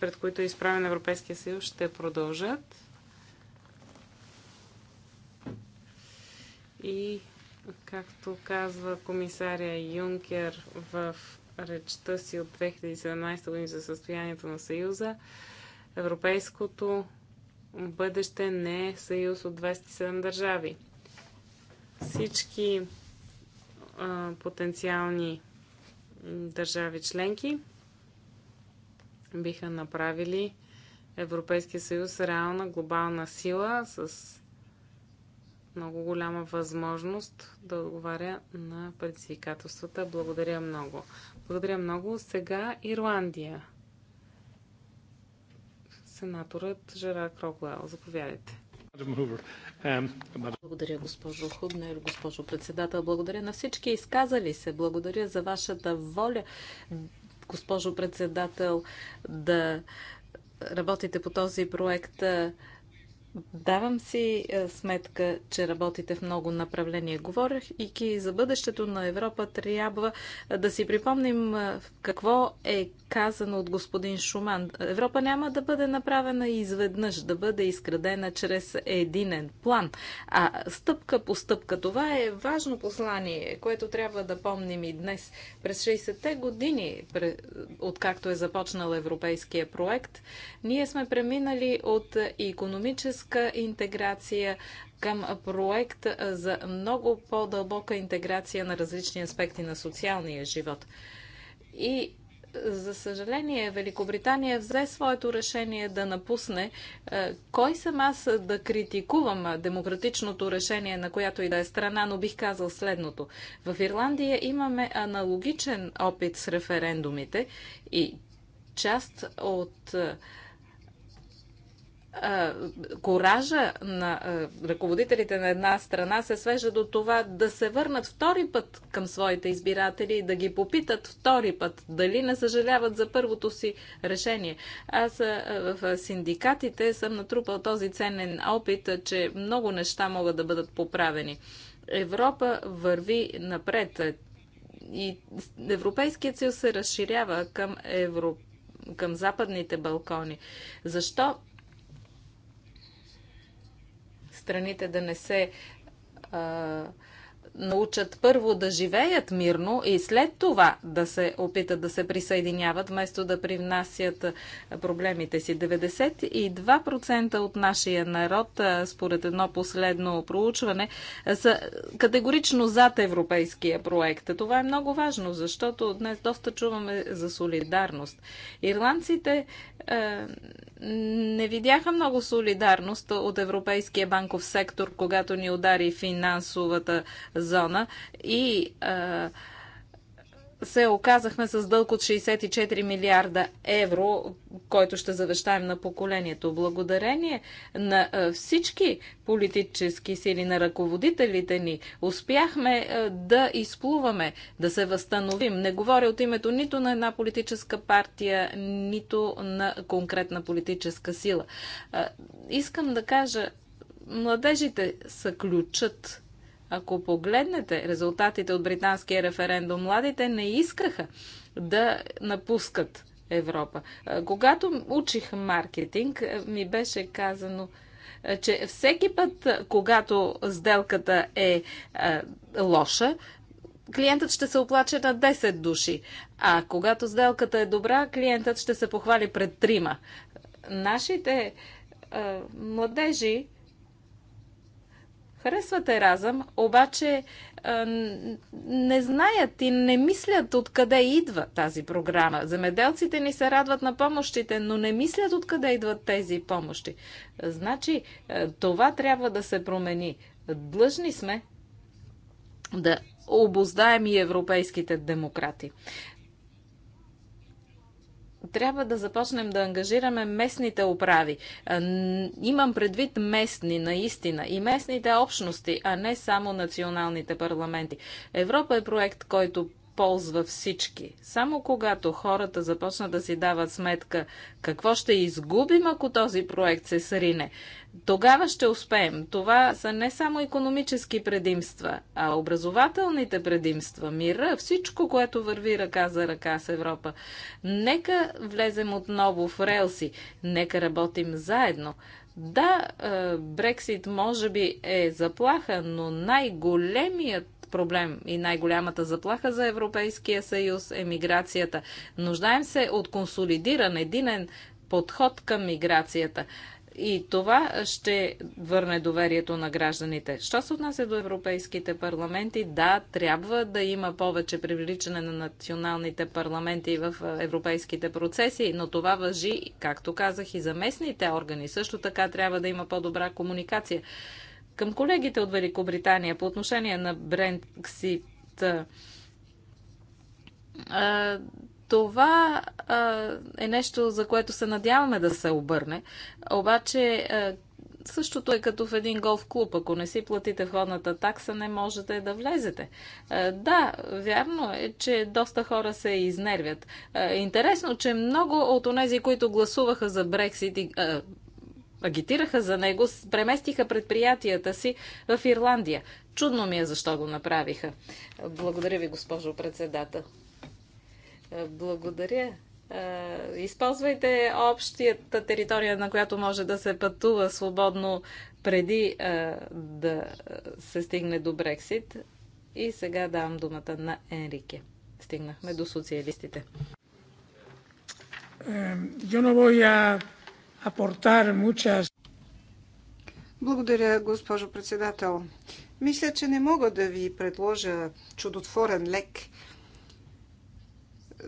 пред които е изправен Европейския съюз, ще продължат. И, както казва комисаря Юнкер в речта си от 2017 година за състоянието на Съюза, европейското бъдеще не е съюз от 27 държави всички а, потенциални държави членки биха направили Европейския съюз реална глобална сила с много голяма възможност да отговаря на предизвикателствата. Благодаря много. Благодаря много. Сега Ирландия. Сенаторът Жерар Крогуел. Заповядайте. Благодаря, госпожо Хубнер, госпожо председател. Благодаря на всички изказали се. Благодаря за вашата воля, госпожо председател, да работите по този проект. Давам си е, сметка, че работите в много направления. Говорих и ки за бъдещето на Европа трябва е, да си припомним е, какво е казано от господин Шуман. Европа няма да бъде направена изведнъж, да бъде изградена чрез единен план. А стъпка по стъпка, това е важно послание, което трябва да помним и днес. През 60-те години, откакто е започнал европейския проект, ние сме преминали от економическа истинска интеграция към проект за много по-дълбока интеграция на различни аспекти на социалния живот. И за съжаление, Великобритания взе своето решение да напусне. Е, кой съм аз да критикувам демократичното решение на която и да е страна, но бих казал следното. В Ирландия имаме аналогичен опит с референдумите и част от е, коража на ръководителите на една страна се свежда до това да се върнат втори път към своите избиратели и да ги попитат втори път дали не съжаляват за първото си решение. Аз в синдикатите съм натрупал този ценен опит, че много неща могат да бъдат поправени. Европа върви напред и Европейският съюз се разширява към Европа към Западните Балкони. Защо страните да не се а, научат първо да живеят мирно и след това да се опитат да се присъединяват, вместо да привнасят проблемите си. 92% от нашия народ, според едно последно проучване, са категорично зад европейския проект. Това е много важно, защото днес доста чуваме за солидарност. Ирландците не видяха много солидарност от Европейския банков сектор, когато ни удари финансовата зона и а, се оказахме с дълг от 64 милиарда евро, който ще завещаем на поколението. Благодарение на всички политически сили, на ръководителите ни, успяхме да изплуваме, да се възстановим. Не говоря от името нито на една политическа партия, нито на конкретна политическа сила. Искам да кажа, младежите са ключът ако погледнете резултатите от британския референдум, младите не искаха да напускат Европа. Когато учих маркетинг, ми беше казано, че всеки път, когато сделката е лоша, клиентът ще се оплаче на 10 души. А когато сделката е добра, клиентът ще се похвали пред трима. Нашите е, младежи харесват разъм, обаче не знаят и не мислят откъде идва тази програма. Земеделците ни се радват на помощите, но не мислят откъде идват тези помощи. Значи, това трябва да се промени. Длъжни сме да обоздаем и европейските демократи трябва да започнем да ангажираме местните управи. Имам предвид местни, наистина, и местните общности, а не само националните парламенти. Европа е проект, който ползва всички. Само когато хората започнат да си дават сметка какво ще изгубим, ако този проект се срине, тогава ще успеем. Това са не само економически предимства, а образователните предимства, мира, всичко, което върви ръка за ръка с Европа. Нека влезем отново в релси, нека работим заедно. Да, е, Брексит може би е заплаха, но най-големият проблем и най-голямата заплаха за Европейския съюз е миграцията. Нуждаем се от консолидиран, единен подход към миграцията. И това ще върне доверието на гражданите. Що се отнася до европейските парламенти? Да, трябва да има повече привличане на националните парламенти в европейските процеси, но това въжи, както казах, и за местните органи. Също така трябва да има по-добра комуникация. Към колегите от Великобритания по отношение на Брексит. Това е нещо, за което се надяваме да се обърне. Обаче, същото е като в един голф клуб. Ако не си платите входната такса, не можете да влезете. Да, вярно е, че доста хора се изнервят. Интересно, че много от онези, които гласуваха за Брексит и агитираха за него, преместиха предприятията си в Ирландия. Чудно ми е защо го направиха. Благодаря ви, госпожо председател. Е, благодаря. Е, използвайте общията територия, на която може да се пътува свободно преди е, да се стигне до Брексит. И сега давам думата на Енрике. Стигнахме до социалистите. Yo no voy a aportar muchas. Благодаря, госпожо председател. Мисля, че не мога да ви предложа чудотворен лек.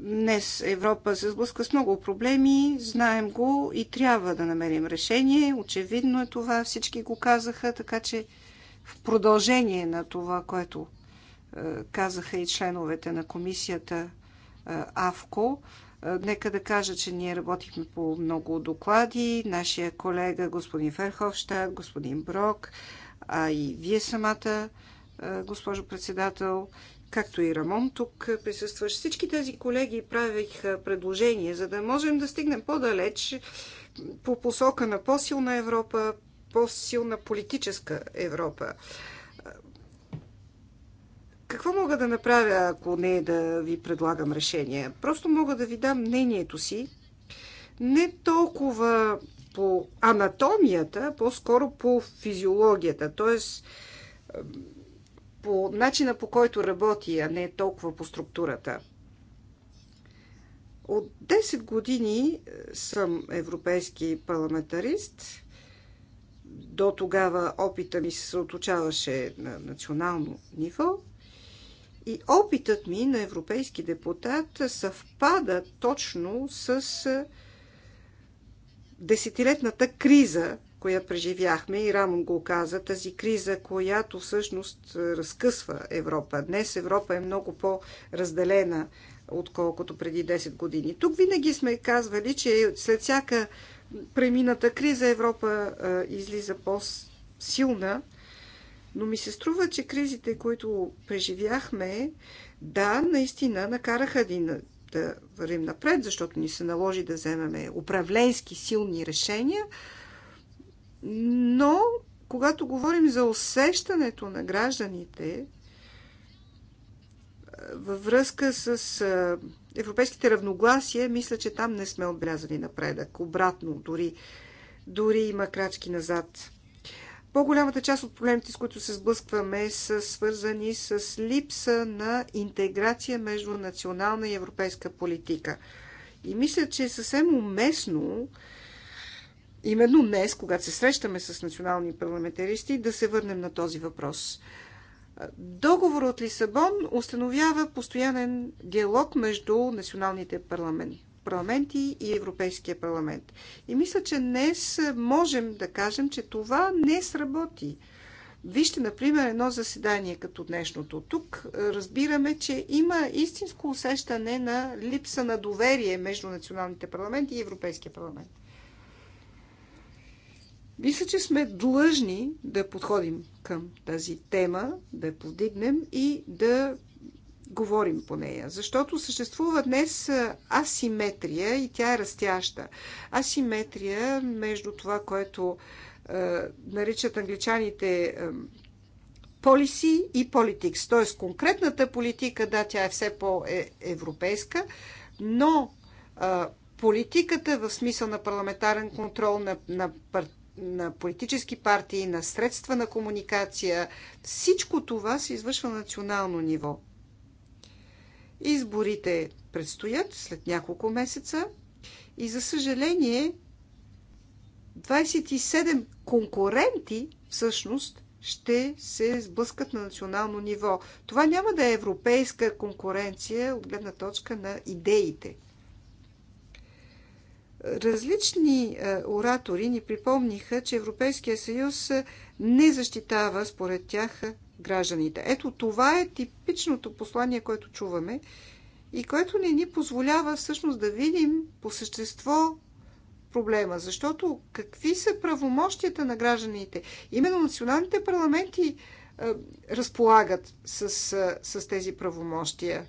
Днес Европа се сблъска с много проблеми, знаем го и трябва да намерим решение. Очевидно е това, всички го казаха, така че в продължение на това, което е, казаха и членовете на комисията е, АВКО, Нека да кажа, че ние работихме по много доклади. Нашия колега господин Ферховщад, господин Брок, а и вие самата, госпожо председател, както и Рамон тук присъстваш. Всички тези колеги правих предложения, за да можем да стигнем по-далеч по посока на по-силна Европа, по-силна политическа Европа. Какво мога да направя, ако не е да ви предлагам решение? Просто мога да ви дам мнението си, не толкова по анатомията, по-скоро по физиологията, т.е. по начина по който работи, а не толкова по структурата. От 10 години е, съм европейски парламентарист. До тогава опита ми се съоточаваше на национално ниво – и опитът ми на европейски депутат съвпада точно с десетилетната криза, която преживяхме и Рамон го каза, тази криза, която всъщност разкъсва Европа. Днес Европа е много по-разделена, отколкото преди 10 години. Тук винаги сме казвали, че след всяка премината криза Европа излиза по-силна, но ми се струва, че кризите, които преживяхме, да, наистина накараха един да вървим напред, защото ни се наложи да вземеме управленски силни решения. Но, когато говорим за усещането на гражданите във връзка с европейските равногласия, мисля, че там не сме отбелязали напредък. Обратно, дори, дори има крачки назад. По-голямата част от проблемите, с които се сблъскваме, са свързани с липса на интеграция между национална и европейска политика. И мисля, че е съвсем уместно, именно днес, когато се срещаме с национални парламентаристи, да се върнем на този въпрос. Договор от Лисабон установява постоянен диалог между националните парламенти парламенти и Европейския парламент. И мисля, че днес можем да кажем, че това не сработи. Вижте, например, едно заседание като днешното. Тук е, разбираме, че има истинско усещане на липса на доверие между националните парламенти и Европейския парламент. Мисля, че сме длъжни да подходим към тази тема, да я повдигнем и да говорим по нея. Защото съществува днес асиметрия и тя е растяща. Асиметрия между това, което е, наричат англичаните е, policy и политикс. Т.е. конкретната политика, да, тя е все по-европейска, но е, политиката в смисъл на парламентарен контрол на, на партия на политически партии, на средства на комуникация. Всичко това се извършва на национално ниво. Изборите предстоят след няколко месеца и за съжаление 27 конкуренти всъщност ще се сблъскат на национално ниво. Това няма да е европейска конкуренция от гледна точка на идеите. Различни е, оратори ни припомниха, че Европейския съюз не защитава според тях гражданите. Ето това е типичното послание, което чуваме и което не ни позволява всъщност да видим по същество проблема. Защото какви са правомощията на гражданите? Именно националните парламенти е, разполагат с, е, с тези правомощия.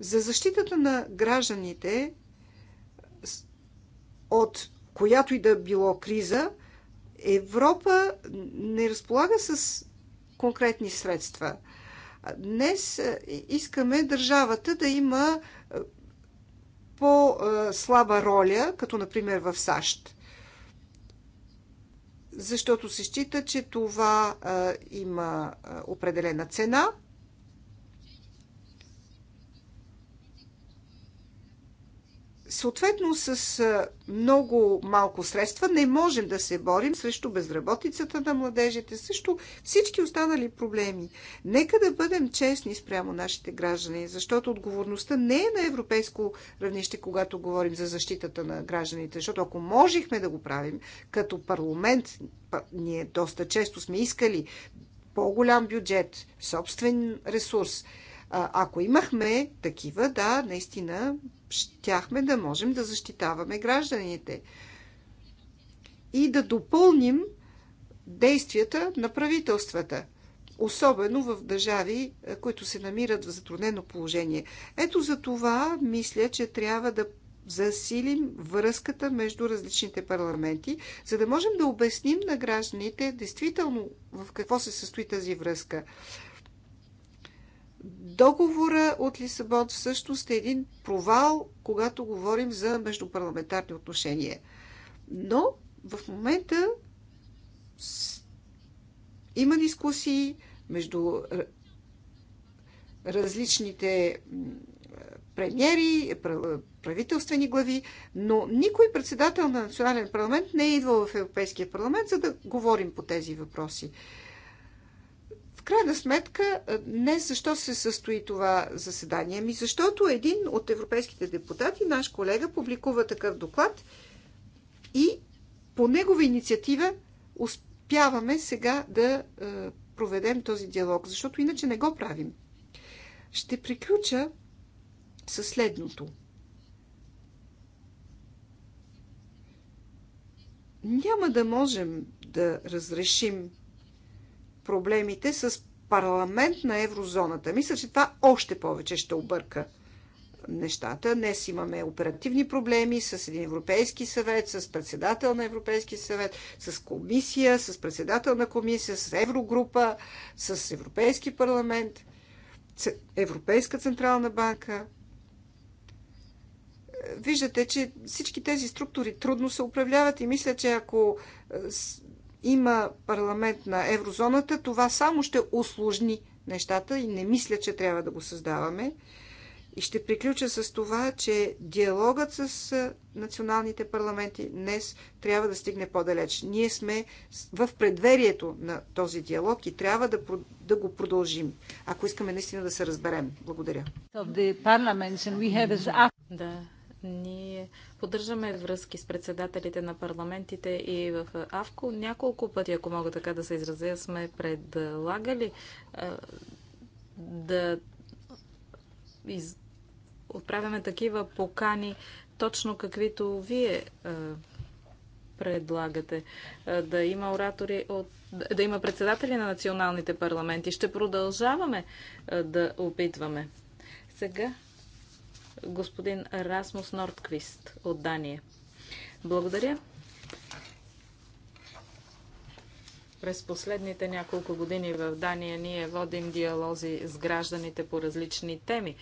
За защитата на гражданите от която и да било криза, Европа не разполага с конкретни средства. Днес е, искаме държавата да има е, по-слаба роля, като например в САЩ. Защото се счита, че това е, има определена цена – Съответно, с много малко средства не можем да се борим срещу безработицата на младежите, също всички останали проблеми. Нека да бъдем честни спрямо нашите граждани, защото отговорността не е на европейско равнище, когато говорим за защитата на гражданите. Защото ако можехме да го правим като парламент, ние доста често сме искали по-голям бюджет, собствен ресурс – ако имахме такива, да, наистина, щяхме да можем да защитаваме гражданите и да допълним действията на правителствата, особено в държави, които се намират в затруднено положение. Ето за това мисля, че трябва да засилим връзката между различните парламенти, за да можем да обясним на гражданите действително в какво се състои тази връзка. Договора от Лисабон всъщност е един провал, когато говорим за междупарламентарни отношения. Но в момента има дискусии между различните премьери, правителствени глави, но никой председател на национален парламент не е идвал в Европейския парламент, за да говорим по тези въпроси крайна сметка, не защо се състои това заседание? Ми защото един от европейските депутати, наш колега, публикува такъв доклад и по негова инициатива успяваме сега да проведем този диалог, защото иначе не го правим. Ще приключа със следното. Няма да можем да разрешим проблемите с парламент на еврозоната. Мисля, че това още повече ще обърка нещата. Днес имаме оперативни проблеми с един Европейски съвет, с председател на Европейски съвет, с комисия, с председател на комисия, с Еврогрупа, с Европейски парламент, Европейска централна банка. Виждате, че всички тези структури трудно се управляват и мисля, че ако има парламент на еврозоната, това само ще усложни нещата и не мисля, че трябва да го създаваме. И ще приключа с това, че диалогът с националните парламенти днес трябва да стигне по-далеч. Ние сме в предверието на този диалог и трябва да, да го продължим, ако искаме наистина да се разберем. Благодаря. Да, ние Поддържаме връзки с председателите на парламентите и в АВКО. Няколко пъти, ако мога така да се изразя, сме предлагали да из... отправяме такива покани, точно каквито вие предлагате. Да има оратори от да има председатели на националните парламенти. Ще продължаваме да опитваме. Сега господин Расмус Нордквист от Дания. Благодаря. През последните няколко години в Дания ние водим диалози с гражданите по различни теми,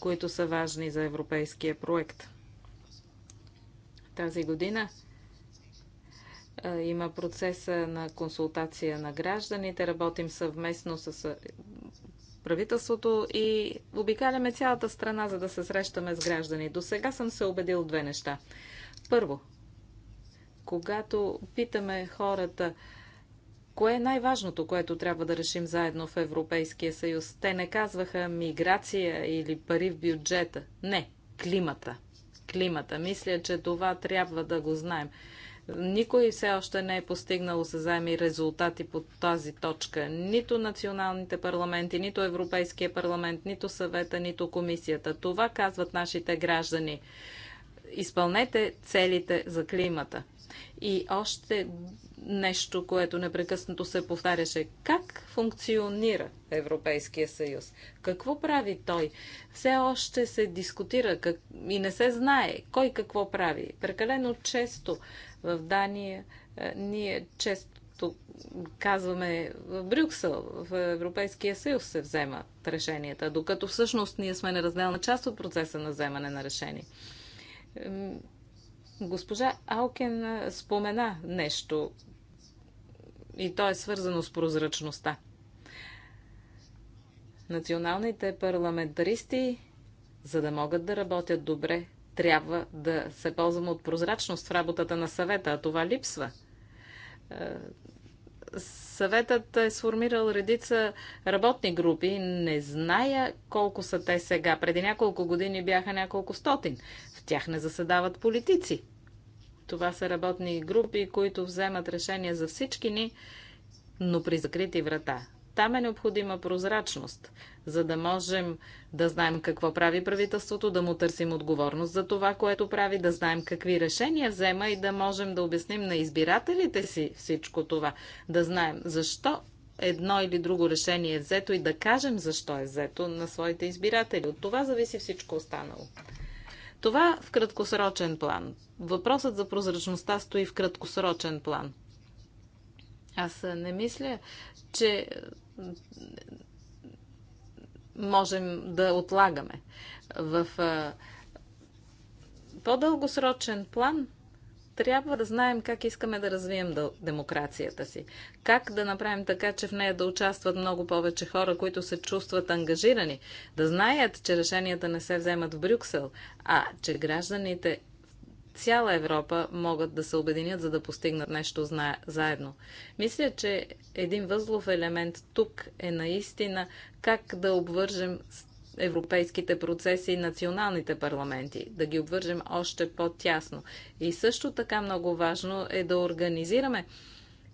които са важни за европейския проект. Тази година има процеса на консултация на гражданите. Работим съвместно с правителството и обикаляме цялата страна, за да се срещаме с граждани. До сега съм се убедил две неща. Първо, когато питаме хората, Кое е най-важното, което трябва да решим заедно в Европейския съюз? Те не казваха миграция или пари в бюджета. Не, климата. Климата. Мисля, че това трябва да го знаем. Никой все още не е постигнал осезаеми резултати по тази точка. Нито националните парламенти, нито Европейския парламент, нито съвета, нито комисията. Това казват нашите граждани. Изпълнете целите за климата. И още нещо, което непрекъснато се повтаряше. Как функционира Европейския съюз? Какво прави той? Все още се дискутира как... и не се знае кой какво прави. Прекалено често в Дания е, ние често казваме в Брюксел, в Европейския съюз се вземат решенията, докато всъщност ние сме неразделна част от процеса на вземане на решение. Госпожа Алкен е, спомена нещо и то е свързано с прозрачността. Националните парламентаристи, за да могат да работят добре, трябва да се ползваме от прозрачност в работата на съвета, а това липсва. Е, съветът е сформирал редица работни групи. Не зная колко са те сега. Преди няколко години бяха няколко стотин. В тях не заседават политици. Това са работни групи, които вземат решения за всички ни, но при закрити врата. Там е необходима прозрачност, за да можем да знаем какво прави правителството, да му търсим отговорност за това, което прави, да знаем какви решения взема и да можем да обясним на избирателите си всичко това, да знаем защо едно или друго решение е взето и да кажем защо е взето на своите избиратели. От това зависи всичко останало. Това в краткосрочен план. Въпросът за прозрачността стои в краткосрочен план. Аз не мисля, че можем да отлагаме. В по-дългосрочен план трябва да знаем как искаме да развием демокрацията си. Как да направим така, че в нея да участват много повече хора, които се чувстват ангажирани. Да знаят, че решенията не се вземат в Брюксел, а че гражданите цяла Европа могат да се обединят, за да постигнат нещо заедно. Мисля, че един възлов елемент тук е наистина как да обвържем европейските процеси и националните парламенти, да ги обвържем още по-тясно. И също така много важно е да организираме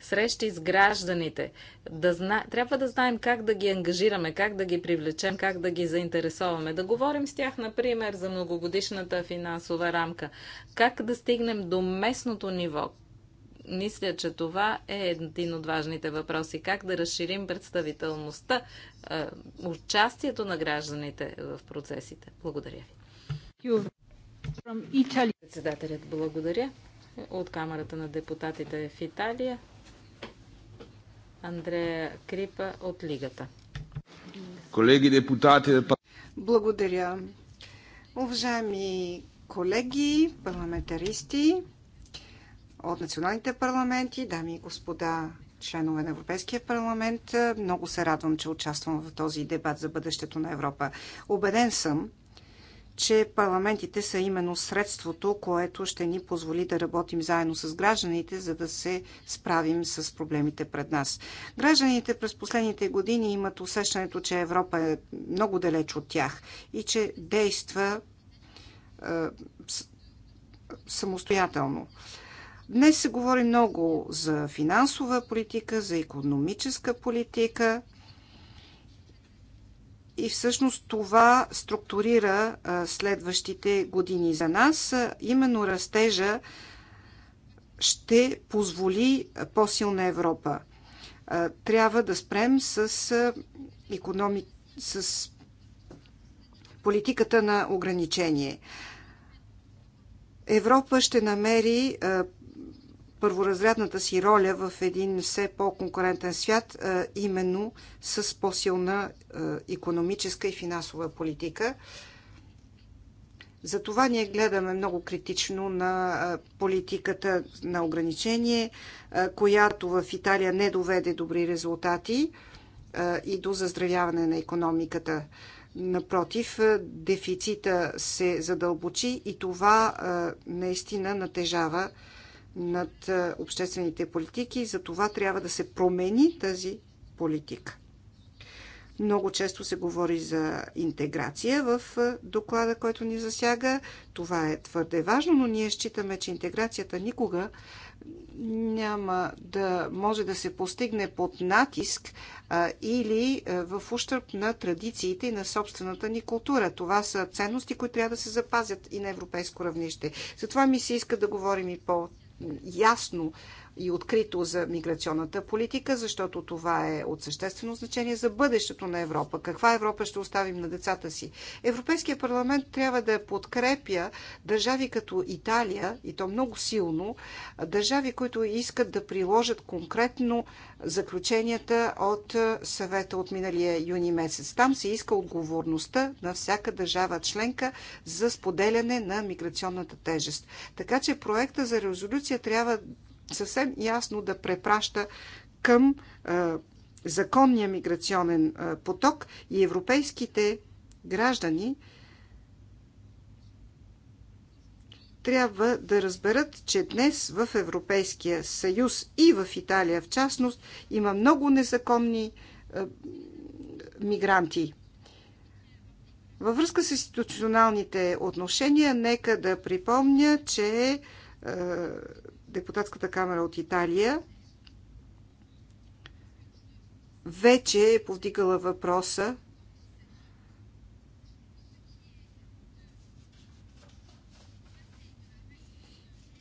срещи с гражданите. Да зна... Трябва да знаем как да ги ангажираме, как да ги привлечем, как да ги заинтересоваме. Да говорим с тях, например, за многогодишната финансова рамка. Как да стигнем до местното ниво, мисля, че това е един от важните въпроси. Как да разширим представителността, е, участието на гражданите в процесите. Благодаря ви. Председателят благодаря. От Камерата на депутатите в Италия Андрея Крипа от Лигата. Колеги депутати... Благодаря. Уважаеми колеги, парламентаристи от националните парламенти, дами и господа членове на Европейския парламент, много се радвам, че участвам в този дебат за бъдещето на Европа. Обеден съм, че парламентите са именно средството, което ще ни позволи да работим заедно с гражданите, за да се справим с проблемите пред нас. Гражданите през последните години имат усещането, че Европа е много далеч от тях и че действа е, самостоятелно. Днес се говори много за финансова политика, за економическа политика – и всъщност това структурира следващите години за нас. Именно растежа ще позволи по-силна Европа. Трябва да спрем с, економи... с политиката на ограничение. Европа ще намери първоразрядната си роля в един все по-конкурентен свят, именно с по-силна економическа и финансова политика. Затова ние гледаме много критично на политиката на ограничение, която в Италия не доведе добри резултати и до заздравяване на економиката. Напротив, дефицита се задълбочи и това наистина натежава над е, обществените политики и за това трябва да се промени тази политика. Много често се говори за интеграция в е, доклада, който ни засяга. Това е твърде важно, но ние считаме, че интеграцията никога няма да може да се постигне под натиск а, е, или а, в ущърп на традициите и на собствената ни култура. Това са ценности, които трябва да се запазят и на европейско равнище. Затова ми се иска да говорим и по ясно и открито за миграционната политика, защото това е от съществено значение за бъдещето на Европа. Каква Европа ще оставим на децата си? Европейския парламент трябва да подкрепя държави като Италия, и то много силно, държави, които искат да приложат конкретно заключенията от съвета от миналия юни месец. Там се иска отговорността на всяка държава членка за споделяне на миграционната тежест. Така че проекта за резолюция трябва съвсем ясно да препраща към е, законния миграционен е, поток и европейските граждани трябва да разберат, че днес в Европейския съюз и в Италия в частност има много незаконни е, мигранти. Във връзка с институционалните отношения, нека да припомня, че депутатската камера от Италия вече е повдигала въпроса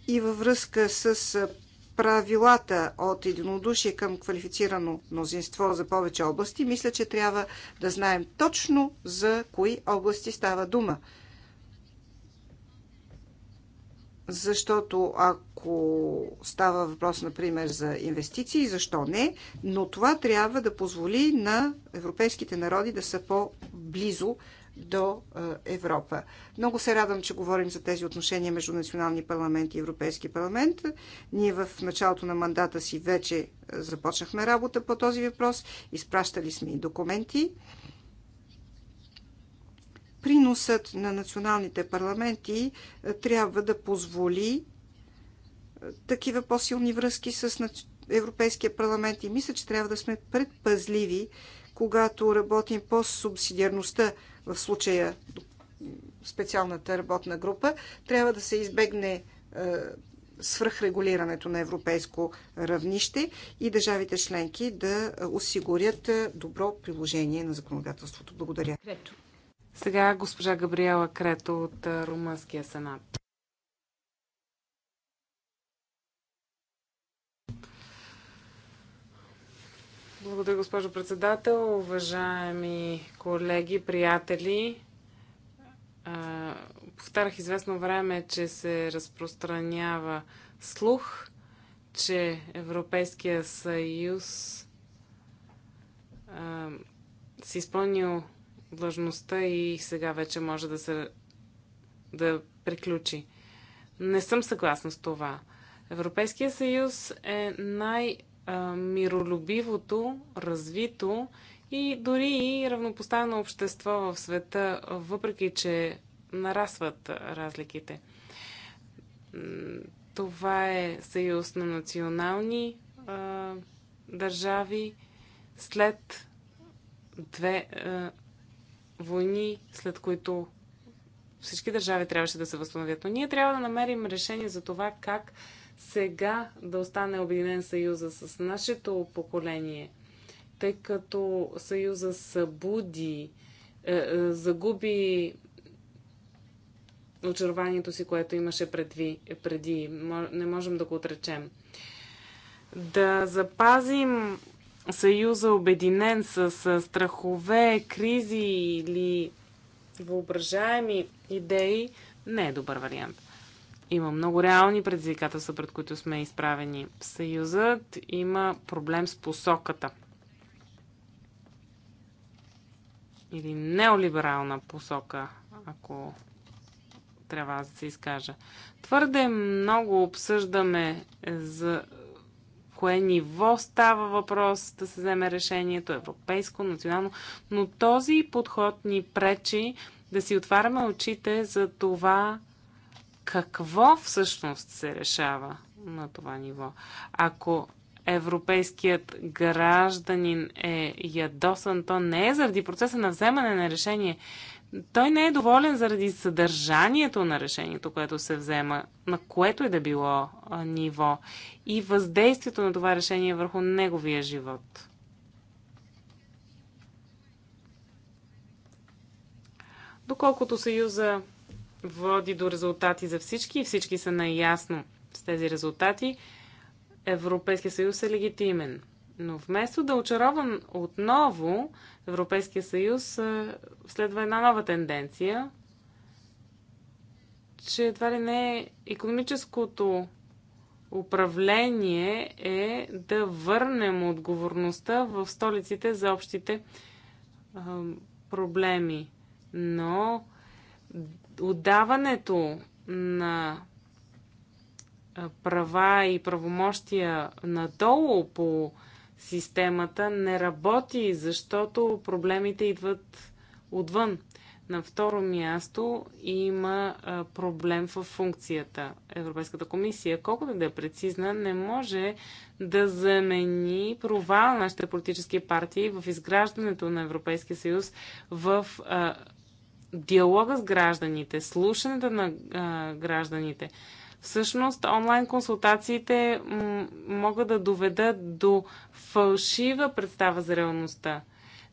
и във връзка с правилата от единодушие към квалифицирано мнозинство за повече области, мисля, че трябва да знаем точно за кои области става дума защото ако става въпрос, например, за инвестиции, защо не, но това трябва да позволи на европейските народи да са по-близо до Европа. Много се радвам, че говорим за тези отношения между национални парламент и Европейски парламент. Ние в началото на мандата си вече започнахме работа по този въпрос, изпращали сме и документи приносът на националните парламенти е, трябва да позволи е, такива по-силни връзки с Европейския парламент и мисля, че трябва да сме предпазливи, когато работим по субсидиарността, в случая специалната работна група, трябва да се избегне е, свръхрегулирането на европейско равнище и държавите членки да осигурят добро приложение на законодателството. Благодаря. Сега госпожа Габриела Крето от Румънския сенат. Благодаря, госпожо председател. Уважаеми колеги, приятели, повтарях известно време, че се разпространява слух, че Европейския съюз си изпълнил длъжността и сега вече може да се да приключи. Не съм съгласна с това. Европейския съюз е най-миролюбивото, развито и дори и равнопоставено общество в света, въпреки че нарасват разликите. Това е съюз на национални а, държави след две войни, след които всички държави трябваше да се възстановят. Но ние трябва да намерим решение за това как сега да остане Обединен съюза с нашето поколение, тъй като съюза събуди, е, е, загуби очарованието си, което имаше предви, преди. Не можем да го отречем. Да запазим съюза обединен с страхове, кризи или въображаеми идеи, не е добър вариант. Има много реални предизвикателства, пред които сме изправени. Съюзът има проблем с посоката. Или неолиберална посока, ако трябва аз да се изкажа. Твърде много обсъждаме за кое ниво става въпрос да се вземе решението, европейско, национално, но този подход ни пречи да си отваряме очите за това какво всъщност се решава на това ниво. Ако европейският гражданин е ядосан, то не е заради процеса на вземане на решение, той не е доволен заради съдържанието на решението, което се взема, на което е да било ниво и въздействието на това решение върху неговия живот. Доколкото Съюза води до резултати за всички и всички са наясно с тези резултати, Европейския съюз е легитимен – но вместо да очарован отново Европейския съюз, е, следва една нова тенденция, че едва ли не е економическото управление е да върнем отговорността в столиците за общите а, е, проблеми. Но отдаването на е, права и правомощия надолу по системата не работи, защото проблемите идват отвън. На второ място има проблем в функцията. Европейската комисия, колкото да е прецизна, не може да замени провал на нашите политически партии в изграждането на Европейския съюз в диалога с гражданите, слушането на гражданите. Всъщност, онлайн консултациите могат да доведат до фалшива представа за реалността.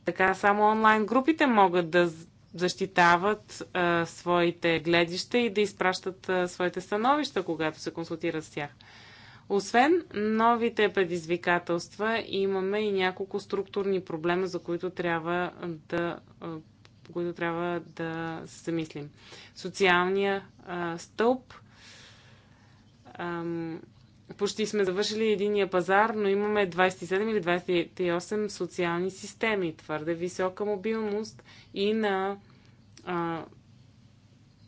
Така само онлайн групите могат да защитават а, своите гледища и да изпращат а, своите становища, когато се консултират с тях. Освен новите предизвикателства, имаме и няколко структурни проблема, за които трябва да, които трябва да се замислим. Социалния а, стълб Ам, почти сме завършили единия пазар, но имаме 27 или 28 социални системи, твърде висока мобилност и на а,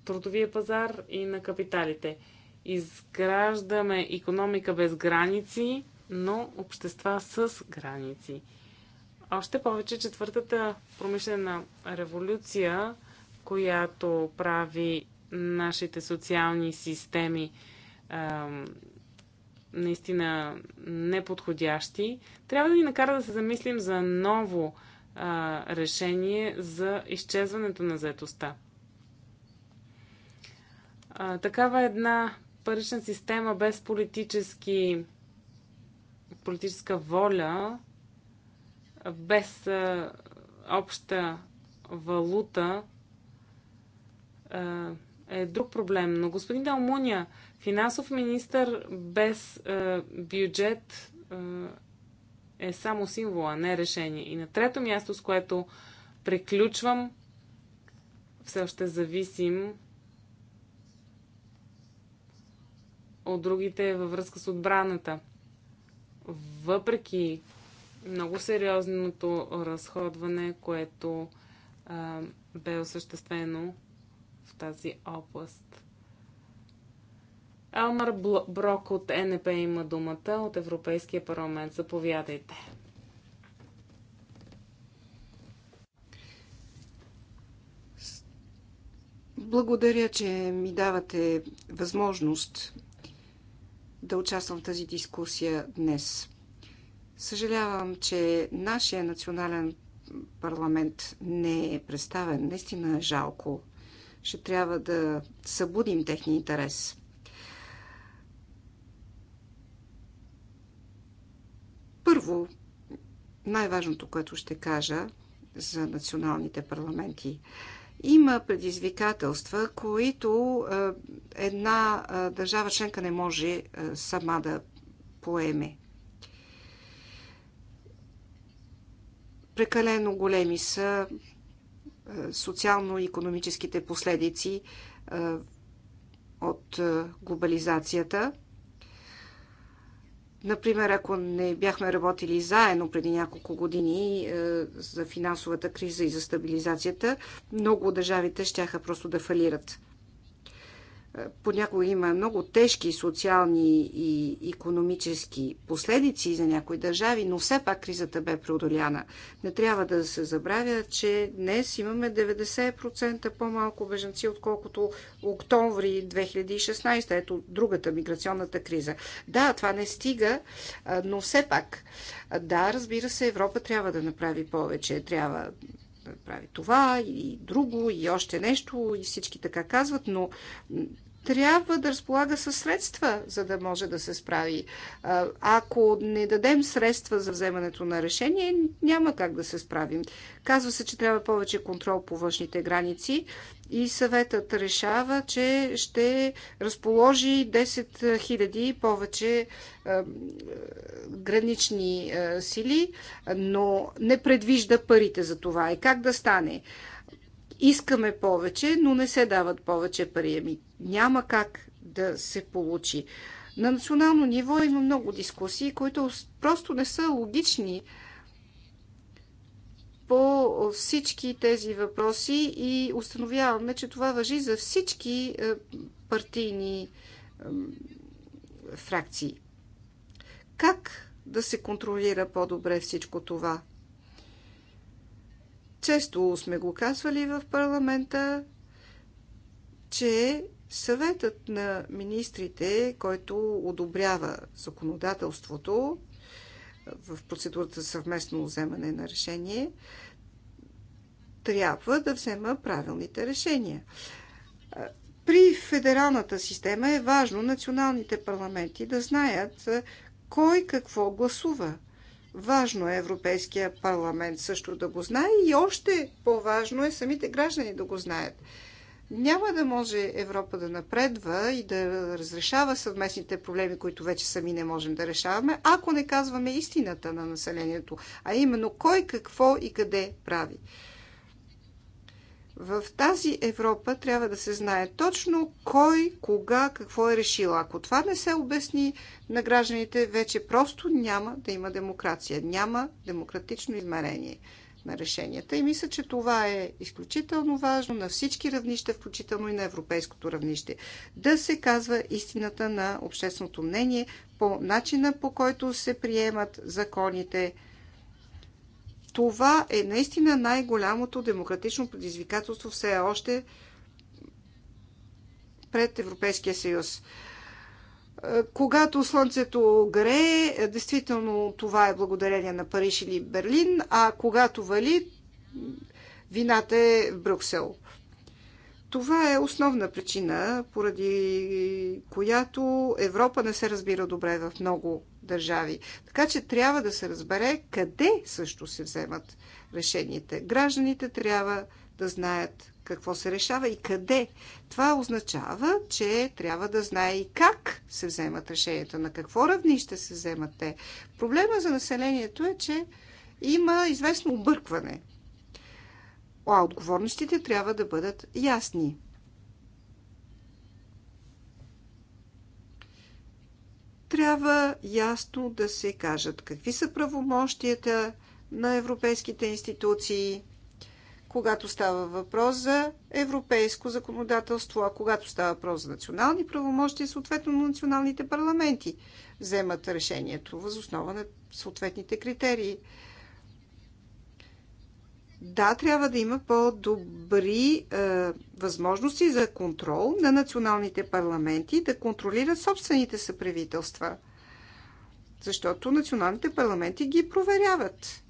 трудовия пазар, и на капиталите. Изграждаме економика без граници, но общества с граници. Още повече четвъртата промишлена революция, която прави нашите социални системи наистина неподходящи, трябва да ни накара да се замислим за ново а, решение за изчезването на заетостта. А, такава една парична система без политически, политическа воля, без а, обща валута а, е друг проблем. Но господин Далмуния, Финансов министр без е, бюджет е, е само символа, а не решение. И на трето място, с което приключвам, все още зависим от другите във връзка с отбраната. Въпреки много сериозното разходване, което е, бе осъществено в тази област. Елмар Брок от НП има думата от Европейския парламент. Заповядайте. Благодаря, че ми давате възможност да участвам в тази дискусия днес. Съжалявам, че нашия национален парламент не е представен. Наистина е жалко. Ще трябва да събудим техния интерес. Първо, най-важното, което ще кажа за националните парламенти. Има предизвикателства, които е, една е, държава членка не може е, сама да поеме. Прекалено големи са социално-економическите последици от глобализацията – Например, ако не бяхме работили заедно преди няколко години е, за финансовата криза и за стабилизацията, много от държавите ще просто да фалират понякога има много тежки социални и економически последици за някои държави, но все пак кризата бе преодоляна. Не трябва да се забравя, че днес имаме 90% по-малко бежанци, отколкото октомври 2016. Ето другата миграционната криза. Да, това не стига, но все пак, да, разбира се, Европа трябва да направи повече. Трябва да прави това и друго и още нещо и всички така казват, но трябва да разполага със средства, за да може да се справи. Ако не дадем средства за вземането на решение, няма как да се справим. Казва се, че трябва повече контрол по външните граници и съветът решава, че ще разположи 10 000 повече гранични сили, но не предвижда парите за това. И е, как да стане? искаме повече, но не се дават повече пари. Ами, няма как да се получи. На национално ниво има много дискусии, които просто не са логични по всички тези въпроси и установяваме, че това въжи за всички е, партийни е, фракции. Как да се контролира по-добре всичко това? Често сме го казвали в парламента, че съветът на министрите, който одобрява законодателството в процедурата съвместно вземане на решение, трябва да взема правилните решения. При федералната система е важно националните парламенти да знаят кой какво гласува. Важно е Европейския парламент също да го знае и още по-важно е самите граждани да го знаят. Няма да може Европа да напредва и да разрешава съвместните проблеми, които вече сами не можем да решаваме, ако не казваме истината на населението, а именно кой какво и къде прави. В тази Европа трябва да се знае точно кой, кога, какво е решил. Ако това не се обясни на гражданите, вече просто няма да има демокрация. Няма демократично измерение на решенията. И мисля, че това е изключително важно на всички равнища, включително и на европейското равнище. Да се казва истината на общественото мнение по начина по който се приемат законите това е наистина най-голямото демократично предизвикателство все още пред Европейския съюз. Когато слънцето грее, действително това е благодарение на Париж или Берлин, а когато вали, вината е в Брюксел. Това е основна причина, поради която Европа не се разбира добре в много държави. Така че трябва да се разбере къде също се вземат решените. Гражданите трябва да знаят какво се решава и къде. Това означава, че трябва да знае и как се вземат решенията, на какво равнище се вземат те. Проблема за населението е, че има известно объркване а отговорностите трябва да бъдат ясни. Трябва ясно да се кажат какви са правомощията на европейските институции, когато става въпрос за европейско законодателство, а когато става въпрос за национални правомощия, съответно на националните парламенти вземат решението възоснова на съответните критерии. Да, трябва да има по-добри е, възможности за контрол на националните парламенти да контролират собствените съправителства. правителства. Защото националните парламенти ги проверяват.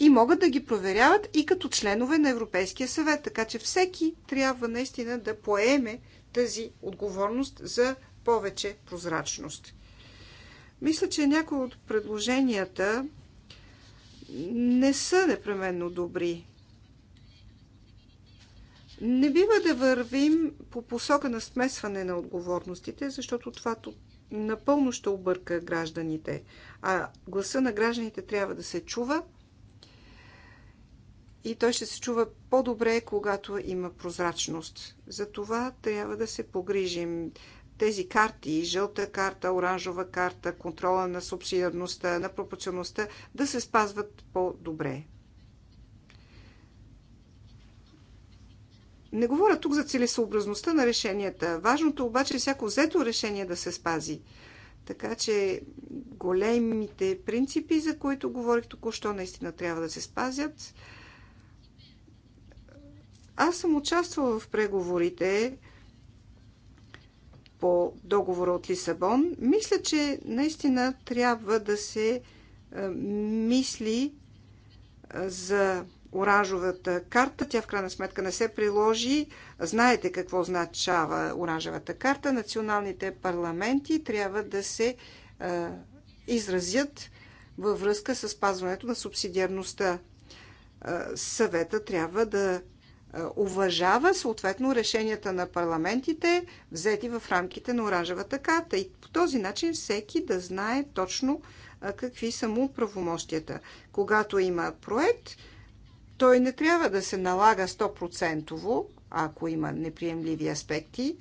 И могат да ги проверяват и като членове на Европейския съвет. Така че всеки трябва наистина да поеме тази отговорност за повече прозрачност. Мисля, че някои от предложенията не са непременно добри. Не бива да вървим по посока на смесване на отговорностите, защото това напълно ще обърка гражданите. А гласа на гражданите трябва да се чува и той ще се чува по-добре, когато има прозрачност. За това трябва да се погрижим тези карти, жълта карта, оранжова карта, контрола на субсидиарността, на пропорционността, да се спазват по-добре. Не говоря тук за целесообразността на решенията. Важното обаче е всяко взето решение да се спази. Така че големите принципи, за които говорих току-що, наистина трябва да се спазят. Аз съм участвала в преговорите по договора от Лисабон, мисля, че наистина трябва да се е, мисли е, за оранжевата карта. Тя в крайна сметка не се приложи. Знаете какво означава оранжевата карта. Националните парламенти трябва да се е, изразят във връзка с спазването на субсидиарността. Съвета трябва да е, уважава съответно решенията на парламентите, взети в рамките на Оранжевата карта. И по този начин всеки да знае точно е, какви са му правомощията. Когато има проект, той не трябва да се налага 100%, ако има неприемливи аспекти.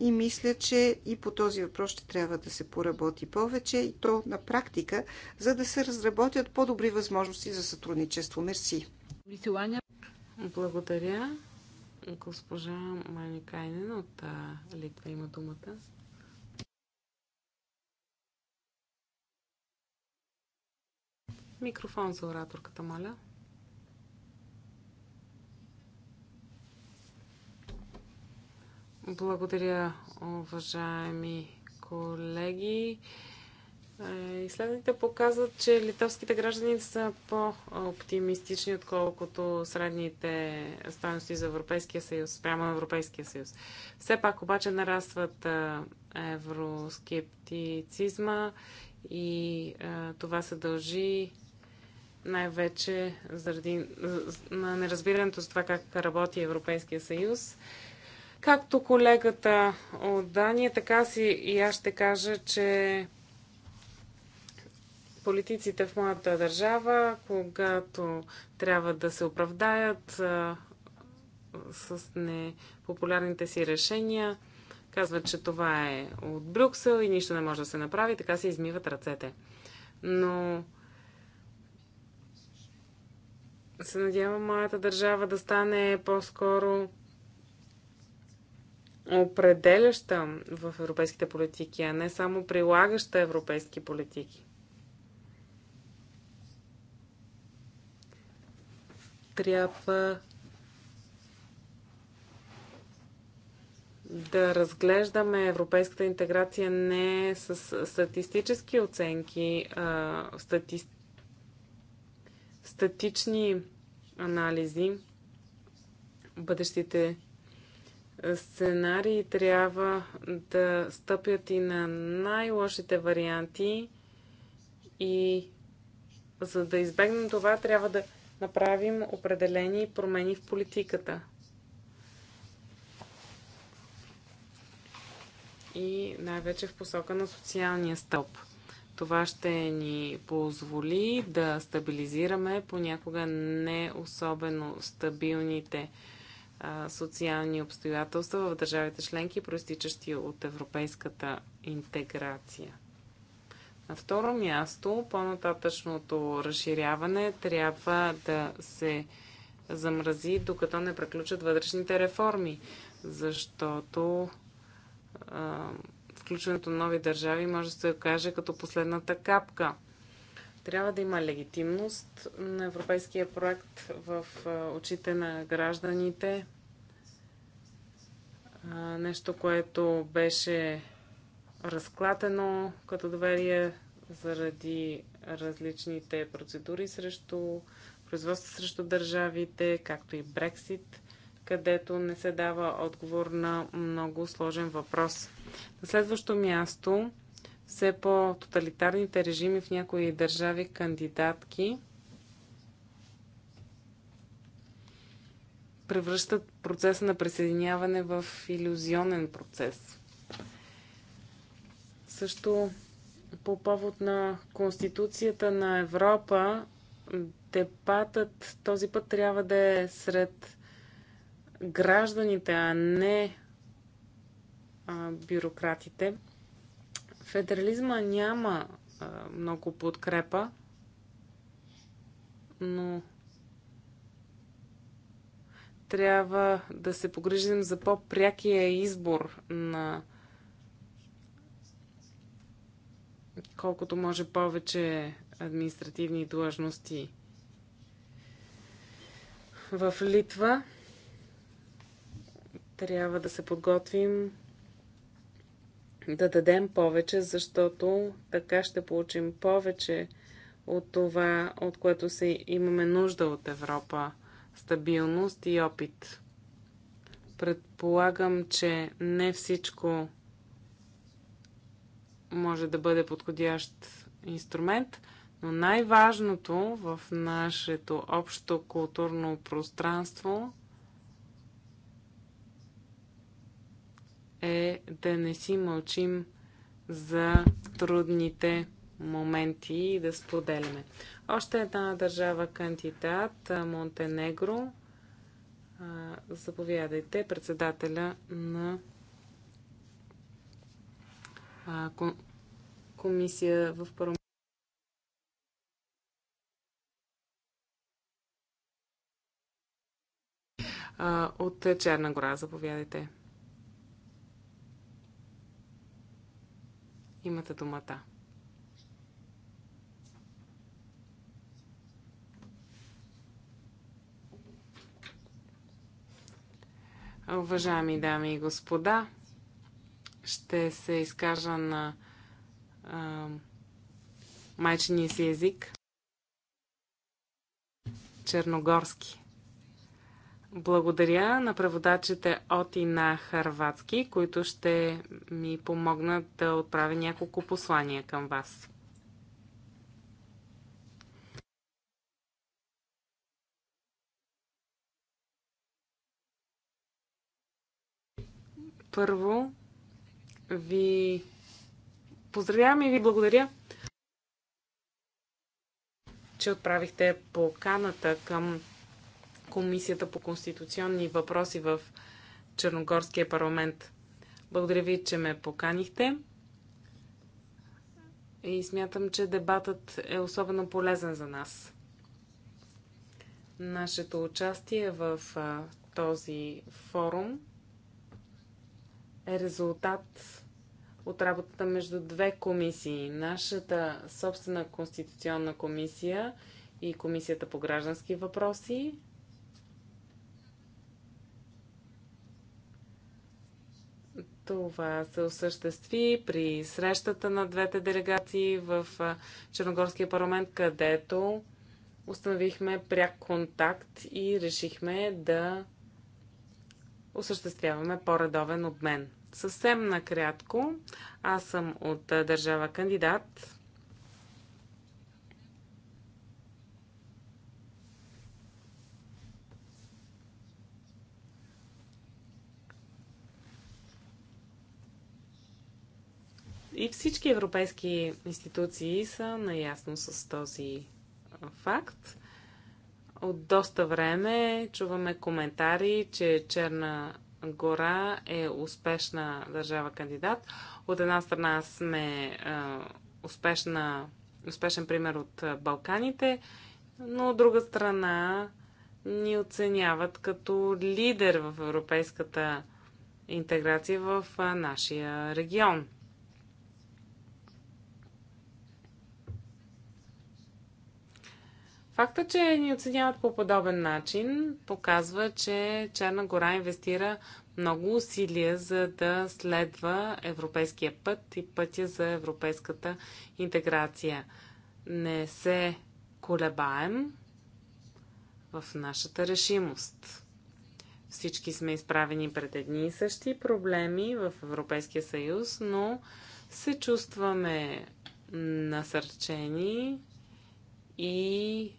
И мисля, че и по този въпрос ще трябва да се поработи повече и то на практика, за да се разработят по-добри възможности за сътрудничество. Мерси. Благодаря. Госпожа Майникайнен от Литва има думата. Микрофон за ораторката, моля. Благодаря, уважаеми колеги. Изследванията показват, че литовските граждани са по-оптимистични, отколкото средните стоености за Европейския съюз, прямо на Европейския съюз. Все пак обаче нарастват евроскептицизма и това се дължи най-вече заради на неразбирането за това как работи Европейския съюз. Както колегата от Дания, така си и аз ще кажа, че Политиците в моята държава, когато трябва да се оправдаят а, с непопулярните си решения, казват, че това е от Брюксел и нищо не може да се направи, така се измиват ръцете. Но се надявам моята държава да стане по-скоро определяща в европейските политики, а не само прилагаща европейски политики. трябва да разглеждаме европейската интеграция не с статистически оценки, а стати... статични анализи. Бъдещите сценарии трябва да стъпят и на най-лошите варианти и за да избегнем това трябва да направим определени промени в политиката. И най-вече в посока на социалния стълб. Това ще ни позволи да стабилизираме понякога не особено стабилните а, социални обстоятелства в държавите членки, проистичащи от европейската интеграция. На второ място, по-нататъчното разширяване трябва да се замрази, докато не преключат вътрешните реформи, защото а, включването на нови държави може да се окаже като последната капка. Трябва да има легитимност на европейския проект в очите на гражданите. А, нещо, което беше разклатено като доверие заради различните процедури срещу производство срещу държавите, както и Брексит, където не се дава отговор на много сложен въпрос. На следващо място, все по-тоталитарните режими в някои държави кандидатки превръщат процеса на присъединяване в иллюзионен процес – също по повод на Конституцията на Европа, дебатът този път трябва да е сред гражданите, а не а, бюрократите. Федерализма няма а, много подкрепа, но трябва да се погрижим за по-прякия избор на колкото може повече административни длъжности в Литва. Трябва да се подготвим да дадем повече, защото така ще получим повече от това, от което се имаме нужда от Европа стабилност и опит. Предполагам, че не всичко може да бъде подходящ инструмент, но най-важното в нашето общо културно пространство е да не си мълчим за трудните моменти и да споделяме. Още една държава кандидат Монтенегро. Заповядайте, председателя на а, ком, комисия в парламент. От Черна гора, заповядайте. Имате думата. Уважаеми дами и господа, ще се изкажа на а, майчиния си език. Черногорски. Благодаря на преводачите от и на харватски, които ще ми помогнат да отправя няколко послания към вас. Първо, ви поздравявам и ви благодаря, че отправихте поканата към Комисията по конституционни въпроси в Черногорския парламент. Благодаря ви, че ме поканихте. И смятам, че дебатът е особено полезен за нас. Нашето участие в този форум – е резултат от работата между две комисии. Нашата собствена конституционна комисия и Комисията по граждански въпроси. Това се осъществи при срещата на двете делегации в Черногорския парламент, където установихме пряк контакт и решихме да осъществяваме по-редовен обмен. Съвсем накрятко, аз съм от държава кандидат. И всички европейски институции са наясно с този факт. От доста време чуваме коментари, че Черна гора е успешна държава кандидат. От една страна сме успешна, успешен пример от Балканите, но от друга страна ни оценяват като лидер в европейската интеграция в нашия регион. Факта, че ни оценяват по подобен начин, показва, че Черна гора инвестира много усилия за да следва европейския път и пътя за европейската интеграция. Не се колебаем в нашата решимост. Всички сме изправени пред едни и същи проблеми в Европейския съюз, но се чувстваме насърчени и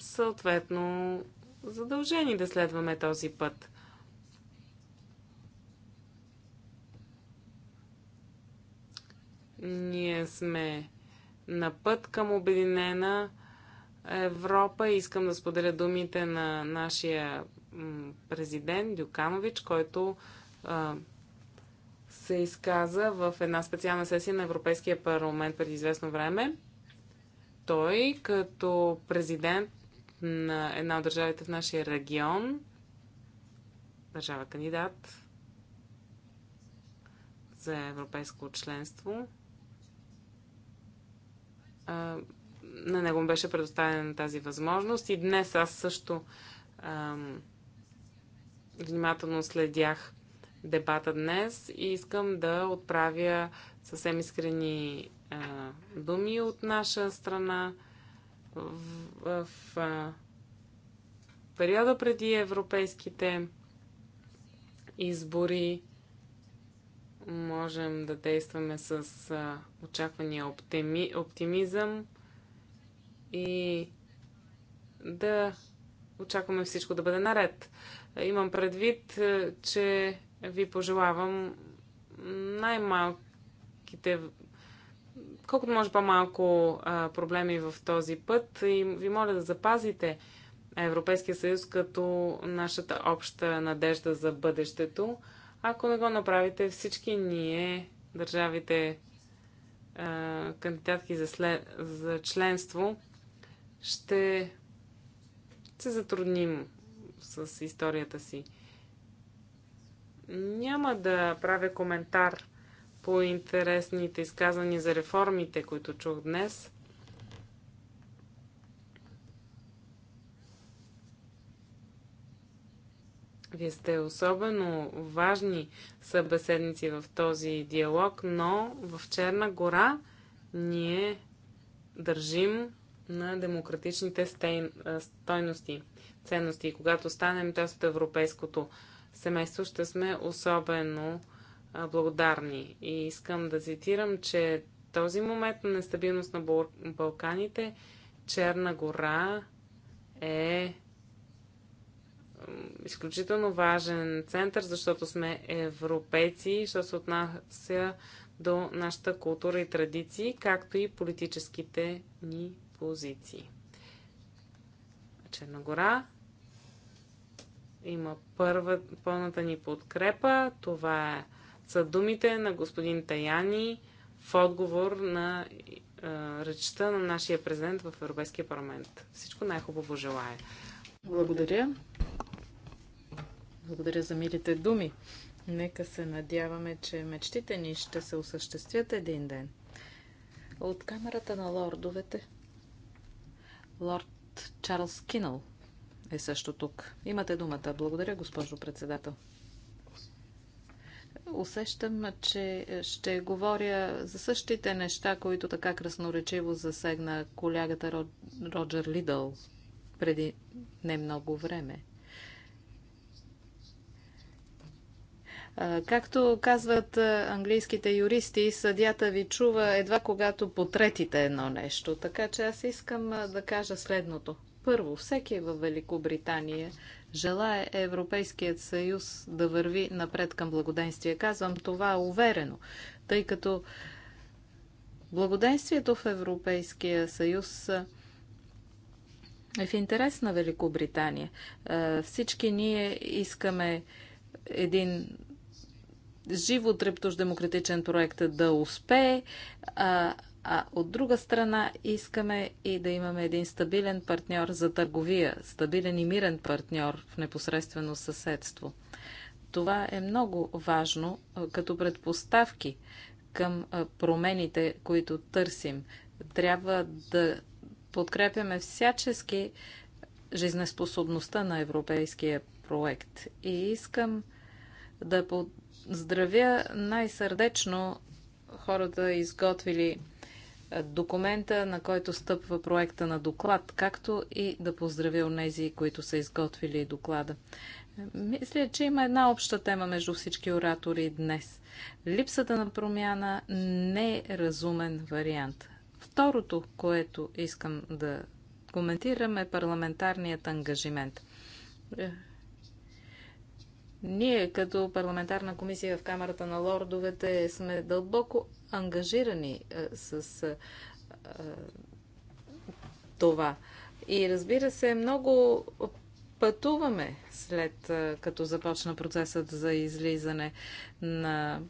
съответно задължени да следваме този път. Ние сме на път към Обединена Европа и искам да споделя думите на нашия президент Дюканович, който а, се изказа в една специална сесия на Европейския парламент преди известно време. Той като президент на една от държавите в нашия регион, държава кандидат за европейско членство. На него беше предоставена тази възможност и днес аз също внимателно следях дебата днес и искам да отправя съвсем искрени думи от наша страна в, в в периода преди европейските избори можем да действаме с а, очаквания оптими, оптимизъм и да очакваме всичко да бъде наред. Имам предвид, че ви пожелавам най-малките колкото може по-малко проблеми в този път и ви моля да запазите Европейския съюз като нашата обща надежда за бъдещето. Ако не го направите, всички ние, държавите кандидатки за, след, за членство, ще се затрудним с историята си. Няма да правя коментар по интересните изказвания за реформите, които чух днес. Вие сте особено важни събеседници в този диалог, но в Черна гора ние държим на демократичните стей... стойности, ценности. И когато станем част от европейското семейство, ще сме особено благодарни. И искам да цитирам, че този момент на нестабилност на Балканите, Черна гора е изключително важен център, защото сме европейци, що се отнася до нашата култура и традиции, както и политическите ни позиции. Черна гора има първа, пълната ни подкрепа. Това е са думите на господин Таяни в отговор на а, речта на нашия президент в Европейския парламент. Всичко най-хубаво желая. Благодаря. Благодаря за милите думи. Нека се надяваме, че мечтите ни ще се осъществят един ден. От камерата на лордовете. Лорд Чарлз Кинъл е също тук. Имате думата. Благодаря, госпожо председател. Усещам, че ще говоря за същите неща, които така красноречиво засегна колегата Роджер Лидъл преди не много време. Както казват английските юристи, съдята ви чува едва когато потретите едно нещо. Така че аз искам да кажа следното. Първо, всеки във е Великобритания желая Европейският съюз да върви напред към благоденствие. Казвам това уверено, тъй като благоденствието в Европейския съюз е в интерес на Великобритания. Всички ние искаме един животрептощ демократичен проект да успее, а а от друга страна искаме и да имаме един стабилен партньор за търговия, стабилен и мирен партньор в непосредствено съседство. Това е много важно като предпоставки към промените, които търсим. Трябва да подкрепяме всячески жизнеспособността на европейския проект. И искам да поздравя най-сърдечно хората, изготвили документа, на който стъпва проекта на доклад, както и да поздравя онези, които са изготвили доклада. Мисля, че има една обща тема между всички оратори днес. Липсата на промяна не е разумен вариант. Второто, което искам да коментирам е парламентарният ангажимент. Ние като парламентарна комисия в Камерата на лордовете сме дълбоко ангажирани е, с е, е, това. И разбира се, много пътуваме след като започна процесът за излизане на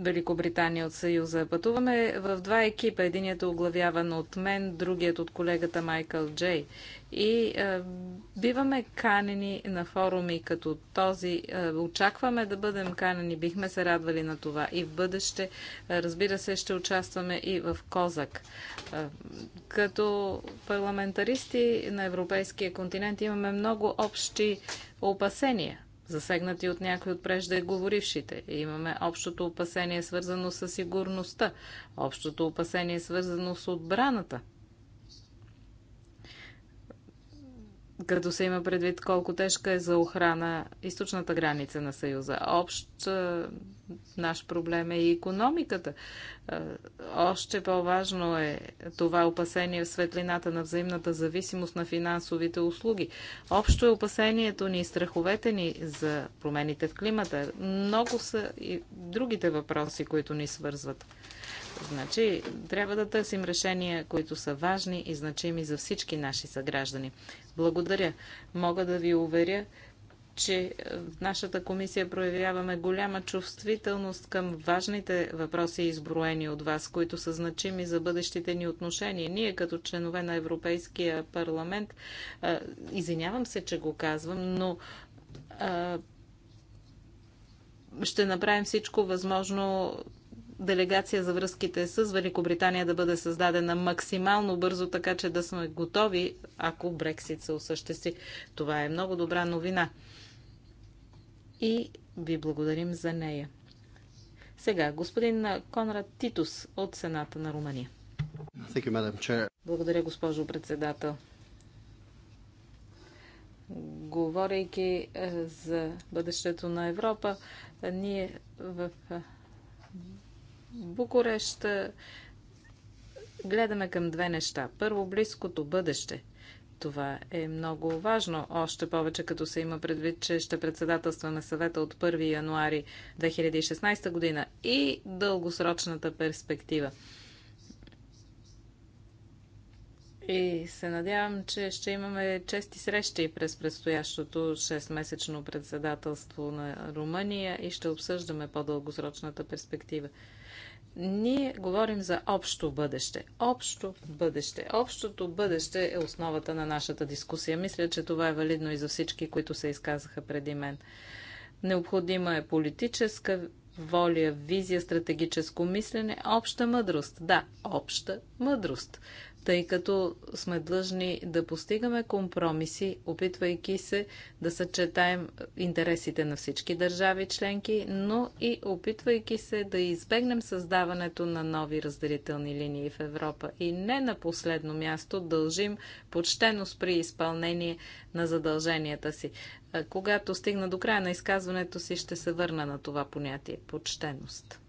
Великобритания от Съюза. Пътуваме в два екипа. Единият е оглавяван от мен, другият от колегата Майкъл Джей. И е, биваме канени на форуми като този. Е, очакваме да бъдем канени. Бихме се радвали на това. И в бъдеще, е, разбира се, ще участваме и в Козак. Е, като парламентаристи на европейския континент имаме много общи опасения засегнати от някои от преждеговорившите. Имаме общото опасение свързано с сигурността, общото опасение свързано с отбраната – като се има предвид колко тежка е за охрана източната граница на Съюза. Общ наш проблем е и економиката. Още по-важно е това опасение в светлината на взаимната зависимост на финансовите услуги. Общо е опасението ни и страховете ни за промените в климата. Много са и другите въпроси, които ни свързват. Значи, трябва да търсим решения, които са важни и значими за всички наши съграждани. Благодаря. Мога да ви уверя, че в нашата комисия проявяваме голяма чувствителност към важните въпроси, изброени от вас, които са значими за бъдещите ни отношения. Ние, като членове на Европейския парламент, извинявам се, че го казвам, но ще направим всичко възможно делегация за връзките с Великобритания да бъде създадена максимално бързо, така че да сме готови, ако Брексит се осъществи. Това е много добра новина. И ви благодарим за нея. Сега, господин Конрад Титус от Сената на Румъния. Благодаря, госпожо председател. Говорейки е, за бъдещето на Европа, е, ние в е, Букурещ гледаме към две неща. Първо, близкото бъдеще. Това е много важно, още повече като се има предвид, че ще председателства на съвета от 1 януари 2016 година и дългосрочната перспектива. И се надявам, че ще имаме чести срещи през предстоящото 6-месечно председателство на Румъния и ще обсъждаме по-дългосрочната перспектива. Ние говорим за общо бъдеще. Общо бъдеще. Общото бъдеще е основата на нашата дискусия. Мисля, че това е валидно и за всички, които се изказаха преди мен. Необходима е политическа воля, визия, стратегическо мислене, обща мъдрост. Да, обща мъдрост тъй като сме длъжни да постигаме компромиси, опитвайки се да съчетаем интересите на всички държави членки, но и опитвайки се да избегнем създаването на нови разделителни линии в Европа. И не на последно място дължим почтеност при изпълнение на задълженията си. Когато стигна до края на изказването си, ще се върна на това понятие почтеност.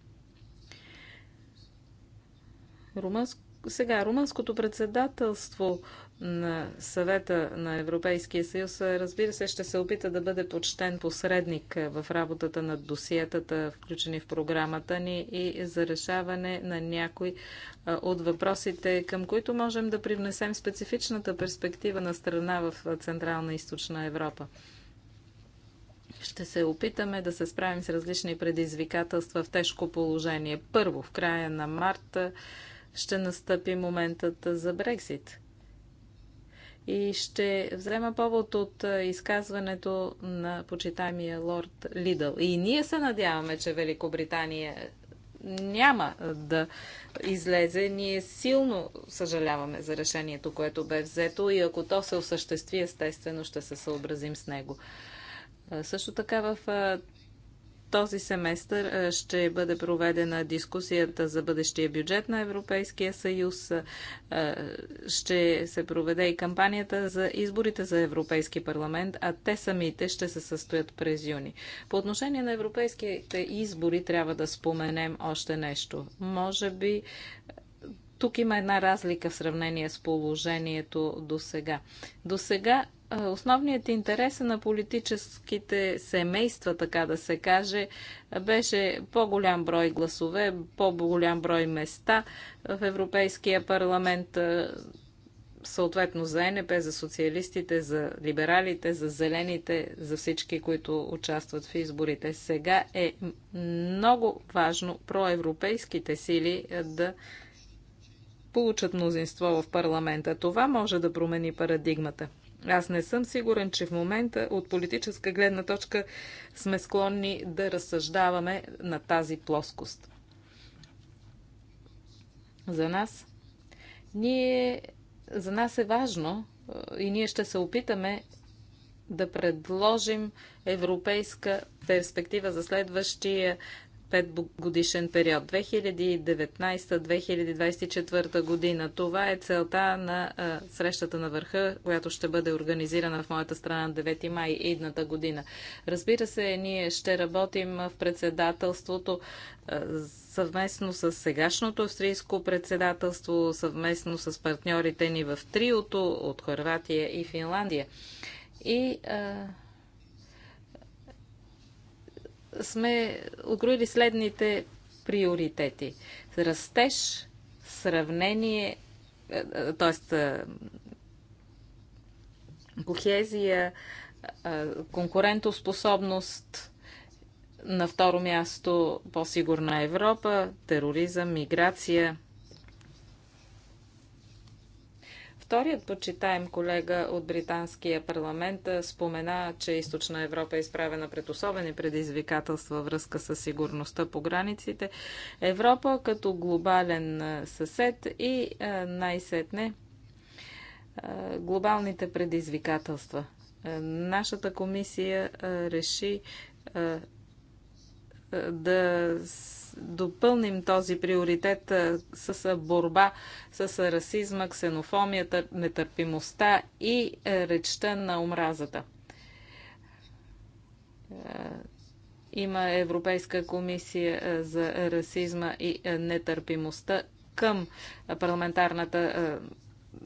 Румънско сега, румънското председателство на съвета на Европейския съюз, разбира се, ще се опита да бъде почтен посредник в работата на досиетата, включени в програмата ни и за решаване на някои от въпросите, към които можем да привнесем специфичната перспектива на страна в Централна и Източна Европа. Ще се опитаме да се справим с различни предизвикателства в тежко положение. Първо, в края на марта ще настъпи моментът за Брексит. И ще взема повод от изказването на почитаемия лорд Лидъл. И ние се надяваме, че Великобритания няма да излезе. Ние силно съжаляваме за решението, което бе взето и ако то се осъществи, естествено ще се съобразим с него. Също така в този семестър ще бъде проведена дискусията за бъдещия бюджет на Европейския съюз. Ще се проведе и кампанията за изборите за Европейски парламент, а те самите ще се състоят през юни. По отношение на европейските избори трябва да споменем още нещо. Може би тук има една разлика в сравнение с положението до сега. До сега Основният интерес на политическите семейства, така да се каже, беше по-голям брой гласове, по-голям брой места в Европейския парламент, съответно за НП, за социалистите, за либералите, за зелените, за всички, които участват в изборите. Сега е много важно проевропейските сили да получат мнозинство в парламента. Това може да промени парадигмата. Аз не съм сигурен, че в момента от политическа гледна точка сме склонни да разсъждаваме на тази плоскост. За нас, ние, за нас е важно е, и ние ще се опитаме да предложим европейска перспектива за следващия 5 годишен период 2019-2024 година. Това е целта на а, срещата на върха, която ще бъде организирана в моята страна на 9 май идната година. Разбира се, ние ще работим в председателството а, съвместно с сегашното австрийско председателство, съвместно с партньорите ни в триото от Хорватия и Финландия. И а, сме откроили следните приоритети. Растеж, сравнение, т.е. Е, е, кохезия, е, конкурентоспособност, на второ място по-сигурна Европа, тероризъм, миграция – Вторият почитаем колега от Британския парламент спомена, че Източна Европа е изправена пред особени предизвикателства връзка с сигурността по границите. Европа като глобален съсед и най-сетне глобалните предизвикателства. Е, нашата комисия реши да допълним този приоритет с борба с расизма, ксенофомията, нетърпимостта и е, речта на омразата. Е, има Европейска комисия е, за расизма и нетърпимостта към парламентарната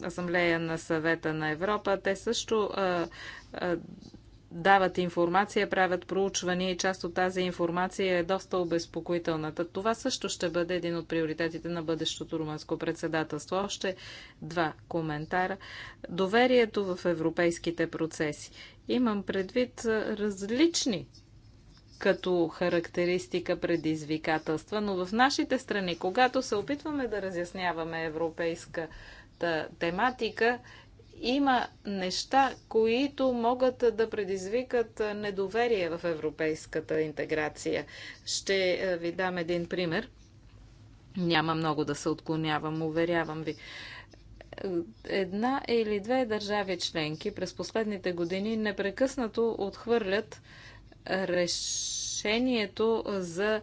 асамблея на съвета на Европа. Те също дават информация, правят проучвания и част от тази информация е доста обезпокоителната. Това също ще бъде един от приоритетите на бъдещото румънско председателство. Още два коментара. Доверието в европейските процеси. Имам предвид различни като характеристика предизвикателства, но в нашите страни, когато се опитваме да разясняваме европейска тематика, има неща, които могат да предизвикат недоверие в европейската интеграция. Ще ви дам един пример. Няма много да се отклонявам, уверявам ви една или две държави членки през последните години непрекъснато отхвърлят решението за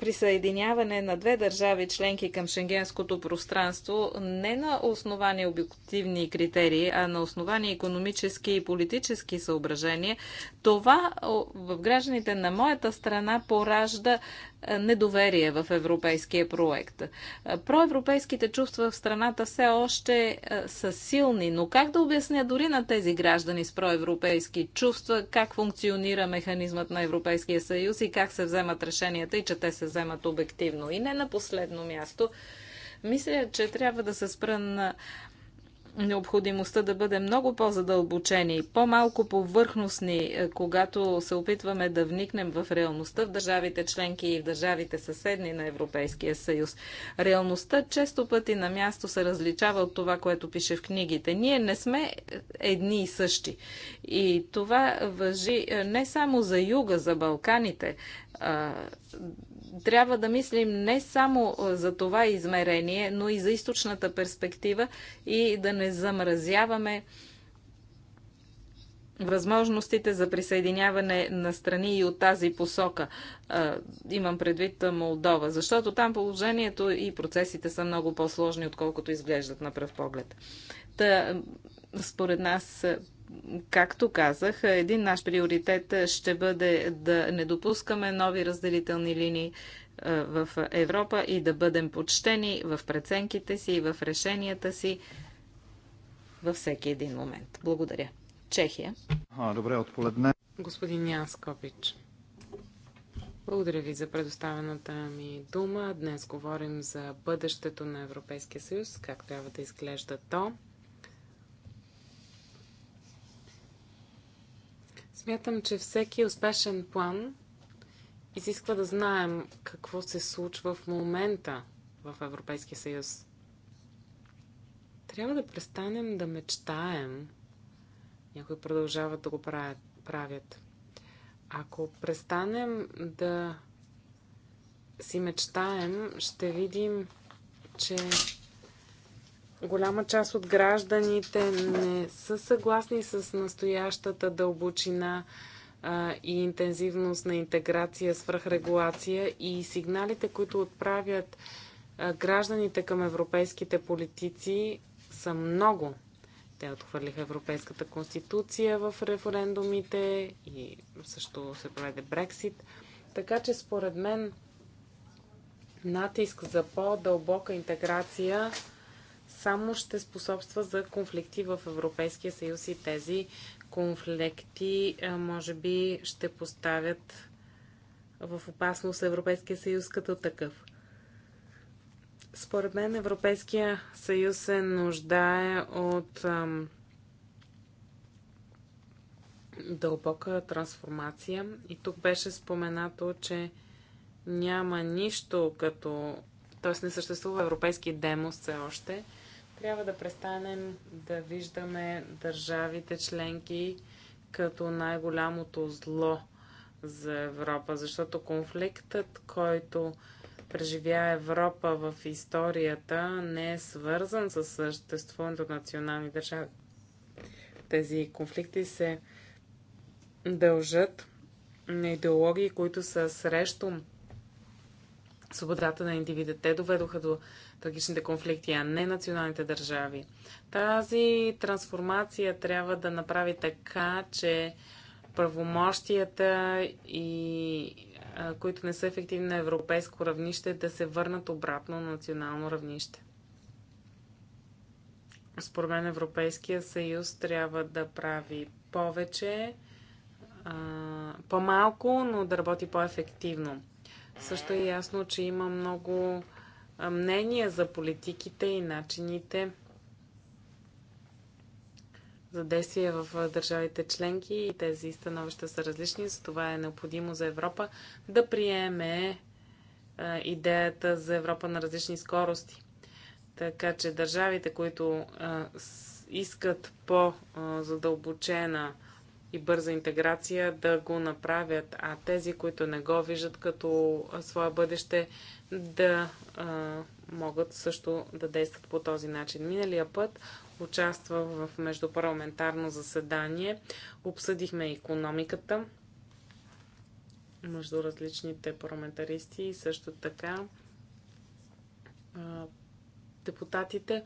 присъединяване на две държави членки към шенгенското пространство не на основание обективни критерии, а на основание економически и политически съображения, това в гражданите на моята страна поражда е, недоверие в европейския проект. Е, проевропейските чувства в страната все още е, са силни, но как да обясня дори на тези граждани с проевропейски чувства как функционира механизмът на Европейския съюз и как се вземат решенията и че те се вземат обективно. И не на последно място, мисля, че трябва да се спра на необходимостта да бъдем много по-задълбочени, по-малко повърхностни, е, когато се опитваме да вникнем в реалността в държавите членки и в държавите съседни на Европейския съюз. Реалността често пъти на място се различава от това, което пише в книгите. Ние не сме едни и същи. И това въжи е, не само за юга, за Балканите трябва да мислим не само за това измерение, но и за източната перспектива и да не замразяваме възможностите за присъединяване на страни и от тази посока. Имам предвид Молдова, защото там положението и процесите са много по-сложни, отколкото изглеждат на пръв поглед. Та, според нас Както казах, един наш приоритет ще бъде да не допускаме нови разделителни линии е, в Европа и да бъдем почтени в преценките си и в решенията си във всеки един момент. Благодаря. Чехия. А, добре, отполедне. Господин Яскопич, благодаря ви за предоставената ми дума. Днес говорим за бъдещето на Европейския съюз, как трябва да изглежда то. Смятам, че всеки успешен план изисква да знаем какво се случва в момента в Европейския съюз. Трябва да престанем да мечтаем. Някои продължават да го правят. Ако престанем да си мечтаем, ще видим, че Голяма част от гражданите не са съгласни с настоящата дълбочина а, и интензивност на интеграция, свръхрегулация и сигналите, които отправят а, гражданите към европейските политици са много. Те отхвърлиха Европейската конституция в референдумите и също се проведе Брексит. Така че според мен натиск за по-дълбока интеграция само ще способства за конфликти в Европейския съюз и тези конфликти може би ще поставят в опасност Европейския съюз като такъв. Според мен Европейския съюз се нуждае от ам, дълбока трансформация. И тук беше споменато, че няма нищо като. Тоест не съществува европейски демос все още трябва да престанем да виждаме държавите членки като най-голямото зло за Европа, защото конфликтът, който преживя Европа в историята, не е свързан с съществуването на национални държави. Тези конфликти се дължат на идеологии, които са срещу свободата на индивида. Те доведоха до трагичните конфликти, а не националните държави. Тази трансформация трябва да направи така, че правомощията и които не са ефективни на европейско равнище, да се върнат обратно на национално равнище. Според мен Европейския съюз трябва да прави повече, по-малко, но да работи по-ефективно. Също е ясно, че има много мнения за политиките и начините за действие в държавите членки и тези становища са различни. Затова е необходимо за Европа да приеме идеята за Европа на различни скорости. Така че държавите, които искат по-задълбочена и бърза интеграция, да го направят, а тези, които не го виждат като свое бъдеще, да а, могат също да действат по този начин. Миналия път участва в междупарламентарно заседание, обсъдихме економиката между различните парламентаристи и също така а, депутатите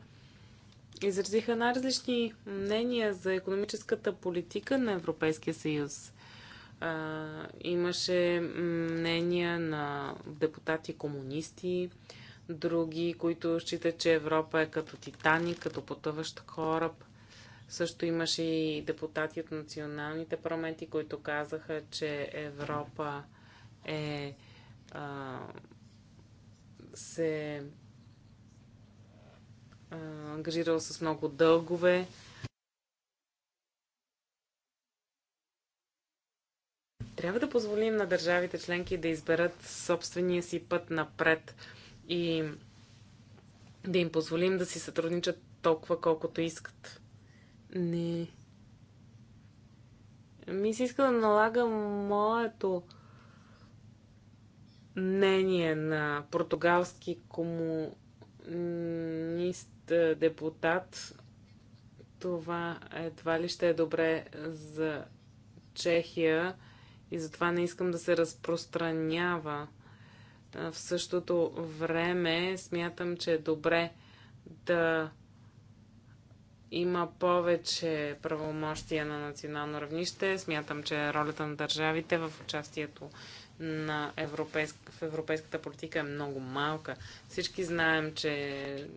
изразиха най-различни мнения за економическата политика на Европейския съюз. А, имаше мнения на депутати комунисти, други, които считат, че Европа е като Титаник, като потъващ кораб. Също имаше и депутати от националните парламенти, които казаха, че Европа е а, се а, ангажирала с много дългове Трябва да позволим на държавите членки да изберат собствения си път напред и да им позволим да си сътрудничат толкова, колкото искат. Не. Ми се иска да налагам моето мнение на португалски комунист е, депутат. Това едва ли ще е добре за Чехия и затова не искам да се разпространява. В същото време смятам, че е добре да има повече правомощия на национално равнище. Смятам, че ролята на държавите в участието на европейск... в европейската политика е много малка. Всички знаем, че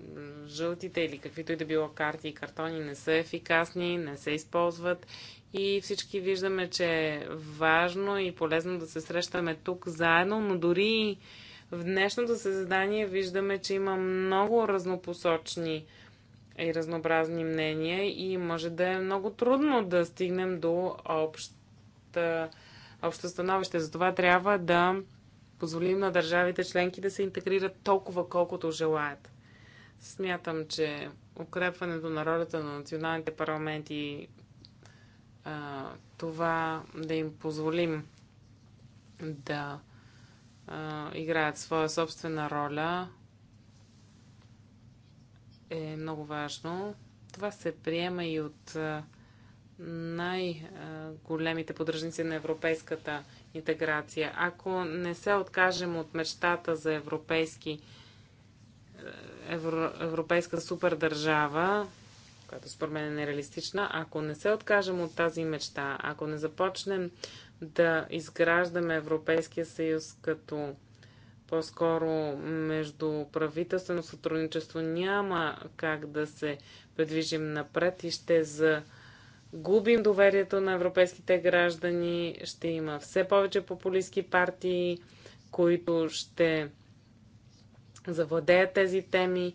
жълтите или каквито и да било карти и картони не са ефикасни, не се използват и всички виждаме, че е важно и полезно да се срещаме тук заедно, но дори в днешното създание виждаме, че има много разнопосочни и разнообразни мнения и може да е много трудно да стигнем до обща, общо становище. Затова трябва да позволим на държавите членки да се интегрират толкова колкото желаят. Смятам, че укрепването на ролята на националните парламенти а, това да им позволим да а, играят своя собствена роля е много важно. Това се приема и от най-големите поддръжници на европейската интеграция. Ако не се откажем от мечтата за европейски, евро, европейска супердържава, която според мен е нереалистична, ако не се откажем от тази мечта, ако не започнем да изграждаме Европейския съюз като по-скоро между правителствено сътрудничество, няма как да се предвижим напред и ще загубим доверието на европейските граждани, ще има все повече популистски партии, които ще завладеят тези теми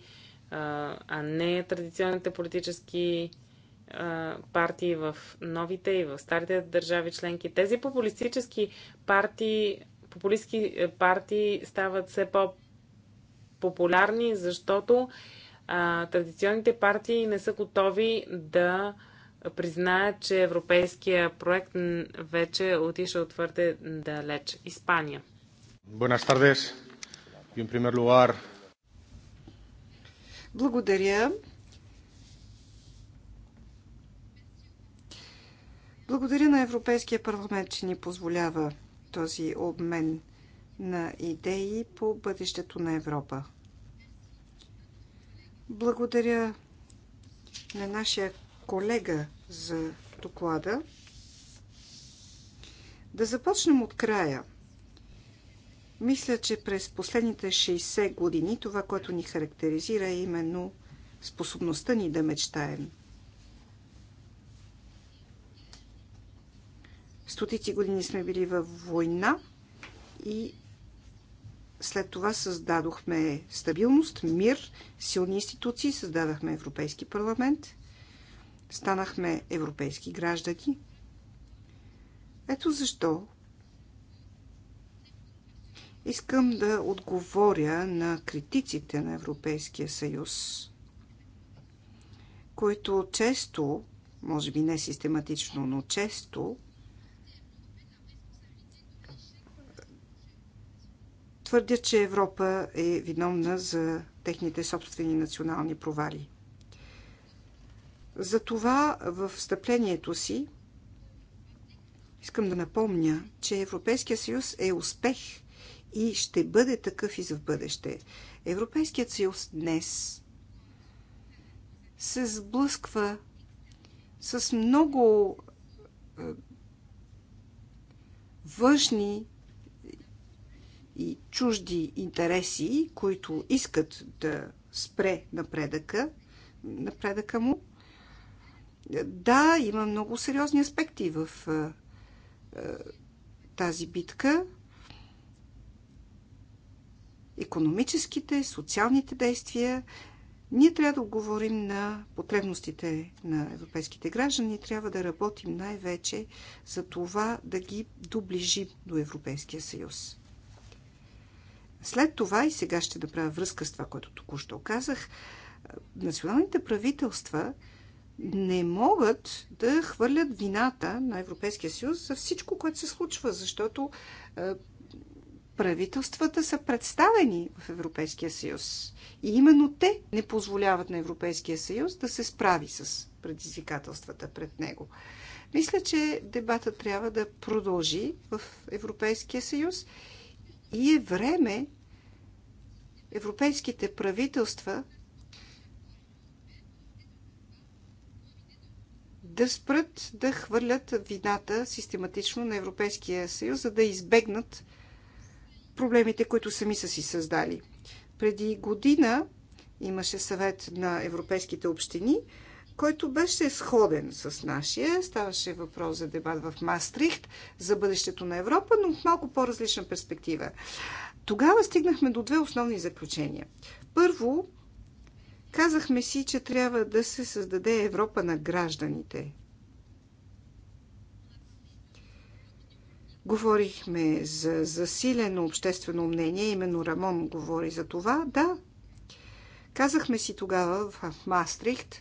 а не традиционните политически партии в новите и в старите държави членки. Тези популистически партии, популистски е, партии стават все по-популярни, защото а, традиционните партии не са готови да признаят, че европейския проект вече отиша е отишъл твърде далеч. Испания. Buenas tardes. primer lugar, благодаря. Благодаря на Европейския парламент, че ни позволява този обмен на идеи по бъдещето на Европа. Благодаря на нашия колега за доклада. Да започнем от края. Мисля, че през последните 60 години това, което ни характеризира е именно способността ни да мечтаем. Стотици години сме били във война и след това създадохме стабилност, мир, силни институции, създадахме Европейски парламент, станахме европейски граждани. Ето защо Искам да отговоря на критиците на Европейския съюз, които често, може би не систематично, но често твърдят, че Европа е виновна за техните собствени национални провали. Затова в встъплението си искам да напомня, че Европейския съюз е успех – и ще бъде такъв и за в бъдеще. Европейският съюз днес се сблъсква с много е, външни и чужди интереси, които искат да спре напредъка, напредъка му. Да, има много сериозни аспекти в е, е, тази битка, економическите, социалните действия, ние трябва да отговорим на потребностите на европейските граждани. Трябва да работим най-вече за това да ги доближим до Европейския съюз. След това, и сега ще направя връзка с това, което току-що казах, националните правителства не могат да хвърлят вината на Европейския съюз за всичко, което се случва, защото е, правителствата са представени в Европейския съюз. И именно те не позволяват на Европейския съюз да се справи с предизвикателствата пред него. Мисля, че дебата трябва да продължи в Европейския съюз и е време европейските правителства да спрат да хвърлят вината систематично на Европейския съюз, за да избегнат проблемите, които сами са си създали. Преди година имаше съвет на европейските общини, който беше сходен с нашия. Ставаше въпрос за дебат в Мастрихт за бъдещето на Европа, но в малко по-различна перспектива. Тогава стигнахме до две основни заключения. Първо, казахме си, че трябва да се създаде Европа на гражданите. Говорихме за засилено обществено мнение, именно Рамон говори за това. Да, казахме си тогава в Мастрихт,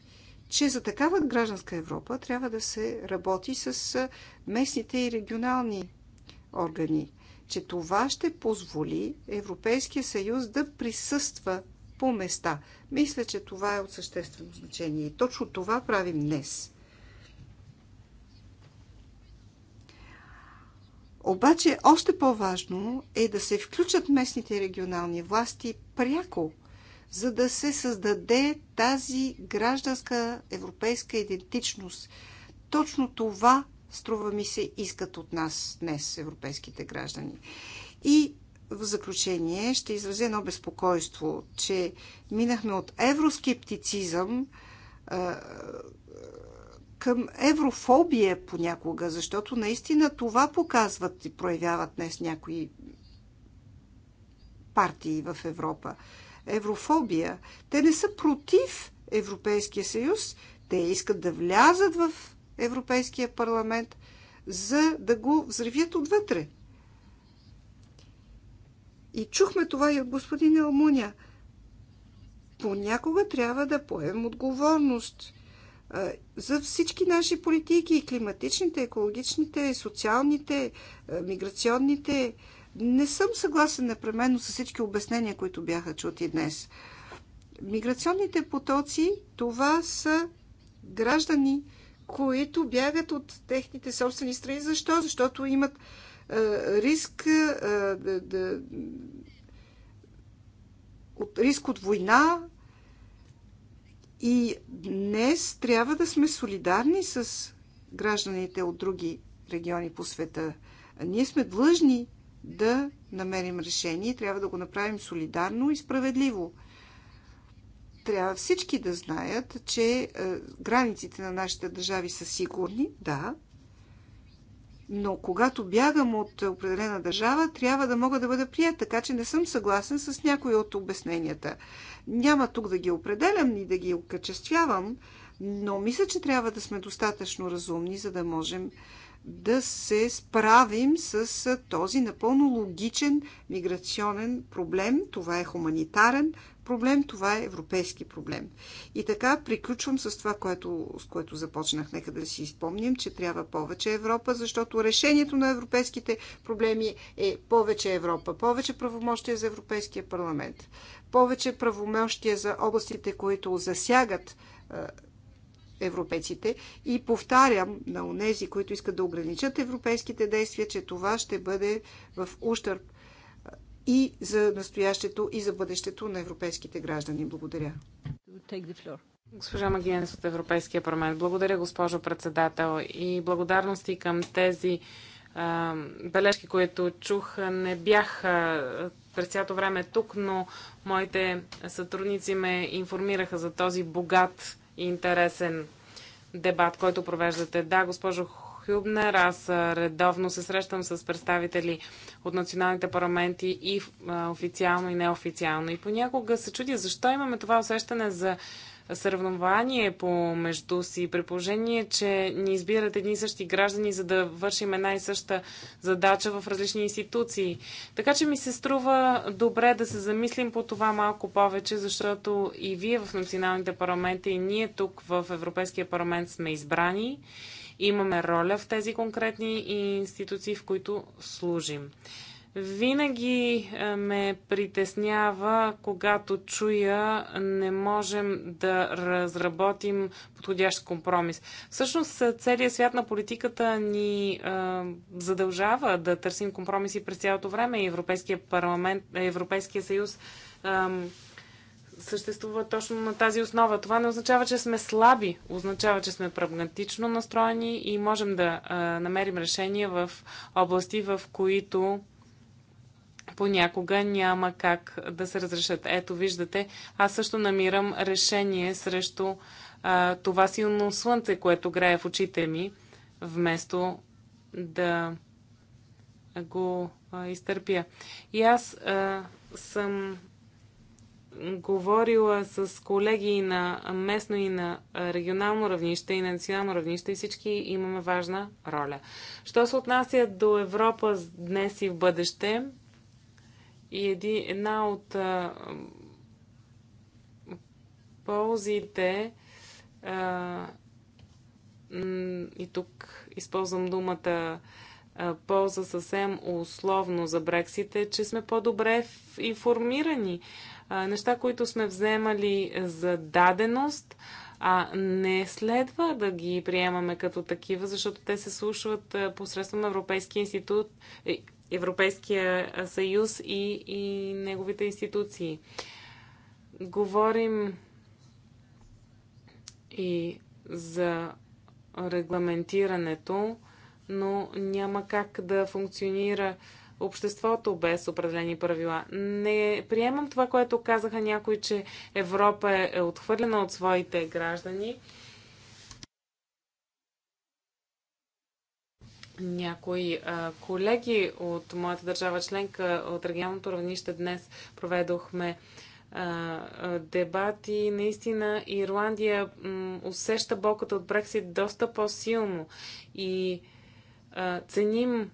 че за такава гражданска Европа трябва да се работи с местните и регионални органи, че това ще позволи Европейския съюз да присъства по места. Мисля, че това е от съществено значение и точно това правим днес. Обаче още по-важно е да се включат местните регионални власти пряко, за да се създаде тази гражданска европейска идентичност. Точно това, струва ми се, искат от нас днес европейските граждани. И в заключение ще изразя едно безпокойство, че минахме от евроскептицизъм към еврофобия понякога, защото наистина това показват и проявяват днес някои партии в Европа. Еврофобия. Те не са против Европейския съюз, те искат да влязат в Европейския парламент, за да го взривят отвътре. И чухме това и от господин Алмуня. Понякога трябва да поемем отговорност – за всички наши политики, и климатичните, екологичните, социалните, миграционните. Не съм съгласен непременно с всички обяснения, които бяха чути днес. Миграционните потоци, това са граждани, които бягат от техните собствени страни. Защо? Защото имат е, риск е, да, да, от риск от война, и днес трябва да сме солидарни с гражданите от други региони по света. Ние сме длъжни да намерим решение, трябва да го направим солидарно и справедливо. Трябва всички да знаят, че е, границите на нашите държави са сигурни, да, но когато бягам от определена държава, трябва да мога да бъда прият, така че не съм съгласен с някои от обясненията. Няма тук да ги определям ни да ги окачествявам, но мисля, че трябва да сме достатъчно разумни, за да можем да се справим с този напълно логичен миграционен проблем. Това е хуманитарен проблем, това е европейски проблем. И така приключвам с това, което, с което започнах. Нека да си изпомним, че трябва повече Европа, защото решението на европейските проблеми е повече Европа, повече правомощия за Европейския парламент повече правомощия за областите, които засягат е, европейците. И повтарям на онези, които искат да ограничат европейските действия, че това ще бъде в ущърп е, и за настоящето, и за бъдещето на европейските граждани. Благодаря. Госпожа Магиенс от Европейския парламент. Благодаря, госпожо председател. И благодарности към тези а, бележки, които чух, не бяха през цялото време е тук, но моите сътрудници ме информираха за този богат и интересен дебат, който провеждате. Да, госпожо Хюбнер, аз редовно се срещам с представители от националните парламенти и официално и неофициално. И понякога се чудя защо имаме това усещане за съревнование помежду си, при положение, че ни избират едни и същи граждани, за да вършим една и съща задача в различни институции. Така че ми се струва добре да се замислим по това малко повече, защото и вие в националните парламенти, и ние тук в Европейския парламент сме избрани. Имаме роля в тези конкретни институции, в които служим. Винаги е, ме притеснява, когато чуя не можем да разработим подходящ компромис. Всъщност е, целият свят на политиката ни е, задължава да търсим компромиси през цялото време. Европейския парламент, Европейския съюз съществува точно на тази основа. Това не означава, че сме слаби, означава, че сме прагматично настроени и можем да а, намерим решения в области, в които понякога няма как да се разрешат. Ето, виждате, аз също намирам решение срещу а, това силно слънце, което грае в очите ми, вместо да го а, изтърпя. И аз а, съм говорила с колеги на местно и на регионално равнище и на национално равнище и всички имаме важна роля. Що се отнася до Европа днес и в бъдеще, и еди, една от а, ползите а, и тук използвам думата а, полза съвсем условно за Брексит е, че сме по-добре информирани. А, неща, които сме вземали за даденост, а не следва да ги приемаме като такива, защото те се слушват посредством Европейски институт, е, Европейския съюз и, и неговите институции. Говорим и за регламентирането, но няма как да функционира обществото без определени правила. Не приемам това, което казаха някои, че Европа е, е отхвърлена от своите граждани. Някои а, колеги от моята държава членка от регионалното равнище днес проведохме дебати. Наистина Ирландия усеща болката от Брексит доста по-силно и а, ценим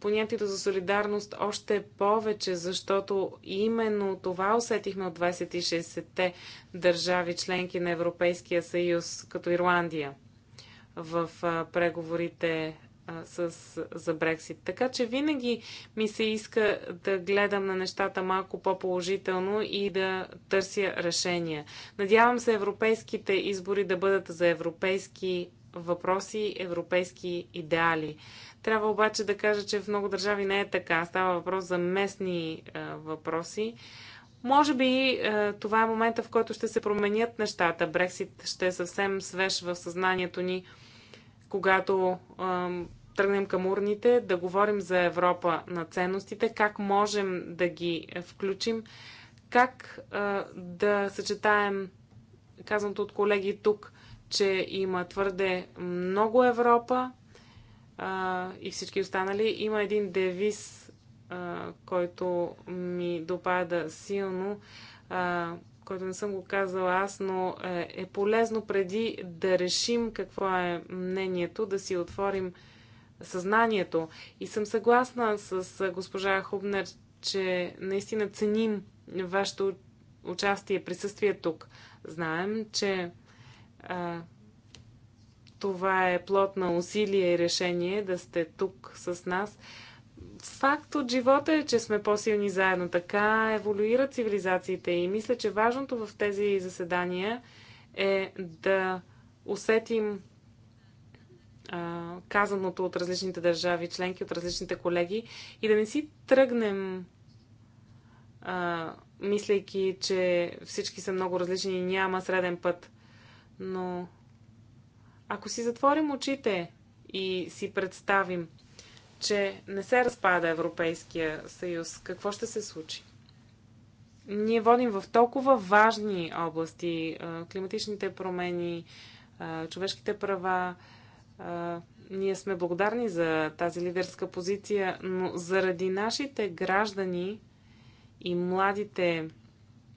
понятието за солидарност още повече, защото именно това усетихме от 26-те държави членки на Европейския съюз, като Ирландия в а, преговорите а, с, за Брексит. Така че винаги ми се иска да гледам на нещата малко по-положително и да търся решения. Надявам се европейските избори да бъдат за европейски въпроси, европейски идеали. Трябва обаче да кажа, че в много държави не е така. Става въпрос за местни а, въпроси. Може би това е момента, в който ще се променят нещата. Брексит ще е съвсем свеж в съзнанието ни, когато тръгнем към урните, да говорим за Европа на ценностите, как можем да ги включим, как а, да съчетаем казаното от колеги тук, че има твърде много Европа а, и всички останали. Има един девиз, а, който ми допада силно, а, който не съм го казала аз, но е, е полезно преди да решим какво е мнението, да си отворим съзнанието. И съм съгласна с госпожа Хубнер, че наистина ценим вашето участие, присъствие тук. Знаем, че а, това е плод на усилие и решение да сте тук с нас. Факт от живота е, че сме по-силни заедно. Така еволюират цивилизациите и мисля, че важното в тези заседания е да усетим казаното от различните държави, членки, от различните колеги и да не си тръгнем а, мислейки, че всички са много различни и няма среден път. Но ако си затворим очите и си представим, че не се разпада Европейския съюз, какво ще се случи? Ние водим в толкова важни области климатичните промени, човешките права, а, ние сме благодарни за тази лидерска позиция, но заради нашите граждани и младите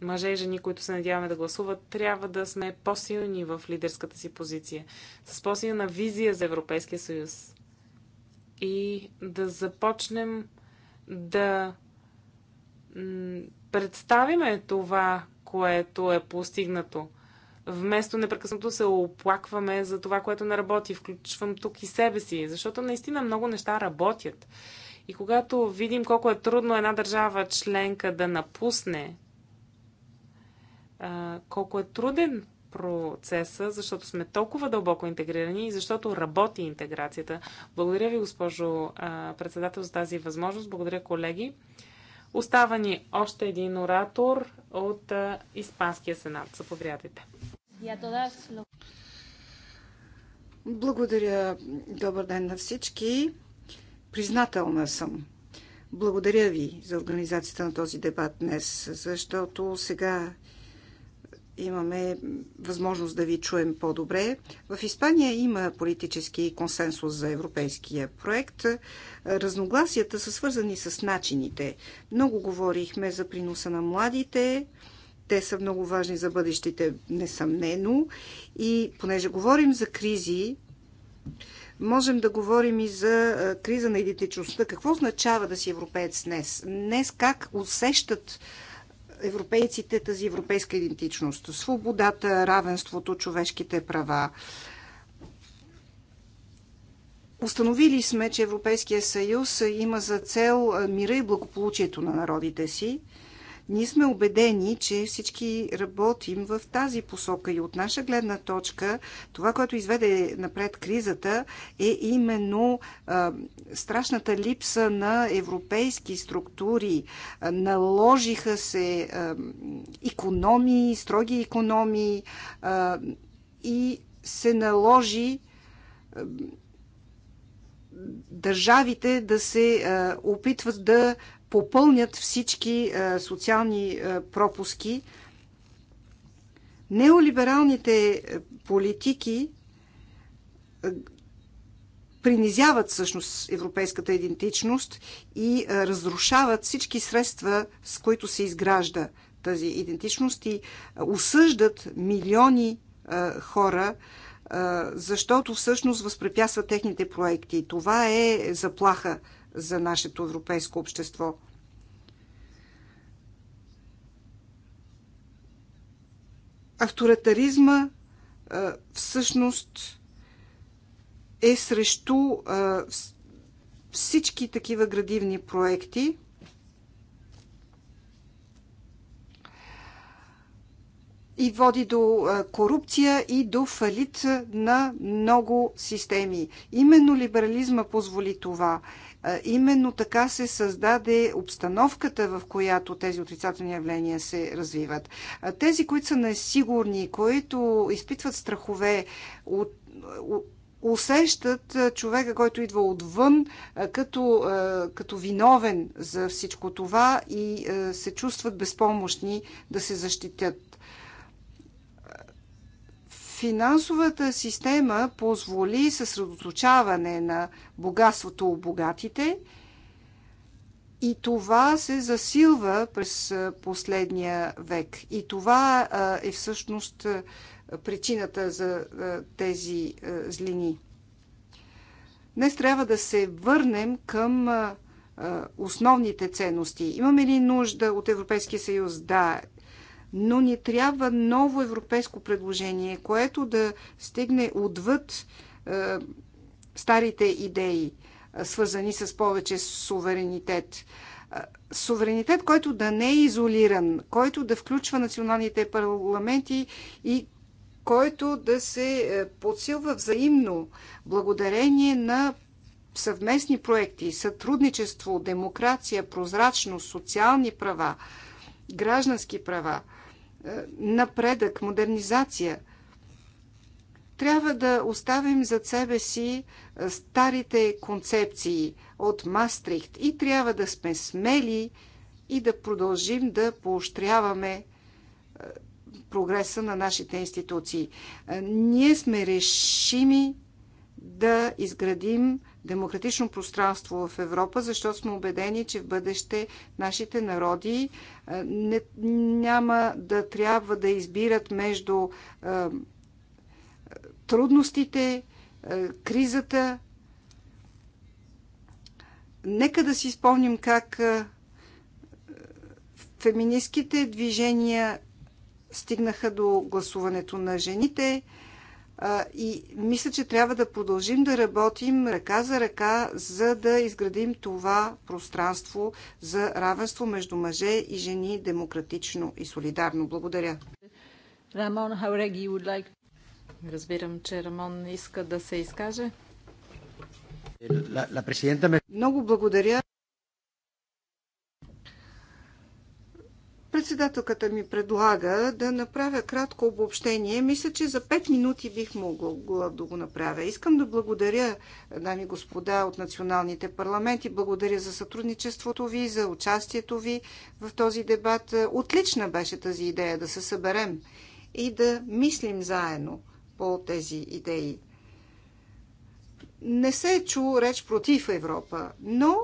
мъже и жени, които се надяваме да гласуват, трябва да сме по-силни в лидерската си позиция, с по-силна визия за Европейския съюз и да започнем да представиме това, което е постигнато – вместо непрекъснато се оплакваме за това, което не работи. Включвам тук и себе си, защото наистина много неща работят. И когато видим колко е трудно една държава членка да напусне, колко е труден процеса, защото сме толкова дълбоко интегрирани и защото работи интеграцията. Благодаря ви, госпожо председател, за тази възможност. Благодаря, колеги. Остава ни още един оратор от Испанския сенат. Заповядайте. Благодаря. Добър ден на всички. Признателна съм. Благодаря ви за организацията на този дебат днес, защото сега имаме възможност да ви чуем по-добре. В Испания има политически консенсус за европейския проект. Разногласията са свързани с начините. Много говорихме за приноса на младите, те са много важни за бъдещите, несъмнено. И понеже говорим за кризи, можем да говорим и за криза на идентичността. Какво означава да си европеец днес? Днес как усещат европейците тази европейска идентичност? Свободата, равенството, човешките права. Установили сме, че Европейския съюз има за цел мира и благополучието на народите си ние сме убедени, че всички работим в тази посока и от наша гледна точка това, което изведе напред кризата е именно а, страшната липса на европейски структури. А, наложиха се а, економии, строги економии а, и се наложи а, държавите да се опитват да попълнят всички е, социални е, пропуски. Неолибералните е, политики принизяват всъщност европейската идентичност и разрушават всички средства, с които се изгражда тази идентичност и осъждат милиони хора, защото всъщност възпрепятства техните проекти. Това е заплаха за нашето европейско общество. Авторитаризма всъщност е срещу всички такива градивни проекти. И води до корупция и до фалит на много системи. Именно либерализма позволи това. Именно така се създаде обстановката, в която тези отрицателни явления се развиват. Тези, които са несигурни, които изпитват страхове от усещат човека, който идва отвън, като, като виновен за всичко това и се чувстват безпомощни да се защитят. Финансовата система позволи съсредоточаване на богатството у богатите и това се засилва през последния век. И това е всъщност причината за тези злини. Днес трябва да се върнем към основните ценности. Имаме ли нужда от Европейския съюз? Да но ни трябва ново европейско предложение, което да стигне отвъд е, старите идеи, е, свързани с повече суверенитет. Е, суверенитет, който да не е изолиран, който да включва националните парламенти и който да се е, подсилва взаимно благодарение на съвместни проекти, сътрудничество, демокрация, прозрачност, социални права, граждански права – е, напредък, модернизация. Трябва да оставим зад себе си е, старите концепции от Мастрихт и трябва да сме смели и да продължим да поощряваме е, прогреса на нашите институции. Ние сме решими да изградим демократично пространство в Европа, защото сме убедени, че в бъдеще нашите народи не, няма да трябва да избират между е, трудностите, е, кризата. Нека да си спомним как е, феминистските движения стигнаха до гласуването на жените. Е, и мисля, че трябва да продължим да работим ръка за ръка, за да изградим това пространство за равенство между мъже и жени демократично и солидарно. Благодаря. Рамон Хауреги Разбирам, че Рамон иска да се изкаже. Много благодаря. Председателката ми предлага да направя кратко обобщение. Мисля, че за 5 минути бих могла да го направя. Искам да благодаря, дами и господа, от националните парламенти. Благодаря за сътрудничеството ви, за участието ви в този дебат. Отлична беше тази идея да се съберем и да мислим заедно по тези идеи. Не се е чу реч против Европа, но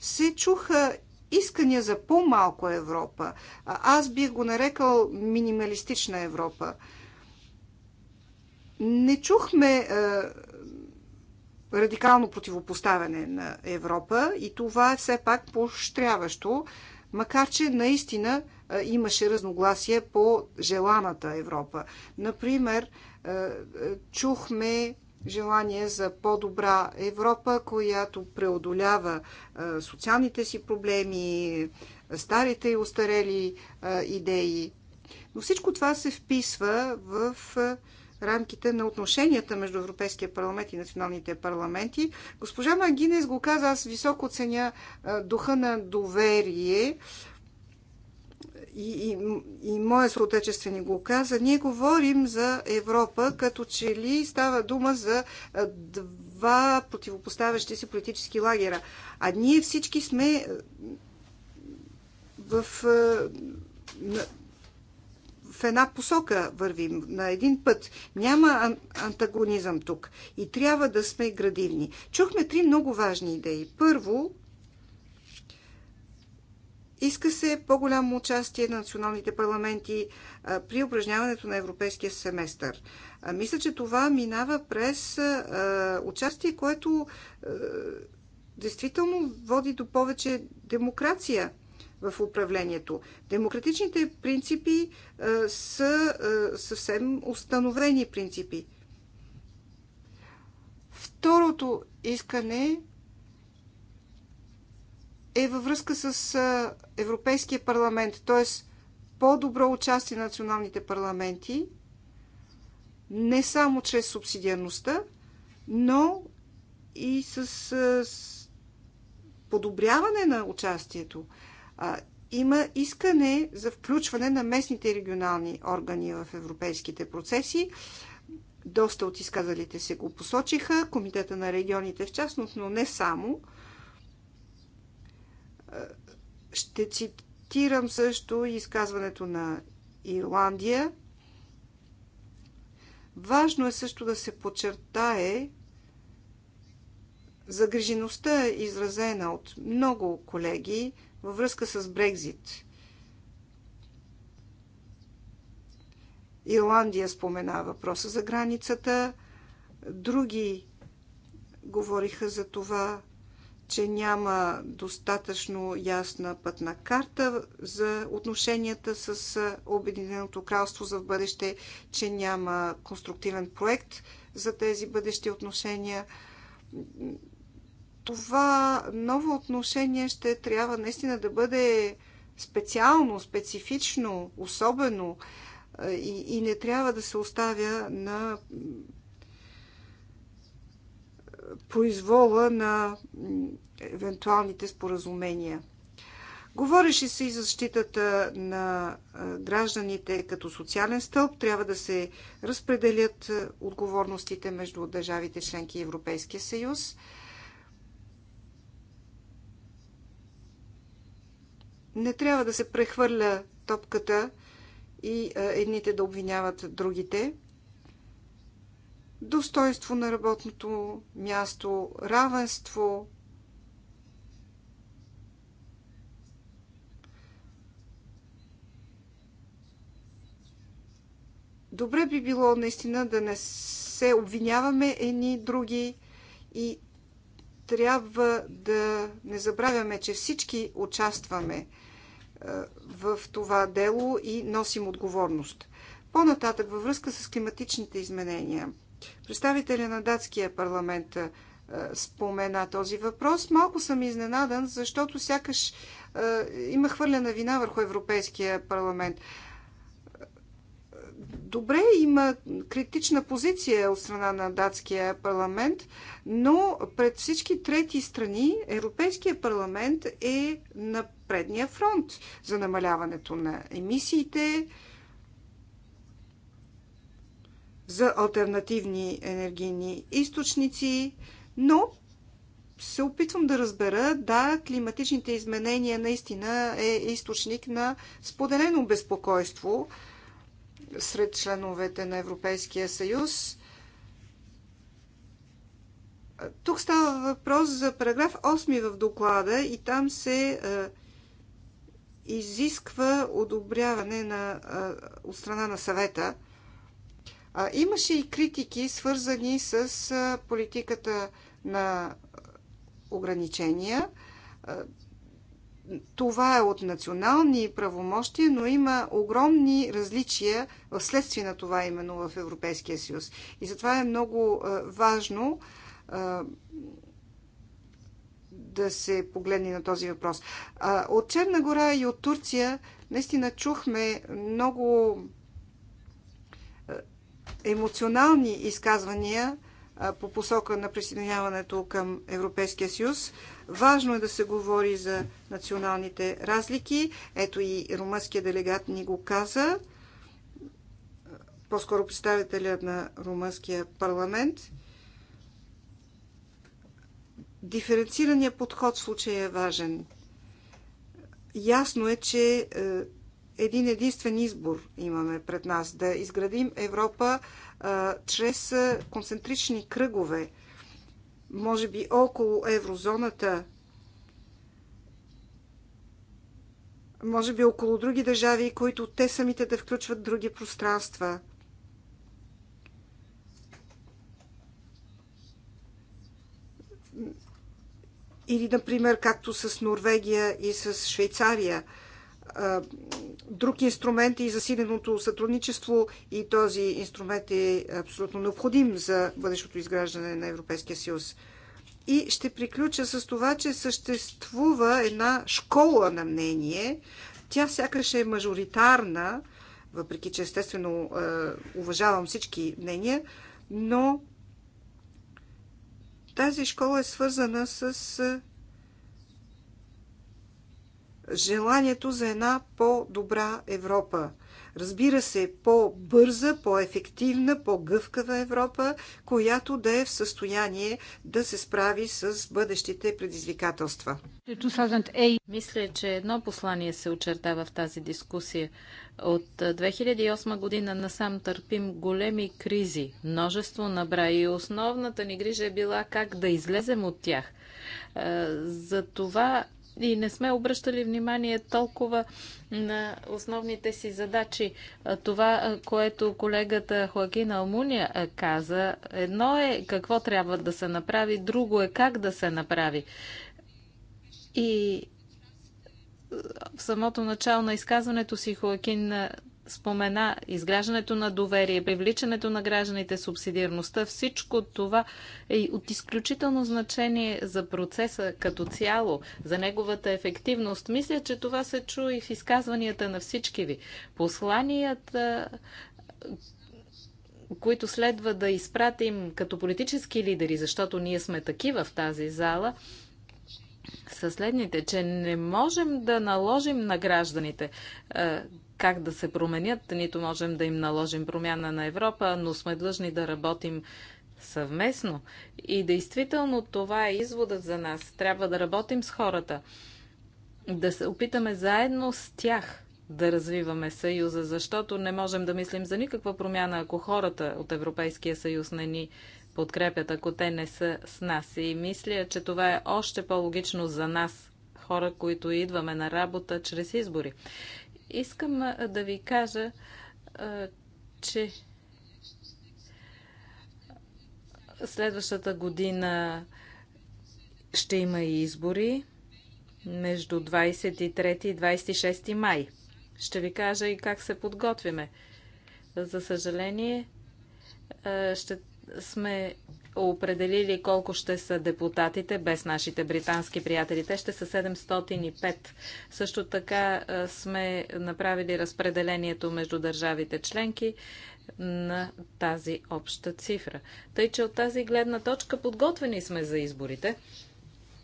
се чуха искания за по-малко Европа. Аз бих го нарекал минималистична Европа. Не чухме е, радикално противопоставяне на Европа и това е все пак поощряващо, макар че наистина е, имаше разногласие по желаната Европа. Например, е, е чухме желание за по-добра Европа, която преодолява е, социалните си проблеми, старите и устарели е, идеи. Но всичко това се вписва в е, рамките на отношенията между Европейския парламент и националните парламенти. Госпожа Магинес го каза, аз високо ценя духа на доверие, и, и, и моят съотечественик го каза, ние говорим за Европа, като че ли става дума за два противопоставящи се политически лагера. А ние всички сме в, в една посока вървим, на един път. Няма антагонизъм тук и трябва да сме градивни. Чухме три много важни идеи. Първо, иска се по-голямо участие на националните парламенти при упражняването на европейския семестър. Мисля, че това минава през участие, което действително води до повече демокрация в управлението. Демократичните принципи са съвсем установени принципи. Второто искане е във връзка с Европейския парламент, т.е. по-добро участие на националните парламенти, не само чрез субсидиарността, но и с, с подобряване на участието. А, има искане за включване на местните регионални органи в европейските процеси. Доста от изказалите се го посочиха, Комитета на регионите в частност, но не само – ще цитирам също изказването на Ирландия. Важно е също да се подчертае загрижеността, изразена от много колеги във връзка с Брекзит. Ирландия спомена въпроса за границата, други говориха за това, че няма достатъчно ясна пътна карта за отношенията с Обединеното кралство за в бъдеще, че няма конструктивен проект за тези бъдещи отношения. Това ново отношение ще трябва наистина да бъде специално, специфично, особено и, и не трябва да се оставя на произвола на евентуалните споразумения. Говореше се и за защитата на гражданите като социален стълб. Трябва да се разпределят отговорностите между държавите членки и Европейския съюз. Не трябва да се прехвърля топката и едните да обвиняват другите достойство на работното място, равенство. Добре би било наистина да не се обвиняваме едни други и трябва да не забравяме, че всички участваме е, в това дело и носим отговорност. По-нататък, във връзка с климатичните изменения – Представителя на датския парламент спомена този въпрос. Малко съм изненадан, защото сякаш има хвърлена вина върху Европейския парламент. Добре, има критична позиция от страна на датския парламент, но пред всички трети страни Европейския парламент е на предния фронт за намаляването на емисиите, за альтернативни енергийни източници, но се опитвам да разбера, да, климатичните изменения наистина е източник на споделено безпокойство сред членовете на Европейския съюз. Тук става въпрос за параграф 8 в доклада и там се изисква одобряване на, от страна на съвета имаше и критики, свързани с политиката на ограничения. Това е от национални правомощия, но има огромни различия в следствие на това именно в Европейския съюз. И затова е много важно да се погледне на този въпрос. От Черна гора и от Турция наистина чухме много емоционални изказвания по посока на присъединяването към Европейския съюз. Важно е да се говори за националните разлики. Ето и румънският делегат ни го каза, по-скоро представителя на румънския парламент. Диференцираният подход в случая е важен. Ясно е, че е, един единствен избор имаме пред нас да изградим Европа а, чрез концентрични кръгове, може би около еврозоната, може би около други държави, които те самите да включват други пространства. Или, например, както с Норвегия и с Швейцария – друг инструмент и засиленото сътрудничество и този инструмент е абсолютно необходим за бъдещото изграждане на Европейския съюз. И ще приключа с това, че съществува една школа на мнение. Тя сякаш е мажоритарна, въпреки че естествено уважавам всички мнения, но тази школа е свързана с желанието за една по-добра Европа. Разбира се, по-бърза, по-ефективна, по-гъвкава Европа, която да е в състояние да се справи с бъдещите предизвикателства. Мисля, че едно послание се очертава в тази дискусия. От 2008 година насам търпим големи кризи, множество набра и основната ни грижа е била как да излезем от тях. За това и не сме обръщали внимание толкова на основните си задачи. Това, което колегата Хоакин Алмуния каза, едно е какво трябва да се направи, друго е как да се направи. И в самото начало на изказването си Хоакин спомена изграждането на доверие, привличането на гражданите, субсидиарността, всичко това е от изключително значение за процеса като цяло, за неговата ефективност. Мисля, че това се чу и в изказванията на всички ви. Посланията, които следва да изпратим като политически лидери, защото ние сме такива в тази зала, са следните, че не можем да наложим на гражданите как да се променят, нито можем да им наложим промяна на Европа, но сме длъжни да работим съвместно. И действително това е изводът за нас. Трябва да работим с хората, да се опитаме заедно с тях да развиваме Съюза, защото не можем да мислим за никаква промяна, ако хората от Европейския съюз не ни подкрепят, ако те не са с нас. И мисля, че това е още по-логично за нас, хора, които идваме на работа чрез избори. Искам да ви кажа, че следващата година ще има и избори между 23 и 26 май. Ще ви кажа и как се подготвиме. За съжаление, ще сме определили колко ще са депутатите без нашите британски приятели. Те ще са 705. Също така сме направили разпределението между държавите членки на тази обща цифра. Тъй, че от тази гледна точка подготвени сме за изборите.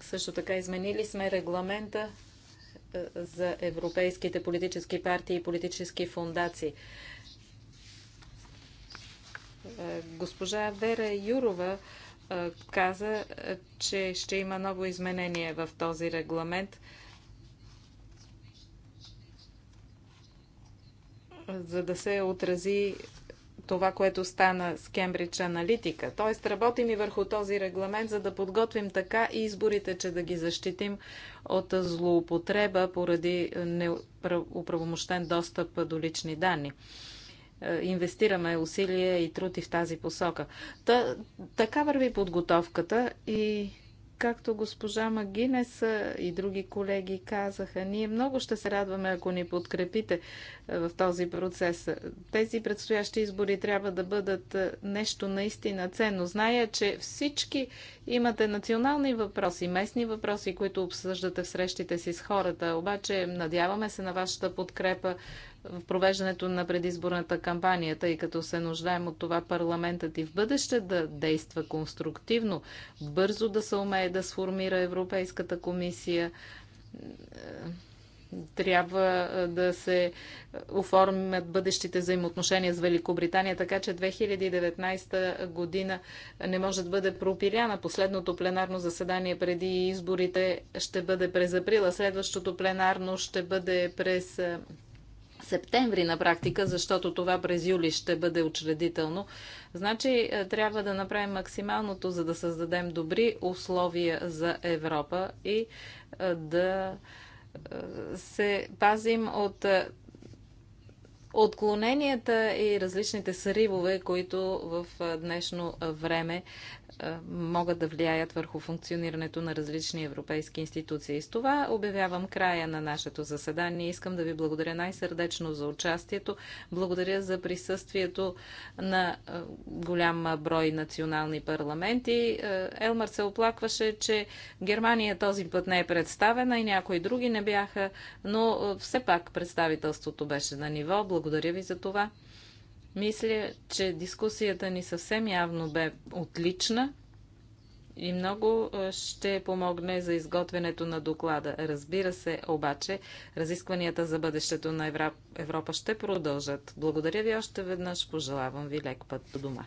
Също така изменили сме регламента за европейските политически партии и политически фундации. Е, госпожа Вера Юрова е, каза, е, че ще има ново изменение в този регламент. за да се отрази това, което стана с Кембридж Аналитика. Тоест, работим и върху този регламент, за да подготвим така и изборите, че да ги защитим от злоупотреба поради неуправомощен достъп до лични данни. Е, инвестираме усилия и труд и в тази посока. Та, така върви подготовката и както госпожа Магинес е, и други колеги казаха, ние много ще се радваме, ако ни подкрепите е, в този процес. Тези предстоящи избори трябва да бъдат нещо наистина ценно. Зная, че всички имате национални въпроси, местни въпроси, които обсъждате в срещите си с хората, обаче надяваме се на вашата подкрепа в провеждането на предизборната кампания, тъй като се нуждаем от това парламентът и в бъдеще да действа конструктивно, бързо да се умее да сформира Европейската комисия, трябва да се оформят бъдещите взаимоотношения с Великобритания, така че 2019 година не може да бъде пропиляна. Последното пленарно заседание преди изборите ще бъде през априла, следващото пленарно ще бъде през септември на практика, защото това през юли ще бъде учредително. Значи е, трябва да направим максималното, за да създадем добри условия за Европа и е, да е, се пазим от отклоненията и различните сривове, които в днешно време е, могат да влияят върху функционирането на различни европейски институции. С това обявявам края на нашето заседание. Искам да ви благодаря най-сърдечно за участието. Благодаря за присъствието на е, голям брой национални парламенти. Е, Елмар се оплакваше, че Германия този път не е представена и някои други не бяха, но все пак представителството беше на ниво. Благодаря ви за това. Мисля, че дискусията ни съвсем явно бе отлична и много ще помогне за изготвянето на доклада. Разбира се, обаче, разискванията за бъдещето на Европа ще продължат. Благодаря ви още веднъж. Пожелавам ви лек път до дома.